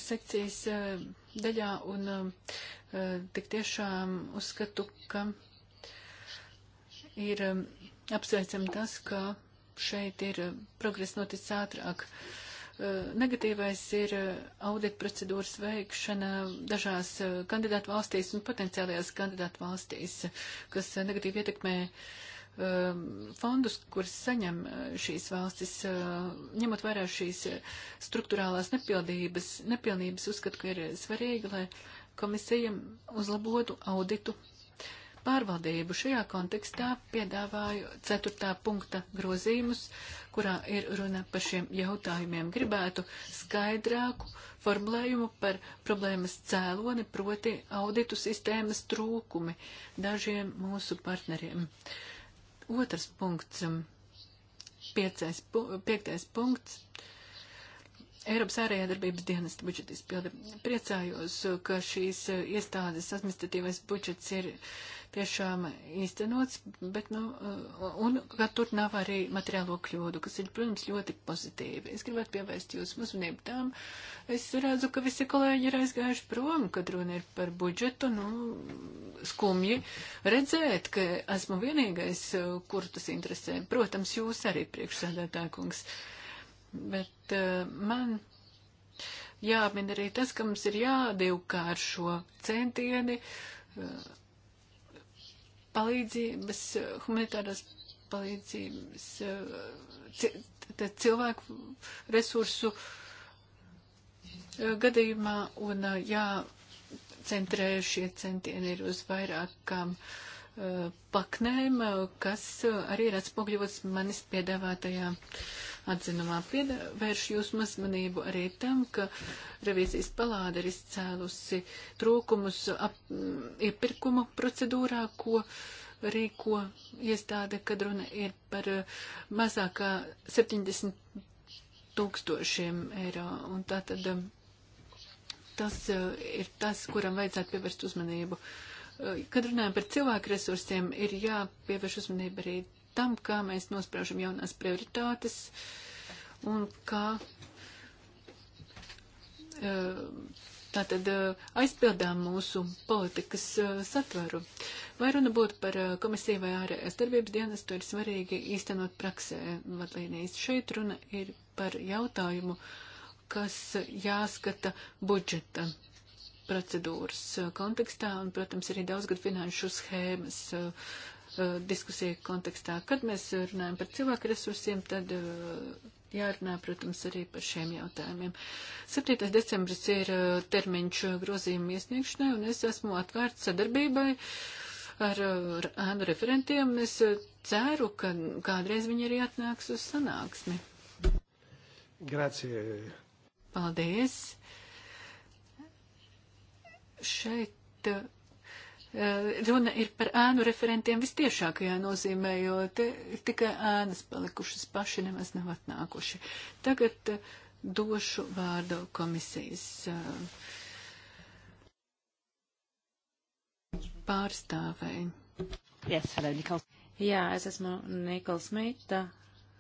sekcijas eh, daļā un eh, tik tiešām uzskatu, ka ir eh, apsveicam tas, ka šeit ir progress noticis ātrāk. Negatīvais ir audit procedūras veikšana dažās kandidātu valstīs un potenciālajās kandidātu valstīs, kas negatīvi ietekmē uh, Um, fondus, kuras saņem uh, šīs valstis, uh, ņemot vērā šīs uh, struktūrālās nepildības, nepilnības, uzskatu, ka ir svarīgi, lai komisija uzlabotu auditu pārvaldību. Šajā kontekstā piedāvāju ceturtā punkta grozīmus, kurā ir runa par šiem jautājumiem. Gribētu skaidrāku formulējumu par problēmas cēloni, proti auditu sistēmas trūkumi dažiem mūsu partneriem. Uh, Otrs punkts, um, piecais, piektais punkts Eiropas ārējā darbības dienesta budžeta izpildi. Priecājos, ka šīs eh, iestādes administratīvais budžets ir tiešām īstenots, bet, nu, eh, un ka tur nav arī materiālo kļūdu, kas ir, protams, ļoti pozitīvi. Es gribētu pievērst jūsu uzmanību tām. Es redzu, ka visi kolēģi ir aizgājuši prom, kad runa ir par budžetu, nu, skumji redzēt, ka esmu vienīgais, eh, kur tas interesē. Protams, jūs arī priekšsēdētāji kungs. Uh, Bet uh, man jāmin arī tas, ka mums ir jādivkāršo centieni uh, palīdzības, humanitārās palīdzības, eh, cilvēku resursu gadījumā un jācentrē šie centieni ir uz vairākām paknēm, kas arī ir atspogļots manis piedāvātajā atzinumā. Pievērš jūsu uzmanību arī tam, ka revīzijas palāde ir izcēlusi trūkumus ap, mm, iepirkuma procedūrā, ko rīko iestāde, kad runa ir par eh, mazākā 70 tūkstošiem eiro. Un tā tad eh, tas eh, ir tas, kuram vajadzētu pievērst uzmanību. Kad runājam par cilvēku resursiem, ir jāpievērš uzmanība arī tam, kā mēs nospraužam jaunās prioritātes un kā eh, tātad eh, aizpildām mūsu politikas eh, satvaru. Vai runa būtu par komisiju vai ārējās darbības dienestu, ir svarīgi īstenot praksē vadlīnijas. Šeit runa ir par jautājumu, kas jāskata budžeta procedūras kontekstā un, protams, arī daudzgad finanšu schēmas uh, Uh, diskusiju kontekstā. Kad mēs runājam par cilvēku resursiem, tad uh, jārunā, protams, arī par šiem jautājumiem. 7. decembris ir uh, termiņš grozījuma iesniegšanai, un es esmu atvērts sadarbībai ar ēnu referentiem. Es ceru, ka kādreiz viņi arī atnāks uz sanāksmi. Grazie. Paldies. Šeit Eh, runa ir par ēnu referentiem vistiešākajā nozīmē, jo te ir tikai ēnas palikušas, paši nemaz nav atnākuši. Tagad uh, došu vārdu komisijas uh, eh, pārstāvēji. Yes, hello, Nikol. Jā, es esmu Nikols Mīta,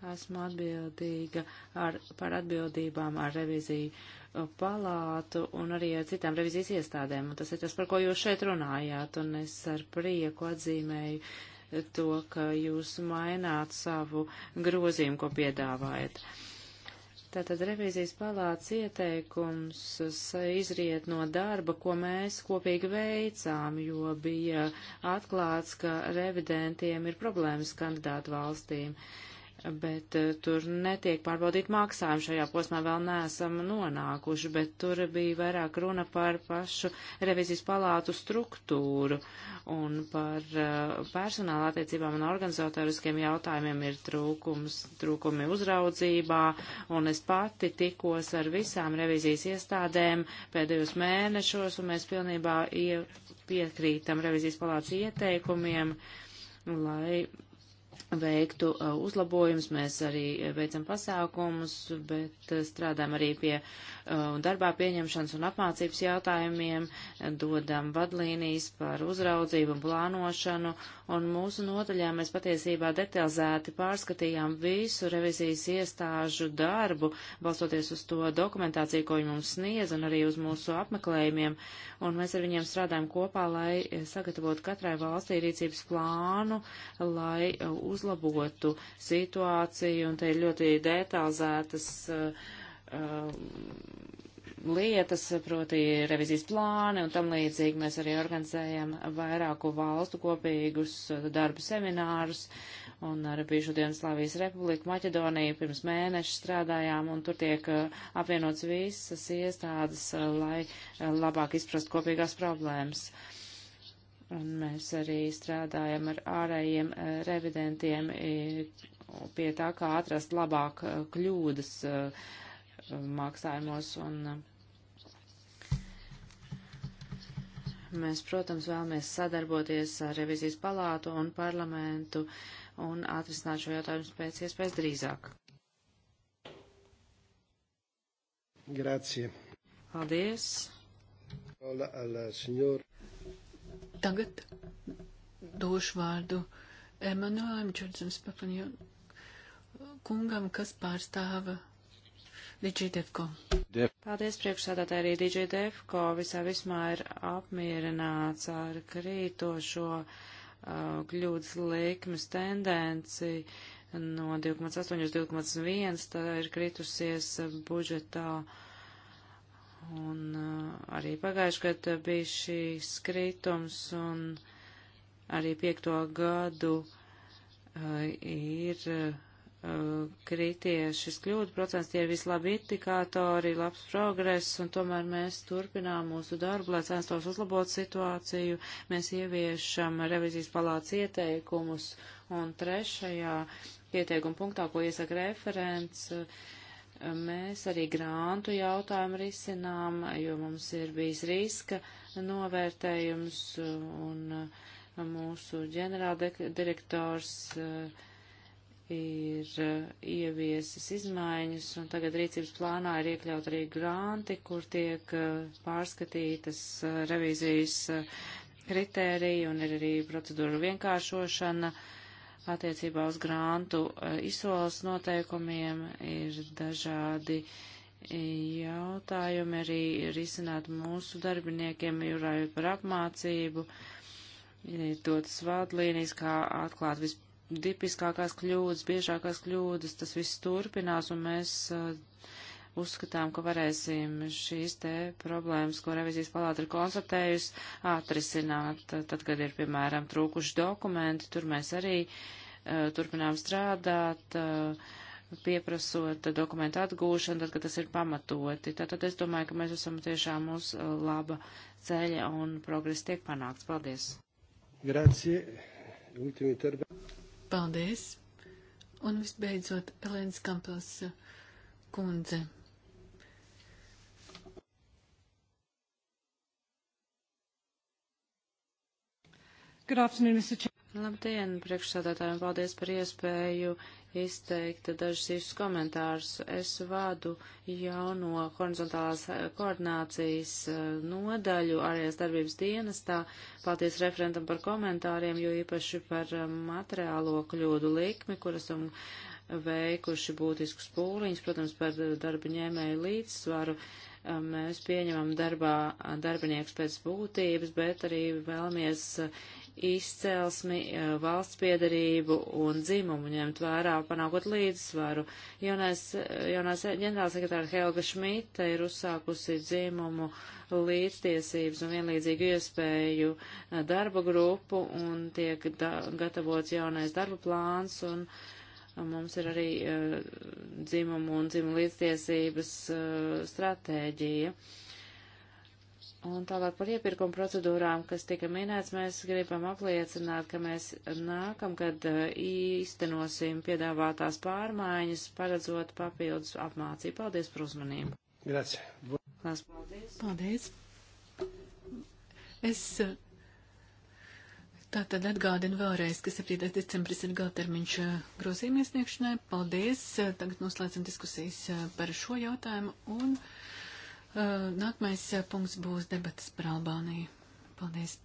Esmu atbildīga ar, par atbildībām ar reviziju uh, palātu un arī ar citām revizijas iestādēm. Un tas ir tas, par ko jūs šeit runājāt, un es ar prieku atzīmēju uh, to, ka jūs maināt savu grozījumu, ko piedāvājat. Tātad revizijas palāts ieteikums izriet no darba, ko mēs kopīgi veicām, jo bija atklāts, ka revidentiem ir problēmas kandidātu valstīm. Uh, bet uh, tur netiek pārbaudīt maksājumi. Šajā posmā vēl neesam nonākuši, bet tur bija vairāk runa par pašu revizijas palātu struktūru un par uh, personāla attiecībām un organizatoriskiem jautājumiem ir trūkums, trūkumi uzraudzībā, un es pati tikos ar visām revizijas iestādēm pēdējos mēnešos, un mēs pilnībā piekrītam revizijas palātas ieteikumiem, lai veiktu uh, uzlabojumus, mēs arī uh, veicam pasākumus, bet uh, strādājam arī pie darbā pieņemšanas un apmācības jautājumiem, dodam vadlīnijas par uzraudzību un plānošanu, un mūsu notaļā mēs patiesībā detalizēti pārskatījām visu revizijas iestāžu darbu, balstoties uz to dokumentāciju, ko viņi mums sniedz, un arī uz mūsu apmeklējumiem, un mēs ar viņiem strādājam kopā, lai sagatavotu katrai valstī rīcības plānu, lai uzlabotu situāciju, un te ir ļoti detalizētas uh, uh, lietas, proti revizijas plāni un tam līdzīgi. Mēs arī organizējam vairāku valstu kopīgus uh, darba seminārus, un arī bija šodien Slavijas Republika, Maķedonija, pirms mēneša strādājām, un tur tiek uh, apvienots visas iestādes, lai labāk izprast kopīgās problēmas. Uh, Un mēs arī strādājam ar ārējiem eh, revidentiem eh, pie tā, kā atrast labāk eh, kļūdas maksājumos. Un mēs, protams, vēlamies sadarboties ar revizijas palātu un parlamentu un atrisināt šo jautājumu pēc iespējas drīzāk. Grazie. Paldies. Hola, alla, signor. Tagad došu vārdu Emanuēlam Čurdzim Spapaņu kungam, kas pārstāva DigiDefko. Paldies priekšsādātāji arī DigiDefko. Visā vismā ir apmierināts ar krītošo uh, kļūdas likmes tendenci no 2,8 uz 2,1. Tā ir kritusies budžetā. Uh, Un uh, arī pagājuši gadu bija šīs kritums un arī piekto gadu uh, ir uh, krities šis kļūdu procents, tie ir vislabi indikātori, labs progress, un tomēr mēs turpinām mūsu darbu, lai censtos uzlabot situāciju. Mēs ieviešam revizijas palāca ieteikumus, un trešajā ieteikuma punktā, ko iesaka referents, uh, Mēs arī grāntu jautājumu risinām, jo mums ir bijis riska novērtējums un uh, mūsu ģenerāldirektors uh, ir uh, ieviesis izmaiņas un tagad rīcības plānā ir iekļaut arī grānti, kur tiek pārskatītas revīzijas kritērija un ir arī procedūra vienkāršošana. Uh, attiecībā uz grantu eh, izsoles noteikumiem ir dažādi eh, jautājumi arī risināt mūsu darbiniekiem, jurājot par apmācību, eh, dotas vadlīnijas, kā atklāt visdipiskākās kļūdas, biežākās kļūdas, tas viss turpinās un mēs uzskatām, ka varēsim šīs te problēmas, ko revizijas palāta ir konstatējusi, atrisināt. Tad, kad ir, piemēram, trūkuši dokumenti, tur mēs arī uh, Eh, turpinām strādāt, eh, pieprasot dokumentu atgūšanu, tad, kad tas ir pamatoti. Tātad es domāju, ka mēs esam tiešām uz eh, laba ceļa un progress tiek panākts. Paldies! Grazie! Ultimi terbe. Paldies! Un visbeidzot, Pelēns Kampels kundze. Good afternoon, Mr. Chair. Labdien, priekšsādātājiem, paldies par iespēju izteikt dažus īsus komentārus. Es vādu jauno horizontālās eh, koordinācijas eh, nodaļu ārējās darbības dienestā. Paldies referentam par komentāriem, jo īpaši par eh, materiālo kļūdu likmi, kur esam veikuši būtiskus pūliņus, protams, par darba ņēmēju līdzsvaru mēs pieņemam darbā darbiniekus pēc būtības, bet arī vēlamies izcelsmi, eh, valsts piedarību un dzimumu ņemt vērā, panākot līdzsvaru. Jaunais, eh, jaunās ģenerālsekretāra Helga Šmita ir uzsākusi dzimumu līdztiesības un vienlīdzīgu iespēju eh, darba grupu un tiek da gatavots jaunais darba plāns. Un, Mums ir arī uh, dzimumu un dzimumu līdztiesības uh, stratēģija. Uh, Un tālāk par iepirkumu procedūrām, kas tika minēts, mēs gribam apliecināt, ka mēs nākamgad uh, īstenosim piedāvātās pārmaiņas, paredzot papildus apmācību. Paldies par uzmanību. Grazie. Lās, paldies. Paldies. Es uh, tā tad atgādinu vēlreiz, ka 7. decembris ir galtermiņš uh, grozījuma iesniegšanai. Paldies. Tagad noslēdzam diskusijas par šo jautājumu. Un... Uh, nākamais uh, punkts būs debatas par Albāniju. Paldies!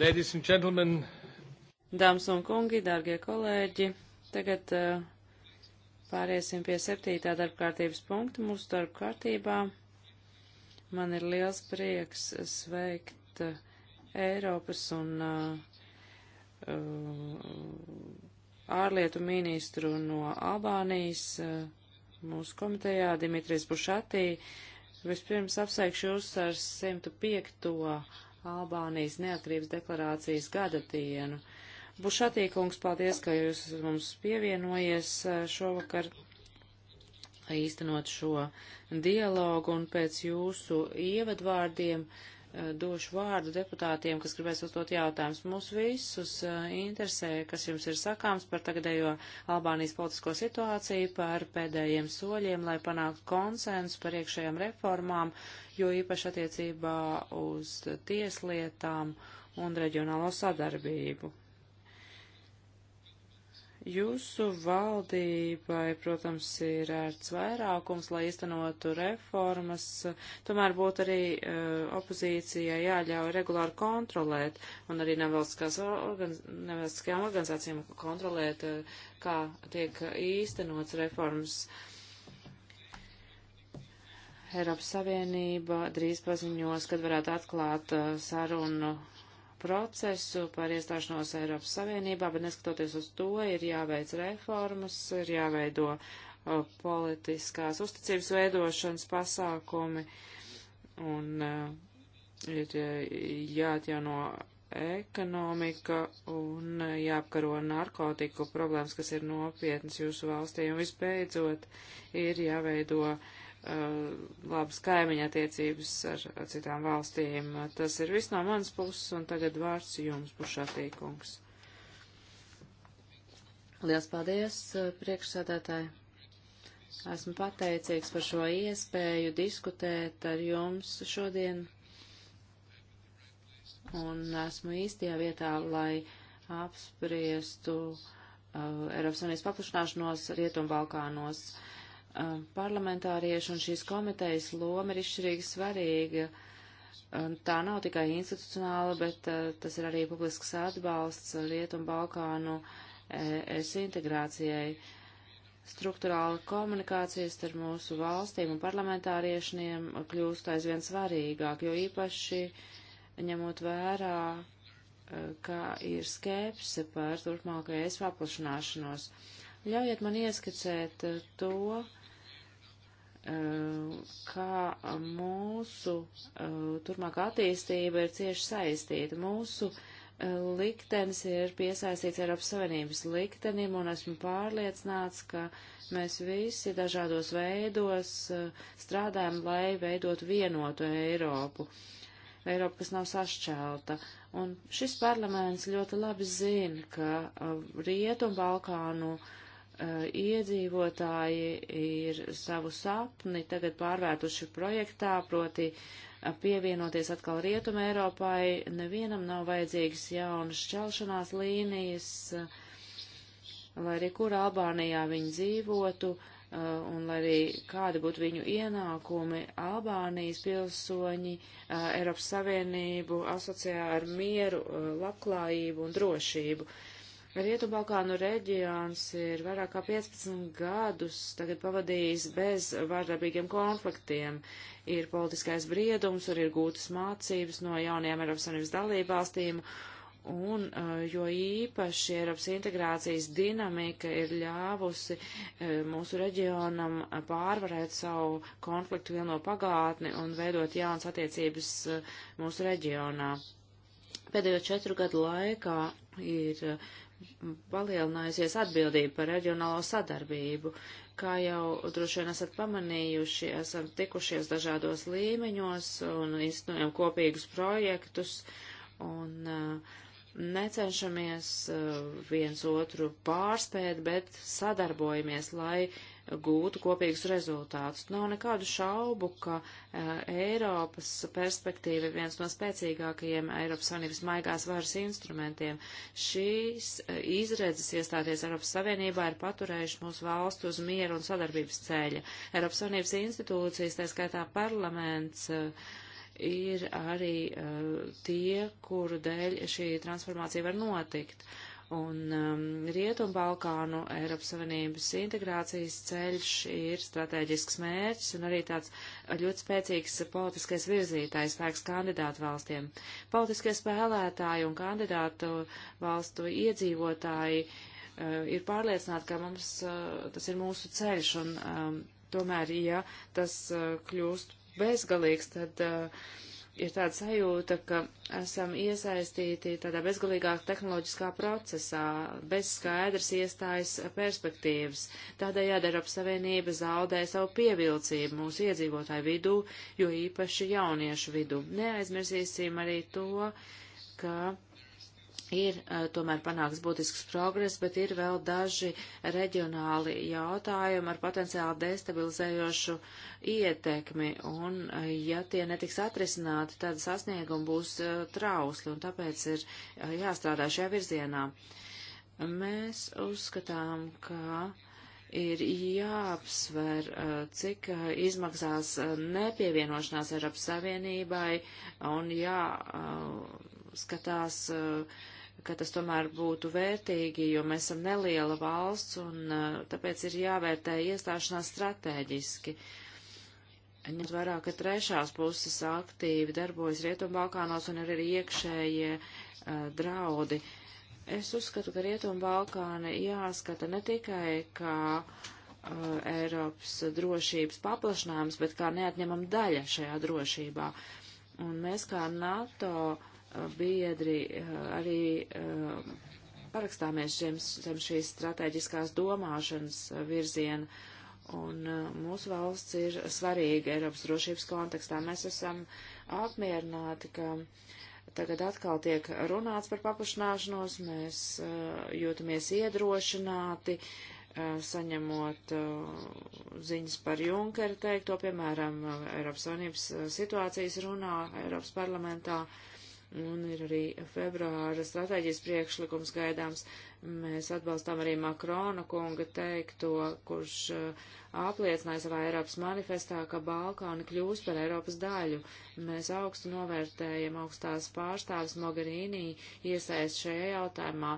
Ladies and gentlemen. Dāmas un kungi, dārgie kolēģi, tagad uh, pāriesim pie septītā darbkārtības punkta mūsu darbkārtībā. Man ir liels prieks sveikt uh, Eiropas un uh, uh ārlietu ministru no Albānijas uh, mūsu komitejā Dimitris Bušatī. Vispirms apsveikšu jūs ar 105. Albānijas neatkarības deklarācijas gada dienu. Bušatīkungs, paldies, ka jūs mums pievienojies eh, šovakar īstenot šo dialogu un pēc jūsu ievadvārdiem. Uh, Eh, došu vārdu deputātiem, kas gribēs uzdot jautājumus. Mūs visus eh, interesē, kas jums ir sakāms par tagadējo Albānijas politisko situāciju, par pēdējiem soļiem, lai panāktu konsensu par iekšējām reformām, jo īpaši attiecībā uz tieslietām un reģionālo sadarbību. Jūsu valdībai, protams, ir ērts vairākums, lai iztenotu reformas, tomēr būtu arī uh, eh, opozīcijai jāļauj regulāri kontrolēt un arī organiz nevalstiskajām organizācijām kontrolēt, uh, kā tiek īstenots reformas. Eiropas Savienība drīz paziņos, kad varētu atklāt uh, sarunu procesu par iestāšanos Eiropas Savienībā, bet neskatoties uz to, ir jāveic reformas, ir jāveido uh, politiskās uzticības veidošanas pasākumi un uh, ir e, jāatjauno ekonomika un jāapkaro narkotiku problēmas, kas ir nopietnas jūsu valstī. Un visbeidzot, ir jāveido uh, Uh, labas kaimiņa attiecības ar, ar citām valstīm. Tas ir viss no manas puses, un tagad vārds jums, Bušatīkungs. Liels paldies, uh, priekšsādātāji! Esmu pateicīgs par šo iespēju diskutēt ar jums šodien, un esmu īstajā vietā, lai apspriestu uh, Eiropas Unijas paplašanāšanos Rietumbalkānos. Uh, parlamentāriešu un šīs komitejas loma ir izšķirīgi svarīga. Tā nav tikai institucionāla, bet tas ir arī publisks atbalsts Rietumu Balkānu e, es integrācijai. Struktūrāla komunikācijas starp mūsu valstīm un parlamentāriešiem kļūst aizvien svarīgāk, jo īpaši ņemot vērā, e, kā ir skepse par turpmākajais paplašanāšanos. Ļaujiet man ieskicēt e, to, Eh, kā mūsu eh, turmākā attīstība ir cieši saistīta. Mūsu eh, liktenis ir piesaistīts Eiropas Savienības liktenim, un esmu pārliecināts, ka mēs visi dažādos veidos strādājam, lai veidot vienotu Eiropu. Eiropa, kas nav sašķelta. Un šis parlaments ļoti labi zina, ka Rietu un Balkānu uh, Eh, iedzīvotāji ir savu sapni tagad pārvērtuši projektā, proti eh, pievienoties atkal Rietuma Eiropai. Nevienam nav vajadzīgas jaunas šķelšanās līnijas, eh, lai arī kur Albānijā viņi dzīvotu un lai arī kādi būtu viņu ienākumi, Albānijas pilsoņi Eiropas Savienību asociē ar mieru, labklājību un drošību. Uh, Rietubalkānu reģions ir vairāk kā 15 gadus tagad pavadījis bez vārdarbīgiem konfliktiem. Ir politiskais briedums, tur ir gūtas mācības no jaunajām Eiropas Savienības dalībvalstīm, un eh, jo īpaši Eiropas integrācijas dinamika ir ļāvusi eh, mūsu reģionam pārvarēt savu konfliktu vilno pagātni un veidot jaunas attiecības eh, mūsu reģionā pēdējo četru gadu laikā ir palielinājusies atbildība par reģionālo sadarbību. Kā jau droši vien esat pamanījuši, esam tikušies dažādos līmeņos un izsnojam kopīgus projektus un uh, necenšamies uh, viens otru pārspēt, bet sadarbojamies, lai gūtu kopīgus rezultātus. Nav nekādu šaubu, ka uh, Eiropas perspektīva ir viens no spēcīgākajiem Eiropas Savienības maigās varas instrumentiem. Šīs uh, izredzes iestāties Eiropas Savienībā ir paturējuši mūsu valstu uz mieru un sadarbības ceļa. Eiropas Savienības institūcijas, tā skaitā parlaments, uh, ir arī tie, kuru dēļ šī transformācija var notikt. Uh, Un um, Rietumbalkānu Eiropas Savienības integrācijas ceļš ir strateģisks mērķis un arī tāds ļoti spēcīgs politiskais virzītājs spēks kandidātu valstiem. Politiskie spēlētāji un kandidātu valstu iedzīvotāji uh, ir pārliecināti, ka mums uh, tas ir mūsu ceļš un um, tomēr, ja tas uh, kļūst bezgalīgs, tad. Uh, ir tāda sajūta, ka esam iesaistīti tādā bezgalīgā tehnoloģiskā procesā, bez skaidras iestājas perspektīvas. Tādējādi Eiropas Savienība zaudē savu pievilcību mūsu iedzīvotāju vidū, jo īpaši jauniešu vidū. Neaizmirsīsim arī to, ka ir e, tomēr panāks būtisks progress, bet ir vēl daži reģionāli jautājumi ar potenciāli destabilizējošu ietekmi, un e, ja tie netiks atrisināti, tad sasniegumi būs e, trausli, un tāpēc ir jāstrādā šajā virzienā. Mēs uzskatām, ka ir jāapsver, cik izmaksās nepievienošanās Eiropas Savienībai un jāskatās, uh, ka tas tomēr būtu vērtīgi, jo mēs esam neliela valsts un eh, tāpēc ir jāvērtē iestāšanās strateģiski. Ņemot vērā, ka trešās puses aktīvi darbojas Rietumbalkānos un ir arī iekšējie uh, draudi. Es uzskatu, ka Rietumbalkāni jāskata ne tikai kā uh, Eiropas drošības paplašinājums, bet kā neatņemam daļa šajā drošībā. Un mēs kā NATO uh, biedri eh, arī eh, parakstāmies zem šīs strateģiskās domāšanas eh, virziena. Un mūsu valsts ir svarīga Eiropas drošības kontekstā. Mēs esam apmierināti, ka tagad atkal tiek runāts par paplašināšanos, mēs jūtamies iedrošināti, saņemot ziņas par Junkeru teikto, piemēram, Eiropas Savienības situācijas runā Eiropas parlamentā. Uh, Un ir arī februāra stratēģijas priekšlikums gaidāms. Mēs atbalstām arī Makrona kunga teikto, kurš uh, apliecināja savā Eiropas manifestā, ka Balkāni kļūs par Eiropas daļu. Mēs augstu novērtējam augstās pārstāvis Mogherīnī iesaist šajā jautājumā.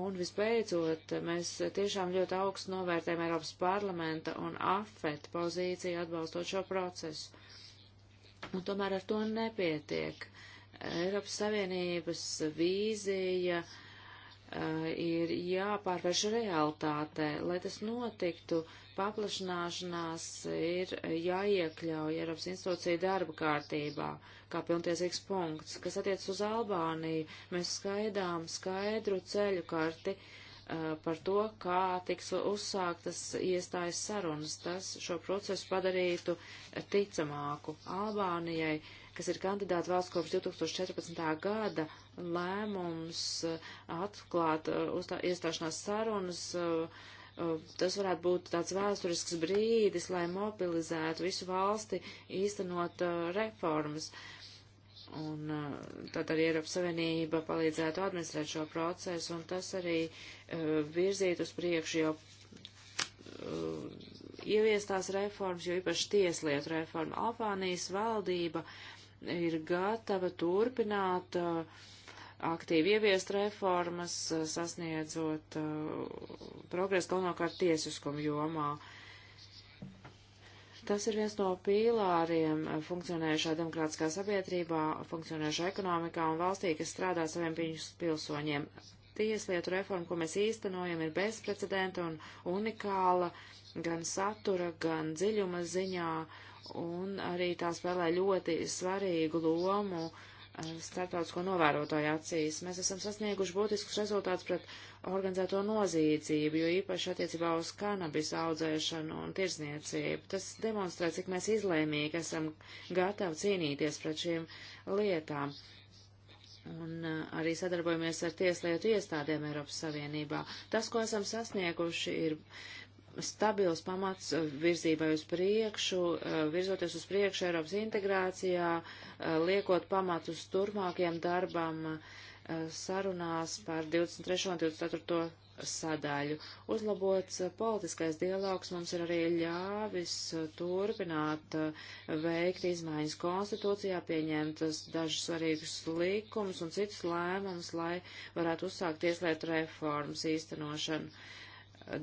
Un visbeidzot, mēs tiešām ļoti augstu novērtējam Eiropas parlamenta un AFET pozīciju atbalstot šo procesu. Un tomēr ar to nepietiek. Eiropas Savienības vīzija uh, ir jāpārvērš realitātē. Lai tas notiktu, paplašanāšanās ir jāiekļauj Eiropas institūcija darba kārtībā, kā pilntiesīgs punkts. Kas attiec uz Albāniju, mēs skaidām skaidru ceļu karti uh, par to, kā tiks uzsāktas iestājas sarunas. Tas šo procesu padarītu ticamāku Albānijai. Uh, kas ir kandidāta valsts kopš 2014. gada, lēmums uh, atklāt uh, uzstā, iestāšanās sarunas. Uh, tas varētu būt tāds vēsturisks brīdis, lai mobilizētu visu valsti īstenot reformas. Un tad arī Eiropas Savienība palīdzētu administrēt šo procesu, un tas arī virzīt uz priekšu jau ieviestās reformas, jo īpaši tieslietu reforma. Albānijas valdība ir gatava turpināt uh, aktīvi ieviest reformas, uh, sasniedzot uh, progresu galvenokārt tiesiskumu jomā. Tas ir viens no pīlāriem funkcionējušā demokrātiskā sabiedrībā, funkcionējušā ekonomikā un valstī, kas strādā saviem pilsoņiem. Tieslietu reforma, ko mēs īstenojam, ir bezprecedenta un unikāla gan satura, gan dziļuma ziņā. Uh, un arī tā spēlē ļoti svarīgu lomu eh, starptautisko novērotāju acīs. Mēs esam sasnieguši būtiskus rezultātus pret organizēto nozīdzību, jo īpaši attiecībā uz kanabis audzēšanu un tirzniecību. Tas demonstrē, cik mēs izlēmīgi esam gatavi cīnīties pret šīm lietām. Un eh, arī sadarbojamies ar tieslietu iestādēm Eiropas Savienībā. Tas, ko esam sasnieguši, ir stabils pamats eh, virzībai uz priekšu, eh, virzoties uz priekšu Eiropas integrācijā, eh, liekot pamatus turpmākiem darbam sarunās par 23. un 24. sadaļu. Uzlabots politiskais dialogs mums ir arī ļāvis turpināt veikt izmaiņas konstitūcijā, pieņemt dažus svarīgus likumus un citus lēmumus, lai varētu uzsākt tieslietu reformas īstenošanu. Uh,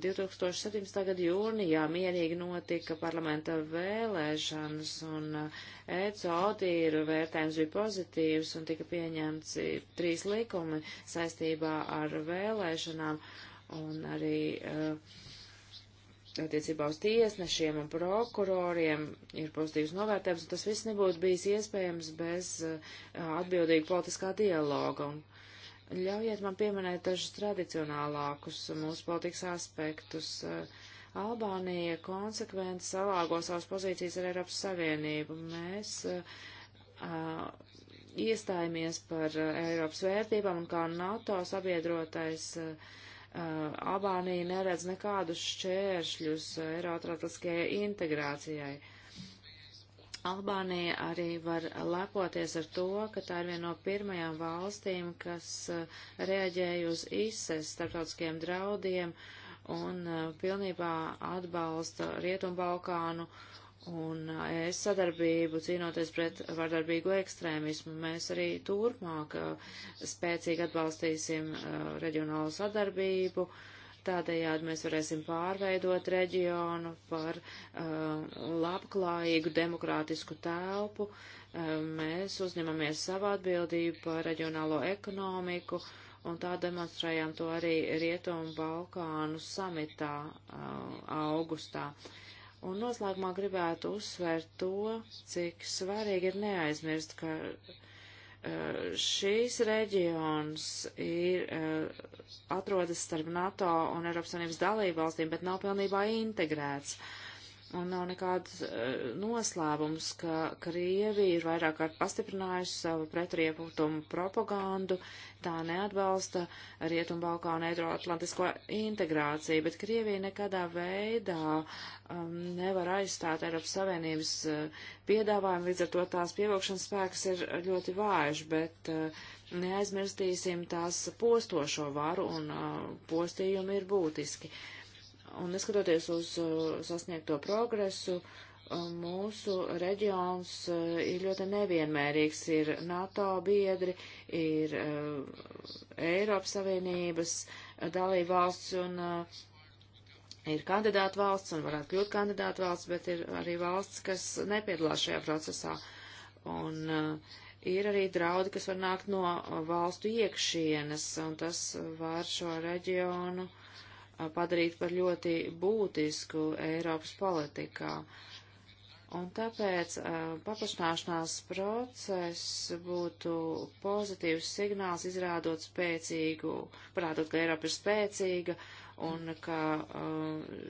2017. gada jūnijā mierīgi notika parlamenta vēlēšanas, un eh, ECO autīru vērtējums bija pozitīvs, un tika pieņemts trīs likumi saistībā ar vēlēšanām, un arī uh, attiecībā uz tiesnešiem un prokuroriem ir pozitīvs novērtējums, un tas viss nebūtu bijis iespējams bez uh, atbildīga politiskā dialoga. Un, Ļaujiet man pieminēt dažus tradicionālākus mūsu politikas aspektus. Albānija konsekventi salāgo savas pozīcijas ar Eiropas Savienību. Mēs uh, iestājāmies par Eiropas vērtībām un kā NATO sabiedrotais uh, Albānija neredz nekādus šķēršļus Eiroatlantiskajai integrācijai. Uh, Albānija arī var lepoties ar to, ka tā ir viena no pirmajām valstīm, kas eh, reaģēja uz ISES starptautiskiem draudiem un eh, pilnībā atbalsta Rietumbalkānu un eh, ES sadarbību cīnoties pret vardarbīgo ekstrēmismu. Mēs arī turpmāk spēcīgi atbalstīsim reģionālo sadarbību. Uh, Tādējādi mēs varēsim pārveidot reģionu par uh, labklājīgu demokrātisku telpu. Uh, mēs uzņemamies savu atbildību par reģionālo ekonomiku un tā demonstrējām to arī Rietumu Balkānu samitā uh, augustā. Un noslēgumā gribētu uzsvērt to, cik svarīgi ir neaizmirst, ka Eh, šīs reģions ir, eh, atrodas starp NATO un Eiropas Savienības dalību valstīm, bet nav pilnībā integrēts. Uh, Un nav nekāds uh, noslēpums, ka Krievija ir vairāk kārt pastiprinājusi savu pretrieputumu propagandu, tā neatbalsta Rietumbalkānu Eiroatlantisko integrāciju, bet Krievija nekadā veidā um, nevar aizstāt Eiropas Savienības uh, piedāvājumu, līdz ar to tās pievilkšanas spēks ir ļoti vājš, bet uh, neaizmirstīsim tās postošo varu un uh, postījumi ir būtiski. Uh, Un neskatoties uz uh, sasniegto progresu, uh, mūsu reģions uh, ir ļoti nevienmērīgs. Ir NATO biedri, ir Eiropas Savienības dalība valsts un ir kandidāta valsts un varētu kļūt kandidāta valsts, bet ir arī valsts, kas nepiedalās šajā procesā. Un uh, ir arī draudi, kas var nākt no valstu iekšienes, un tas var šo reģionu uh, padarīt par ļoti būtisku Eiropas politikā. Un tāpēc uh, paplašināšanās process būtu pozitīvs signāls, izrādot spēcīgu, parādot, ka Eiropa ir spēcīga un ka uh,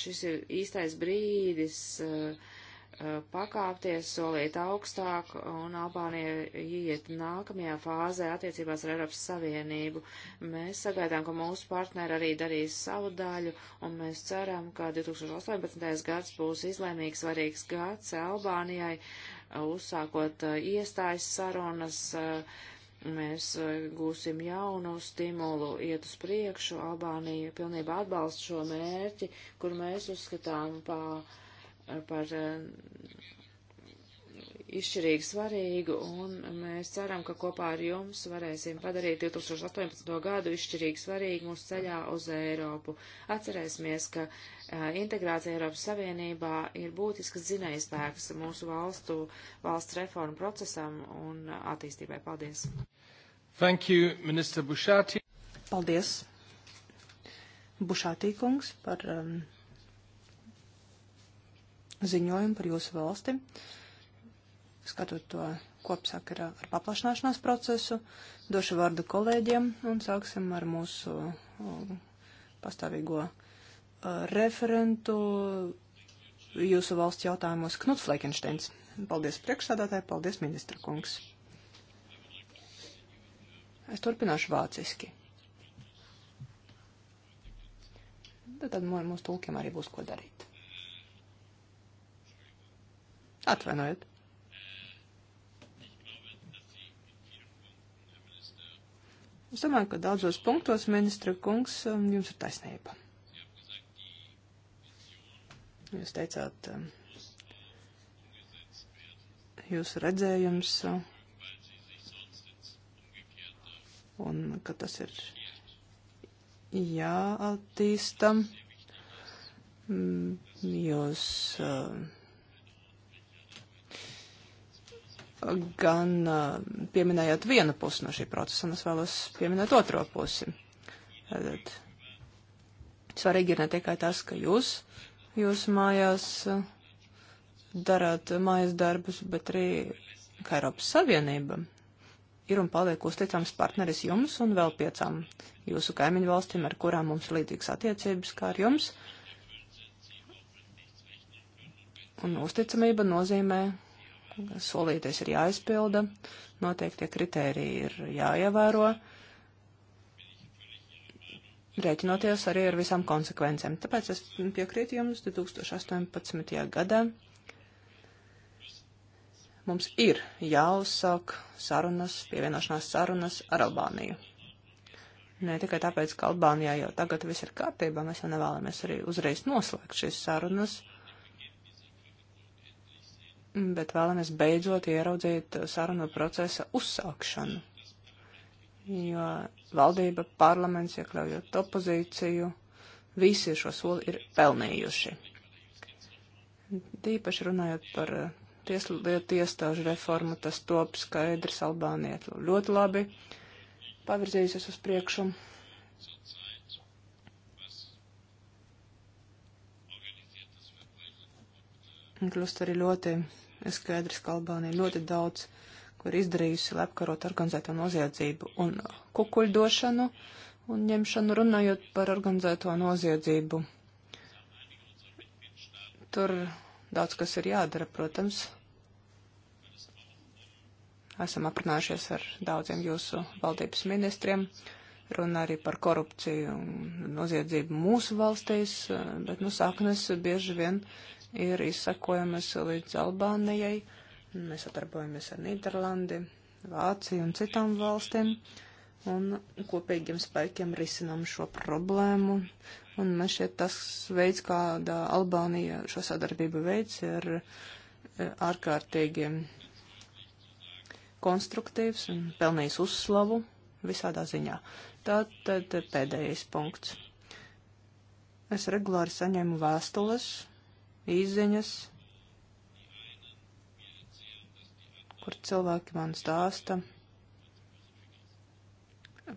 šis ir īstais brīdis uh, Eh, pakāpties, solīt augstāk, un Albānija iet nākamajā fāzē attiecībās ar Eiropas Savienību. Mēs sagaidām, ka mūsu partneri arī darīs savu daļu, un mēs ceram, ka 2018. gads būs izlēmīgs, svarīgs gads Albānijai, uzsākot eh, iestājas sarunas. Eh, mēs gūsim jaunu stimulu iet uz priekšu. Albānija pilnībā atbalsta šo mērķi, kur mēs uzskatām pār par eh, izšķirīgi svarīgu, un mēs ceram, ka kopā ar jums varēsim padarīt 2018. gadu izšķirīgi svarīgu mūsu ceļā uz Eiropu. Atcerēsimies, ka uh, integrācija Eiropas Savienībā ir būtisks zinājspēks mūsu valstu, valsts reformu procesam un attīstībai. Paldies! Thank you, Minister Bušāti. Paldies, Bušātī kungs, par. Um, ziņojumu par jūsu valsti, skatot to kopsakarā ar paplašināšanās procesu. Došu vārdu kolēģiem un sāksim ar mūsu um, pastāvīgo uh, referentu jūsu valsts jautājumos Knuts Fleikensteins. Paldies priekšstādātāji, paldies ministra kungs. Es turpināšu vāciski. Tad, tad mūsu tulkiem arī būs ko darīt. Atvainojiet. Es domāju, ka daudzos punktos, ministra kungs, um, jums ir taisnība. Jūs teicāt, um, jūsu redzējums uh, un ka tas ir jāattīsta. Mm, jūs uh, gan eh, pieminējāt vienu pusi no šī procesa, un es vēlos pieminēt otro pusi. Tad, svarīgi ir ne tikai tas, ka jūs, jūs mājās eh, darāt mājas darbus, bet arī, kā Eiropas Savienība, ir un paliek uzticams partneris jums un vēl piecām jūsu kaimiņu valstīm, ar kurām mums ir līdzīgas attiecības kā ar jums. Un uzticamība nozīmē, solītais ir jāizpilda, noteiktie kritēriji ir jāievēro, rēķinoties arī ar visām konsekvencēm. Tāpēc es piekrītu jums 2018. gadā. Mums ir jāuzsāk sarunas, pievienošanās sarunas ar Albāniju. Ne tikai tāpēc, ka Albānijā jau tagad viss ir kārtībā, mēs jau nevēlamies arī uzreiz noslēgt šīs sarunas bet vēlamies beidzot ieraudzīt sarunu procesa uzsākšanu. Jo valdība, parlaments, iekļaujot opozīciju, visi šo soli ir pelnījuši. Tīpaši runājot par eh, tieslietu iestāžu reformu, tas top skaidrs Albāniet ļoti labi pavirzījusies uz priekšu. Un kļūst arī ļoti skaidrs, ka Albānija ļoti daudz, ko ir izdarījusi, lai apkarot organizēto noziedzību un kukuļdošanu un ņemšanu runājot par organizēto noziedzību. Tur daudz kas ir jādara, protams. Esam aprunājušies ar daudziem jūsu valdības ministriem. Runa arī par korupciju un noziedzību mūsu valstīs, eh, bet, nu, saknes bieži vien ir izsakojamas līdz Albānijai. Mēs atarbojamies ar Nīderlandi, Vāciju un citām valstīm un kopīgiem spēkiem risinām šo problēmu. Un man šķiet tas veids, kādā Albānija šo sadarbību veids, ir ārkārtīgi konstruktīvs un pelnījis uzslavu visādā ziņā. Tātad pēdējais punkts. Es regulāri saņēmu vēstules izziņas, kur cilvēki man stāsta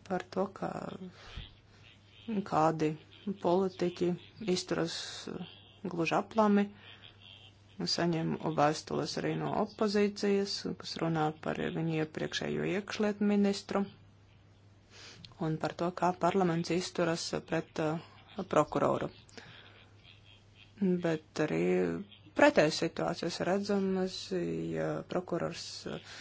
par to, kā kādi politiķi izturas gluži aplami. Saņemu vēstules arī no opozīcijas, kas runā par viņu iepriekšējo iekšlietu ministru un par to, kā parlaments izturas pret uh, prokuroru bet arī pretējas situācijas redzamas, ja prokurors eh,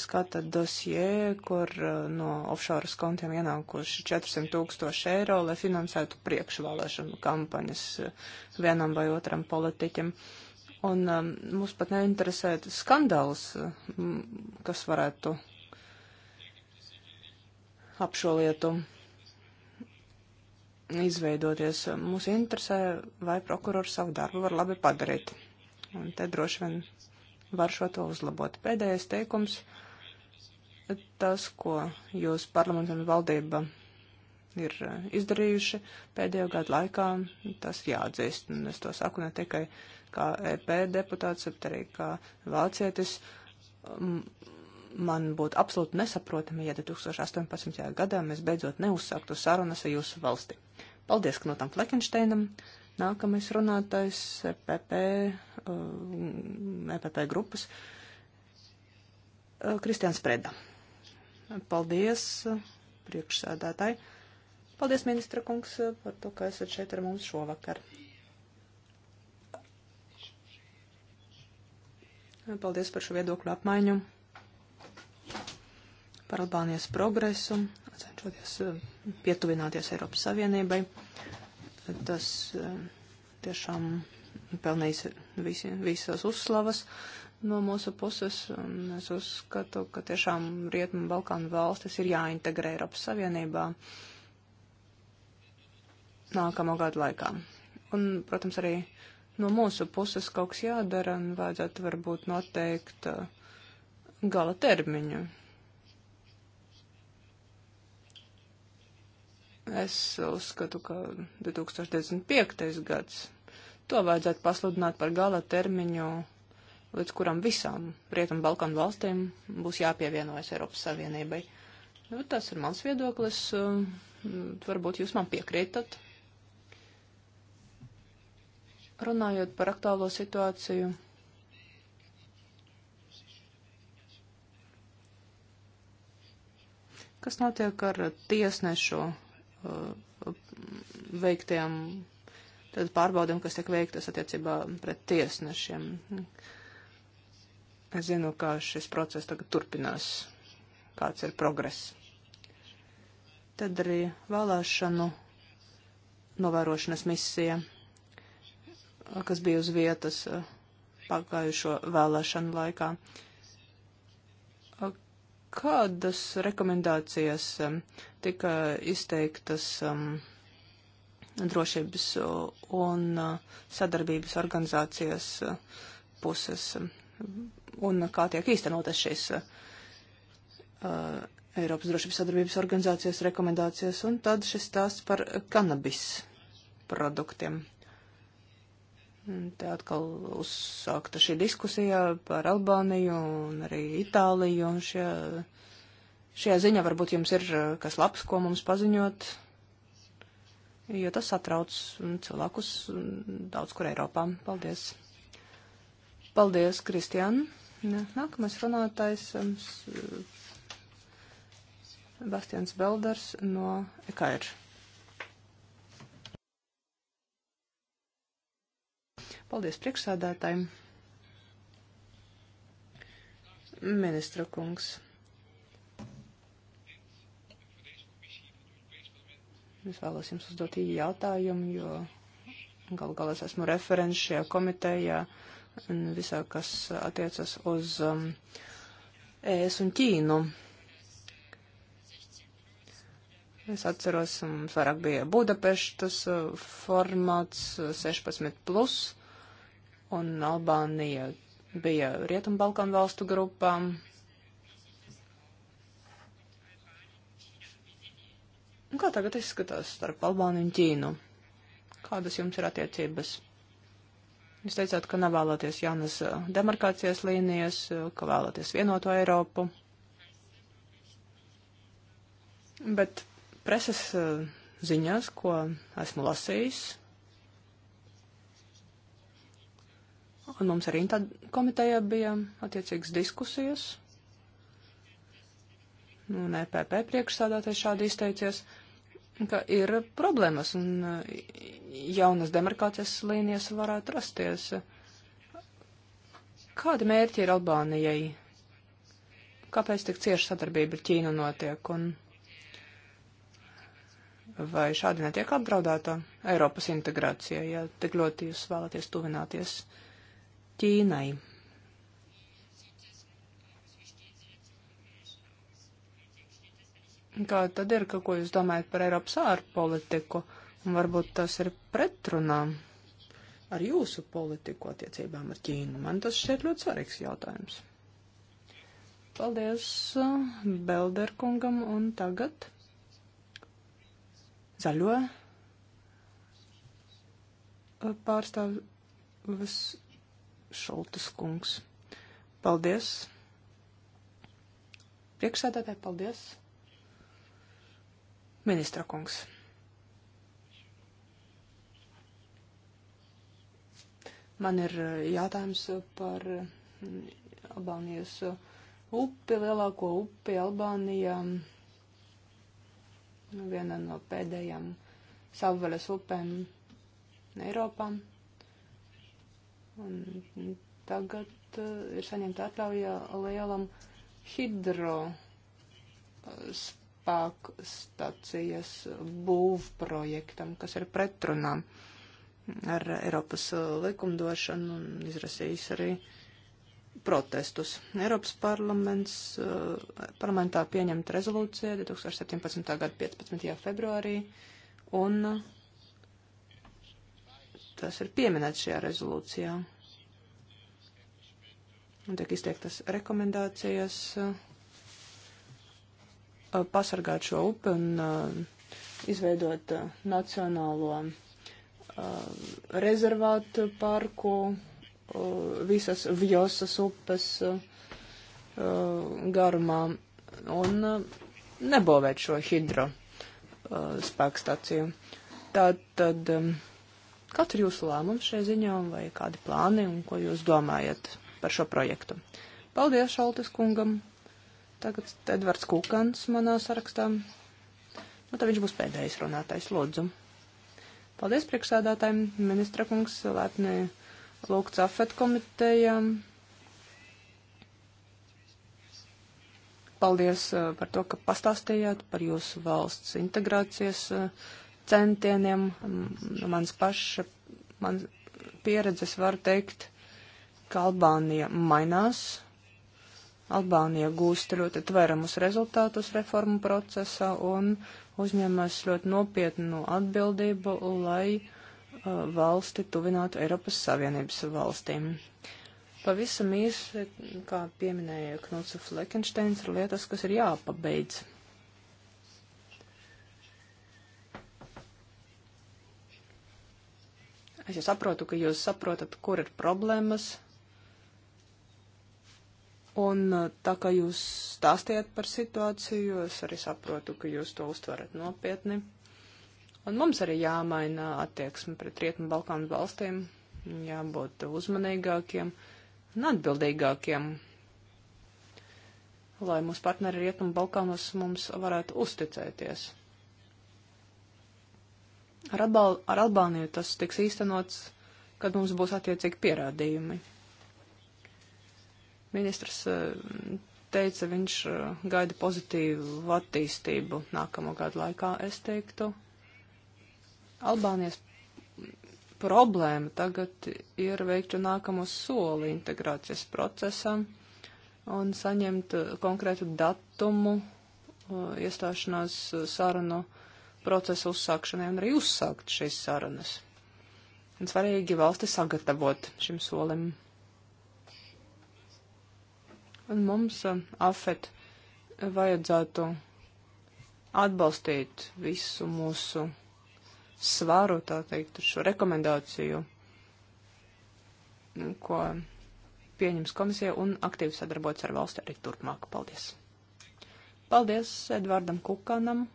skata dosie, kur eh, no offshore kontiem ienākuši 400 tūkstoši eiro, lai finansētu priekšvēlēšanu kampaņas eh, vienam vai otram politiķim. Un um, mūs pat neinteresē skandāls, kas varētu ap šo lietu izveidoties. Mūs interesē, vai prokurors savu darbu var labi padarīt. Un te droši vien var šo to uzlabot. Pēdējais teikums - tas, ko jūs parlaments un valdība ir izdarījuši pēdējo gadu laikā, tas jāatzīst. Un es to saku ne tikai kā EP deputāts, bet arī kā vācietis man būtu absolūti nesaprotami, ja 2018. gadā mēs beidzot neuzsāktu sarunas ar jūsu valsti. Paldies Knutam Flekenšteinam. Nākamais runātājs EPP, EPP uh, e grupas, uh, Kristians Preda. Paldies, priekšsēdētāji. Paldies, ministra kungs, par to, ka esat šeit ar mums šovakar. Paldies par šo viedokļu apmaiņu par Albānijas progresu, cenšoties eh, pietuvināties Eiropas Savienībai. Tas eh, tiešām pelnījis visi, visas uzslavas no mūsu puses. Es uzskatu, ka tiešām Rietumu Balkānu valstis ir jāintegrē Eiropas Savienībā nākamo gadu laikā. Un, protams, arī no mūsu puses kaut kas jādara un vajadzētu varbūt noteikt eh, gala termiņu Es uzskatu, ka 2025. gads to vajadzētu pasludināt par gala termiņu, līdz kuram visām Rietumu Balkanu valstīm būs jāpievienojas Eiropas Savienībai. Nu, tas ir mans viedoklis. Mm, varbūt jūs man piekrītat. Runājot par aktuālo situāciju. Kas notiek ar tiesnešu veiktiem pārbaudēm, kas tiek veiktas attiecībā pret tiesnešiem. Es zinu, kā šis process tagad turpinās, kāds ir progress. Tad arī vēlēšanu novērošanas misija, kas bija uz vietas uh, pagājušo vēlēšanu laikā. Uh, Kādas rekomendācijas um, tika izteiktas um, drošības un uh, sadarbības organizācijas uh, puses um, un kā tiek īstenotas šīs uh, uh, Eiropas drošības sadarbības organizācijas rekomendācijas un tad šis stāsts par kanabis produktiem. Te atkal uzsākta šī diskusija par Albāniju un arī Itāliju. Un šie, šajā ziņā varbūt jums ir eh, kas labs, ko mums paziņot, jo tas satrauc mm, cilvēkus mm, daudz kur Eiropā. Paldies! Paldies, Kristian! Nākamais runātājs mm, Bastians Belders no EKR. Paldies priekšsādātājiem. Ministra kungs. Es vēlos jums uzdot jautājumu, jo gal galā es esmu referents šajā komitejā un visā, kas attiecas uz um, ES un Ķīnu. Es atceros, mums vairāk bija Budapeštas uh, formāts 16 uh, plus un Albānija bija Rietumbalkanu valstu grupām. Un kā tagad izskatās starp Albāniju un Ķīnu? Kādas jums ir attiecības? Jūs teicāt, ka nevēlaties jaunas uh, demarkācijas līnijas, uh, ka vēlaties vienoto Eiropu. Bet preses uh, ziņās, ko esmu lasījis, Un mums arī tādā komitejā bija attiecīgas diskusijas. Un EPP priekšsādātais šādi izteicies, ka ir problēmas un e, jaunas demarkācijas līnijas varētu rasties. Kādi mērķi ir Albānijai? Kāpēc tik cieša sadarbība ar Ķīnu notiek? Un vai šādi netiek apdraudēta Eiropas integrācija, ja tik ļoti jūs vēlaties tuvināties? Uh, Ķīnai. Kā tad ir, ka, ko jūs domājat par Eiropas ārpolitiku? Un varbūt tas ir pretrunā ar jūsu politiku attiecībām ar Ķīnu. Man tas šķiet ļoti svarīgs jautājums. Paldies Belderkungam un tagad zaļo pārstāvis Šoltas kungs. Paldies! Priekšsēdētāji, paldies! Ministra kungs. Man ir eh, jautājums par mm, Albānijas upi, lielāko upi Albānijā. Viena no pēdējām savvaļas upēm Eiropā. Un tagad eh, ir saņemta atļauja lielam hidro eh, spēku stacijas būvprojektam, kas ir pretrunā ar Eiropas eh, likumdošanu un izrasījis arī protestus. Eiropas parlaments, parlamentā pieņemta rezolūcija 2017. gada 15. februārī un Tas ir pieminēts šajā rezolūcijā. Un tiek izteiktas rekomendācijas uh, pasargāt šo upi un uh, izveidot uh, nacionālo rezervātu parku visas Vjosas upes garumā un nebūvēt šo hidro spēkstaciju. Tātad. tad um, Kāds ir jūsu lēmums šai ziņā un vai kādi plāni un ko jūs domājat par šo projektu? Paldies Šaltis kungam. Tagad Edvards Kūkans manā sarakstā. Nu, tad viņš būs pēdējais runātais, lūdzu. Paldies priekšsēdātājiem, ministra kungs, lētnē lūgts afet komitejām. Paldies uh, par to, ka pastāstījāt par jūsu valsts integrācijas uh, centieniem, mans paša, man pieredzes var teikt, ka Albānija mainās, Albānija gūst ļoti tveramus rezultātus reformu procesā un uzņemas ļoti nopietnu atbildību, lai uh, valsti tuvinātu Eiropas Savienības valstīm. Pavisam īsi, kā pieminēja Knuts Fleckensteins, ir lietas, kas ir jāpabeidz. Es jau saprotu, ka jūs saprotat, kur ir problēmas. Un uh, tā kā jūs stāstījat par situāciju, es arī saprotu, ka jūs to uztverat nopietni. Un mums arī jāmaina attieksme pret Rietumu Balkānu valstīm, jābūt uzmanīgākiem un atbildīgākiem, lai mūsu partneri Rietumu Balkānos mums varētu uzticēties. Ar, Albal ar Albāniju tas tiks īstenots, kad mums būs attiecīgi pierādījumi. Ministrs eh, teica, viņš eh, gaida pozitīvu attīstību nākamo gadu laikā, es teiktu. Albānijas problēma tagad ir veikt nākamo soli integrācijas procesam un saņemt eh, konkrētu datumu iestāšanās sarunu procesa uzsākšanai un arī uzsākt šīs sarunas. Un svarīgi valsti sagatavot šim solim. Un mums, uh, AFET, vajadzētu atbalstīt visu mūsu svaru, tā teikt, šo rekomendāciju, nu, ko pieņems komisija un aktīvi sadarbojas ar valsti arī turpmāk. Paldies! Paldies Edvardam Kukanam!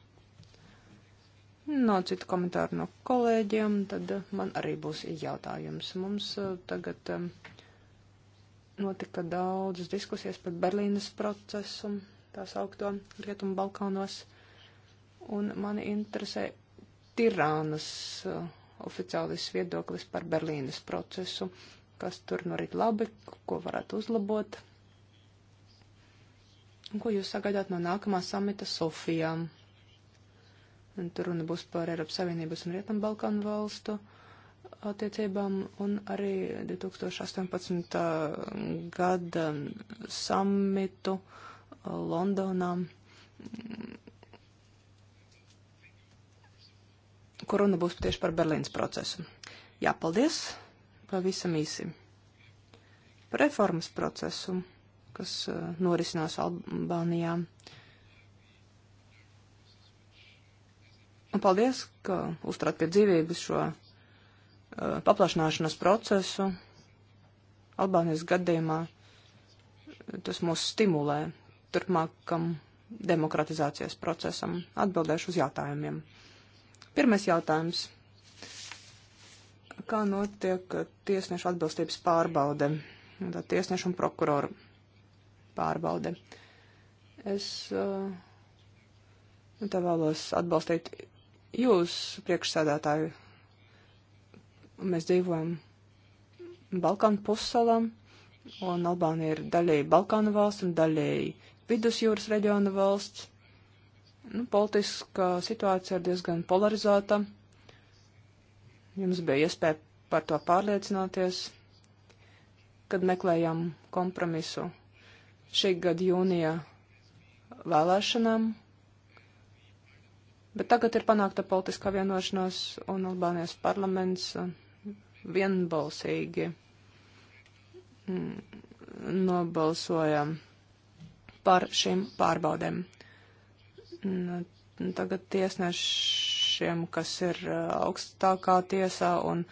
Nav citu komentāru no kolēģiem, tad eh, man arī būs jautājums. Mums eh, tagad eh, notika daudzas diskusijas par Berlīnas procesu, tā saukto Rietumu Balkānos, un mani interesē Tirānas oficiālis viedoklis par Berlīnas procesu, kas tur norit labi, ko varētu uzlabot. Un ko jūs sagaidāt no nākamā samita Sofijām? Un tur runa būs par Eiropas Savienības un Rietumbalkānu valstu attiecībām un arī 2018. gada samitu Londonā, kur runa būs tieši par Berlīnas procesu. Jā, paldies! Pavisam īsi. Par reformas procesu, kas eh, norisinās Albānijā. Alb Un paldies, ka uzturēt pie dzīvības šo uh, paplašināšanas procesu. Albānijas gadījumā uh, tas mūs stimulē turpmākam demokratizācijas procesam. Atbildēšu uz jautājumiem. Pirmais jautājums. Kā notiek tiesnešu atbilstības pārbaude? Tā tiesnešu un prokuroru pārbaude. Es uh, tā vēlos atbalstīt jūs, priekšsēdētāju, mēs dzīvojam Balkānu pussalam, un Albānija ir daļēji Balkānu valsts un daļēji Vidusjūras reģiona valsts. Nu, politiskā situācija ir diezgan polarizēta. Jums bija iespēja par to pārliecināties, kad meklējām kompromisu šī gada jūnijā vēlēšanām Bet tagad ir panākta politiskā vienošanās, un Albānijas parlaments uh, vienbalsīgi mm, nobalsoja par šīm pārbaudēm. Mm, tagad tiesnešiem, kas ir uh, augstākā tiesā un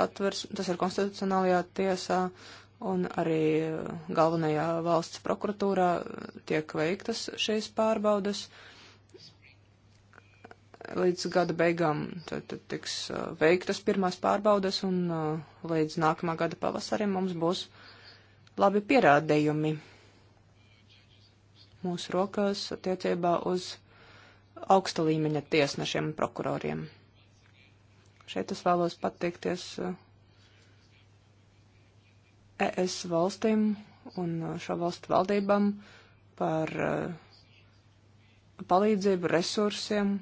satvers, tas ir konstitucionālajā tiesā un arī uh, galvenajā valsts prokuratūrā tiek veiktas šīs pārbaudas. Uh, līdz gada beigām tad, tad tiks uh, veiktas pirmās pārbaudas, un uh, līdz nākamā gada pavasarim mums būs labi pierādījumi mūsu rokās attiecībā uz augsta līmeņa tiesnešiem un prokuroriem. Šeit es vēlos pateikties uh, ES valstīm un šo valstu valdībām par palīdzību, resursiem,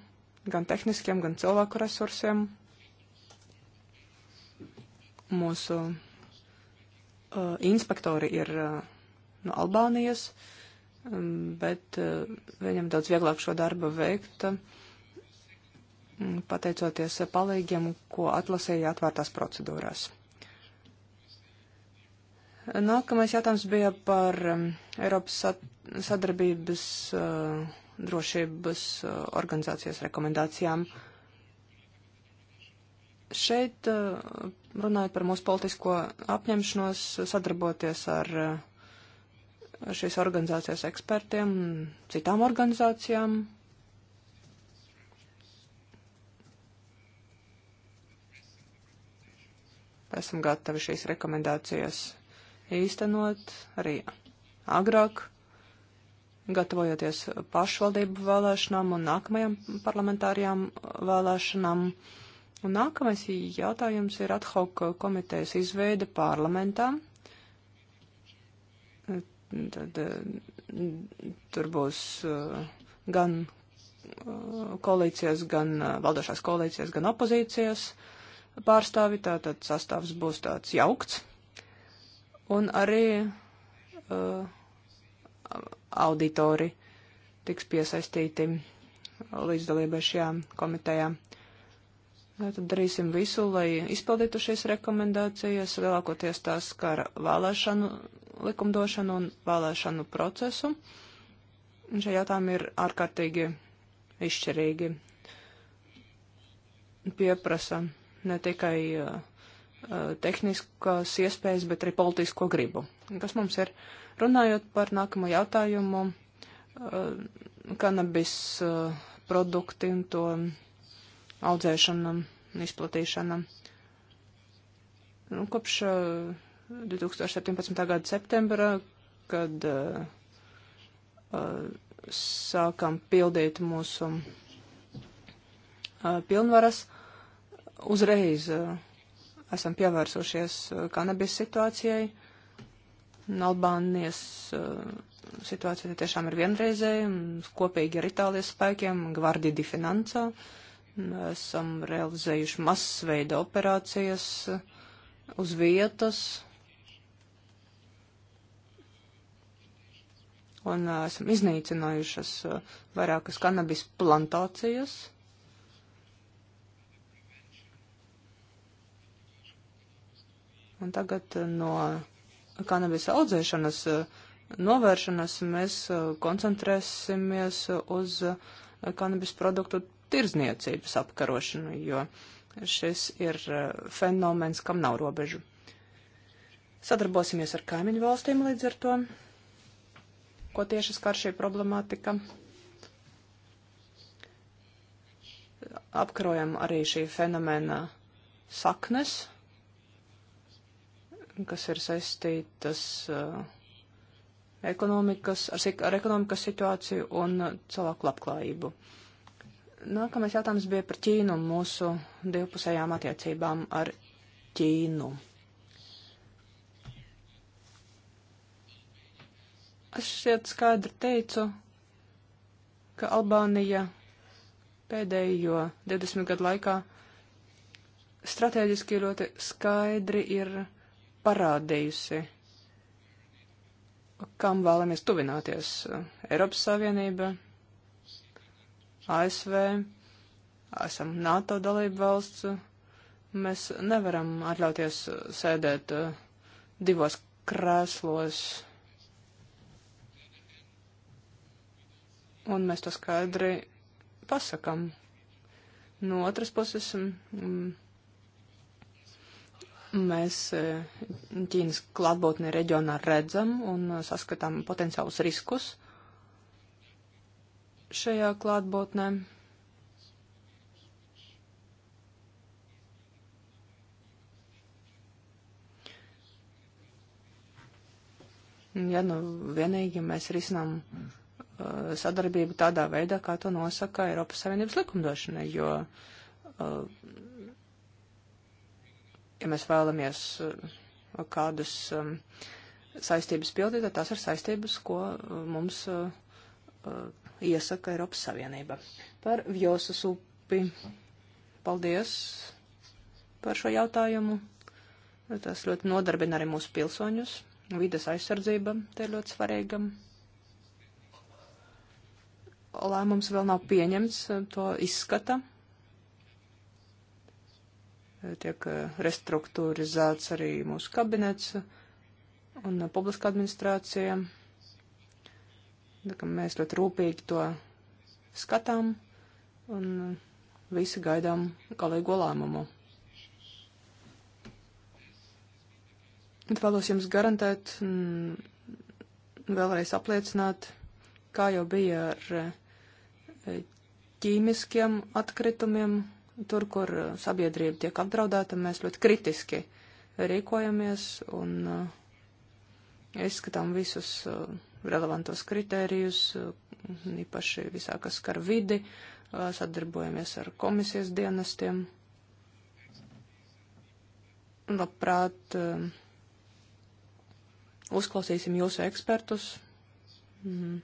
gan tehniskiem, gan cilvēku resursiem. Mūsu uh, inspektori ir uh, no Albānijas, um, bet uh, eh, viņam daudz vieglāk šo darbu veikt, uh, pateicoties palīgiem, ko atlasīja atvērtās procedūrās. Nākamais jautājums bija par um, Eiropas sadarbības. Uh, drošības uh, organizācijas rekomendācijām. Šeit uh, runājot par mūsu politisko apņemšanos sadarboties ar uh, šīs organizācijas ekspertiem, citām organizācijām. Esam gatavi šīs rekomendācijas īstenot arī agrāk gatavojoties pašvaldību vēlēšanām un nākamajām parlamentārajām vēlēšanām. Un nākamais jautājums ir ad hoc komitejas izveide parlamentā. Tad, eh, tur būs eh, gan eh, koalīcijas, gan valdošās koalīcijas, gan opozīcijas pārstāvi, tātad sastāvs būs tāds jaukts. Un arī uh, auditori tiks piesaistīti līdzdalībai šajā komitejā. Tad darīsim visu, lai izpildītu šīs rekomendācijas. Lielākoties tās skar vēlēšanu likumdošanu un vēlēšanu procesu. Un šie jautājumi ir ārkārtīgi izšķirīgi. Pieprasa ne tikai uh, tehniskās iespējas, bet arī politisko gribu. Kas mums ir? Runājot par nākamo jautājumu, kanabis produkti un to audzēšana, izplatīšana. Nu, kopš 2017. gada septembra, kad sākam pildīt mūsu pilnvaras, uzreiz uh, esam pievērsušies uh, kanabis situācijai. Albānijas uh, situācija tiešām ir vienreizēja, kopīgi ar Itālijas spēkiem, Gvardi di Financa. Esam realizējuši masveida operācijas uh, uz vietas. Un esam iznīcinājušas vairākas kanabis plantācijas Un tagad eh, no kanabisa audzēšanas eh, novēršanas mēs eh, koncentrēsimies uz kanabisa produktu tirzniecības apkarošanu, jo šis ir fenomens, kam nav robežu. Sadarbosimies ar kaimiņu valstīm līdz ar to, ko tieši skar šī problemātika. Apkarojam arī šī fenomena saknes kas ir saistītas eh, ekonomikas, ar, ar ekonomikas situāciju un cilvēku labklājību. Nākamais jautājums bija par Ķīnu un mūsu divpusējām attiecībām ar Ķīnu. Es šeit skaidri teicu, ka Albānija pēdējo 20 gadu laikā strateģiski ļoti skaidri ir parādījusi, kam vēlamies tuvināties - Eiropas Savienība, ASV, esam NATO dalība valsts. Mēs nevaram atļauties sēdēt uh, divos krēslos. Un mēs to skaidri pasakam. No otras puses, mm, mēs e, Ķīnas klātbūtni reģionā redzam un e, saskatām potenciālus riskus šajā klātbūtnē. Ja nu vienīgi mēs risinām uh, sadarbību tādā veidā, kā to nosaka Eiropas Savienības likumdošana, jo uh, ja mēs vēlamies uh, kādus um, saistības pildīt, tad tās ir saistības, ko uh, mums uh, iesaka Eiropas Savienība. Par Vjosas upi. Paldies par šo jautājumu. Tas ļoti nodarbina arī mūsu pilsoņus. Vides aizsardzība te ir ļoti svarīga. Lēmums vēl nav pieņemts, to izskata tiek eh, restruktūrizēts arī mūsu kabinets un eh, publiska administrācija. Mēs ļoti rūpīgi to skatām un eh, visi gaidām galīgo lēmumu. Bet vēlos jums garantēt un mm, vēlreiz apliecināt, kā jau bija ar ķīmiskiem atkritumiem Tur, kur uh, sabiedrība tiek apdraudēta, mēs ļoti kritiski rīkojamies un uh, izskatām visus uh, relevantos kritērijus, īpaši visā, kas skar vidi, sadarbojamies ar komisijas dienestiem. Labprāt, uzklausīsim jūsu ekspertus, mhm.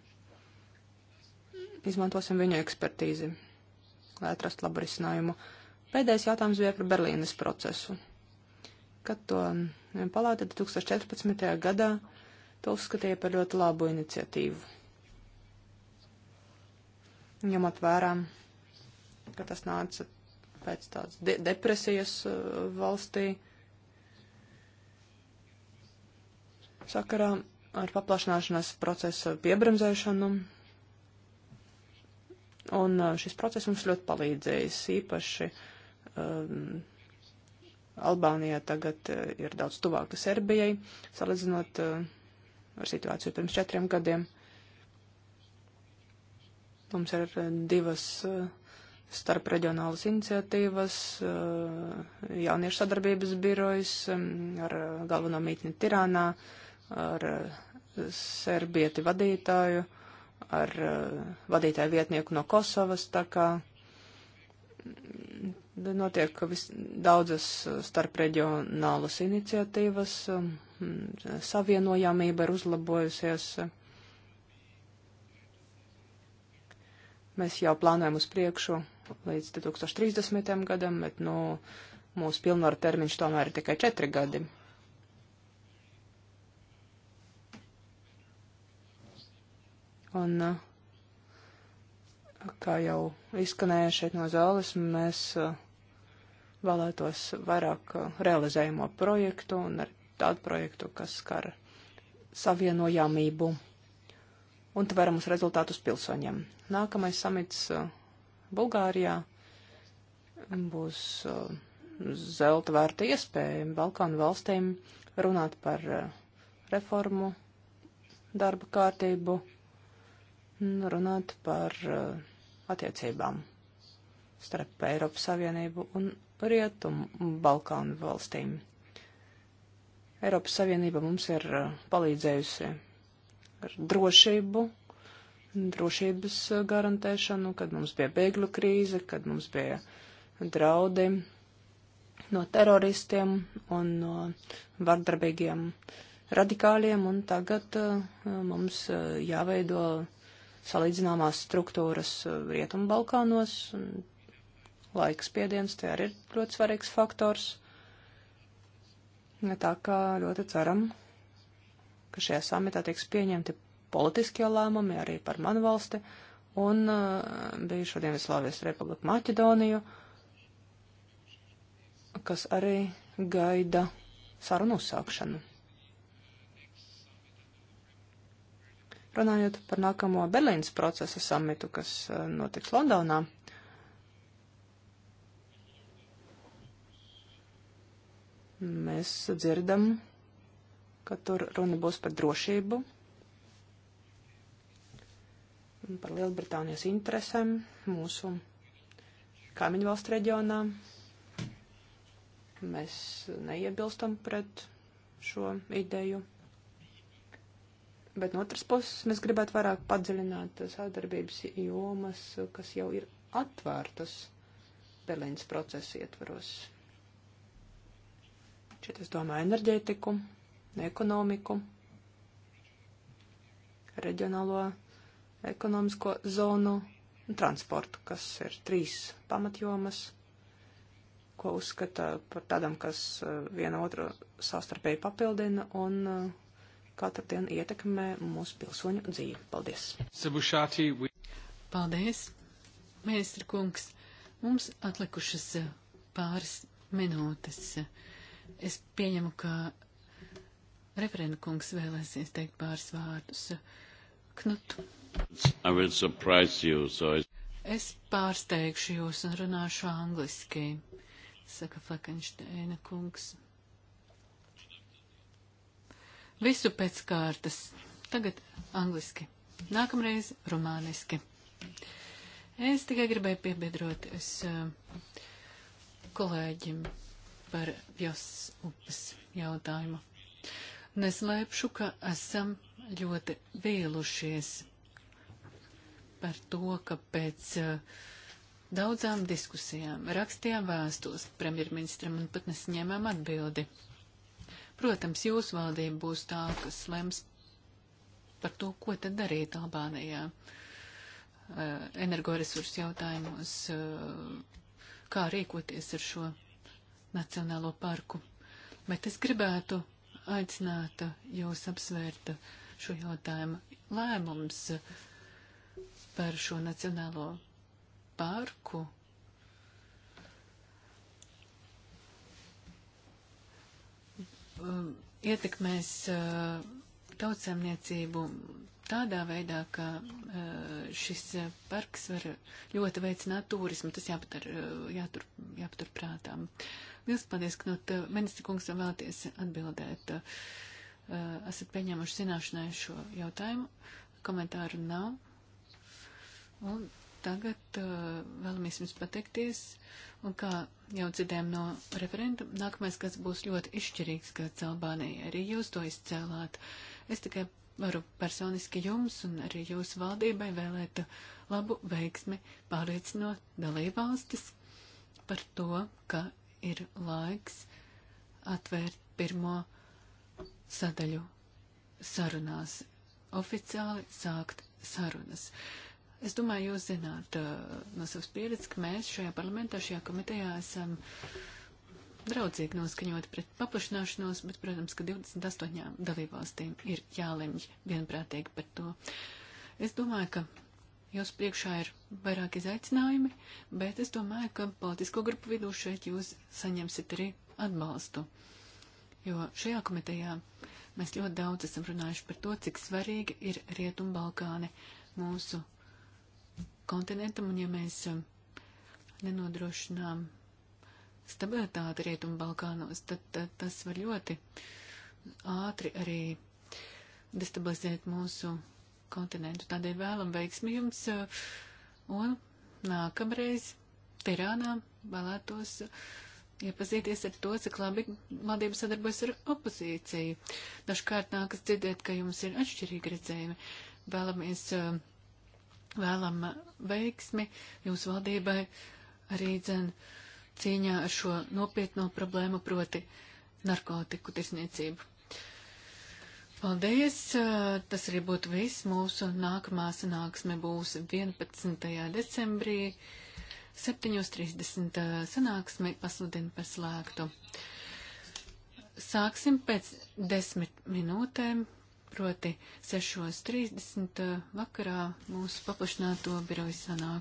izmantosim viņu ekspertīzi lai atrastu labu risinājumu. Pēdējais jautājums bija par Berlīnes procesu. Kad to palāta 2014. gadā, to uzskatīja par ļoti labu iniciatīvu. Ņemot vērā, ka tas nāca pēc tādas de depresijas uh, valstī, sakarā ar paplašināšanās procesa piebremzēšanu Un uh, šis process mums ļoti palīdzējis, īpaši um, Albānija tagad uh, ir daudz tuvāka Serbijai, salīdzinot uh, ar situāciju pirms četriem gadiem. Mums ir uh, divas uh, starp reģionālas iniciatīvas, uh, jauniešu sadarbības birojas um, ar galveno mītni Tirānā, ar serbieti vadītāju. Uh, ar eh, vadītāju vietnieku no Kosovas, tā kā mm, notiek vis, daudzas eh, starpreģionālas iniciatīvas, eh, mm, savienojamība ir uzlabojusies. Mēs jau plānojam uz priekšu līdz 2030. gadam, bet, nu, mūsu pilnvaru termiņš tomēr ir tikai četri gadi. Un, uh, kā jau izskanēja šeit no zāles, mēs uh, vēlētos vairāk uh, realizējumo projektu un ar tādu projektu, kas skar savienojamību un tveramus rezultātus pilsoņiem. Nākamais samits Bulgārijā būs zelta vērta iespēja Balkānu valstīm runāt par reformu darba kārtību runāt par uh, attiecībām starp Eiropas Savienību un Rietumu Balkānu valstīm. Eiropas Savienība mums ir uh, palīdzējusi ar drošību, drošības uh, garantēšanu, kad mums bija bēgļu krīze, kad mums bija draudi no teroristiem un no vardarbīgiem radikāļiem, un tagad mums jāveido salīdzināmās struktūras uh, Rietumbalkānos. Laikspiediens te arī ir ļoti svarīgs faktors. Tā kā ļoti ceram, ka šajā samitā tiks pieņemti politiskie lēmumi arī par manu valsti un uh, bija šodien Slāvijas Republika Maķedoniju, kas arī gaida sarunu uzsākšanu. Runājot par nākamo Berlīnas procesa samitu, kas eh, notiks Londonā. Mēs dzirdam, ka tur runa būs par drošību, par Lielbritānijas interesēm mūsu kaimiņu valstu reģionā. Mēs neiebilstam pret šo ideju. Bet no otras puses mēs gribētu vairāk padziļināt sadarbības jomas, kas jau ir atvērtas Berlīnas procesa ietvaros. Šeit es domāju enerģētiku, ekonomiku, reģionālo ekonomisko zonu un transportu, kas ir trīs pamatjomas, ko uzskata par tādām, kas uh, viena otru savstarpēji papildina un uh, katru dienu ietekmē mūsu pilsoņu dzīvi. Paldies! Sabušāti, we... Paldies, mēstra kungs! Mums atlikušas eh, pāris minūtes. Es pieņemu, ka referenta kungs vēlēsies teikt pāris vārdus. Knut. You, so I... Es pārsteigšu jūs un runāšu angliski, saka Flekenšteina kungs. Visu pēc kārtas. Tagad angliski. Nākamreiz rumāniski. Es tikai gribēju piebiedroties eh, kolēģim par Jos upes jautājumu. Neslēpšu, ka esam ļoti vīlušies par to, ka pēc eh, daudzām diskusijām rakstījām vēstules premjerministram un pat nesņēmām atbildi. Protams, jūsu valdība būs tā, kas lems par to, ko tad darīt Albānijā eh, energoresursu jautājumos, eh, kā rīkoties ar šo nacionālo parku. Bet es gribētu aicināt jūs apsvērt šo jautājumu lēmums par šo nacionālo parku Um, ietekmēs uh, tautsēmniecību tādā veidā, ka uh, šis uh, parks var ļoti veicināt turismu. Tas jāpatur, jātur, jāpatur prātām. Liels paldies, Knut. Ministra kungs, vēl vēlaties atbildēt. Esat pieņēmuši zināšanai šo jautājumu. Komentāru nav. Un tagad uh, vēlamies jums pateikties, un kā jau dzirdējām no referenta, nākamais gads būs ļoti izšķirīgs gads Albānijai. Arī jūs to izcēlāt. Es tikai varu personiski jums un arī jūsu valdībai vēlēt labu veiksmi pārliecinot dalībvalstis par to, ka ir laiks atvērt pirmo sadaļu sarunās, oficiāli sākt sarunas. Uh, Es domāju, jūs zināt uh, no savas pieredzes, ka mēs šajā parlamentā, šajā komitejā esam draudzīgi noskaņoti pret paplašināšanos, bet, protams, ka 28 dalībvalstīm ir jālemj vienprātīgi par to. Es domāju, ka jūs priekšā ir vairāk izaicinājumi, bet es domāju, ka politisko grupu vidū šeit jūs saņemsiet arī atbalstu. Jo šajā komitejā mēs ļoti daudz esam runājuši par to, cik svarīgi ir Rietumbalkāni mūsu kontinentam, un ja mēs um, nenodrošinām stabilitāti Rietumu Balkānos, tad, tad tas var ļoti ātri arī destabilizēt mūsu kontinentu. Tādēļ vēlam veiksmi jums uh, un nākamreiz Tirānā vēlētos uh, iepazīties ar to, cik labi valdība sadarbojas ar opozīciju. Dažkārt nākas dzirdēt, ka jums ir atšķirīgi redzējumi. Vēlamies uh, Vēlam veiksmi jūsu valdībai arī dzen cīņā ar šo nopietno problēmu, proti narkotiku tirsniecību. Paldies! Tas arī būtu viss. Mūsu nākamā sanāksme būs 11. decembrī. 7.30 sanāksme pasludina par slēgtu. Sāksim pēc desmit minūtēm proti 6.30 eh, vakarā mūsu paplašināto biroju sanāk.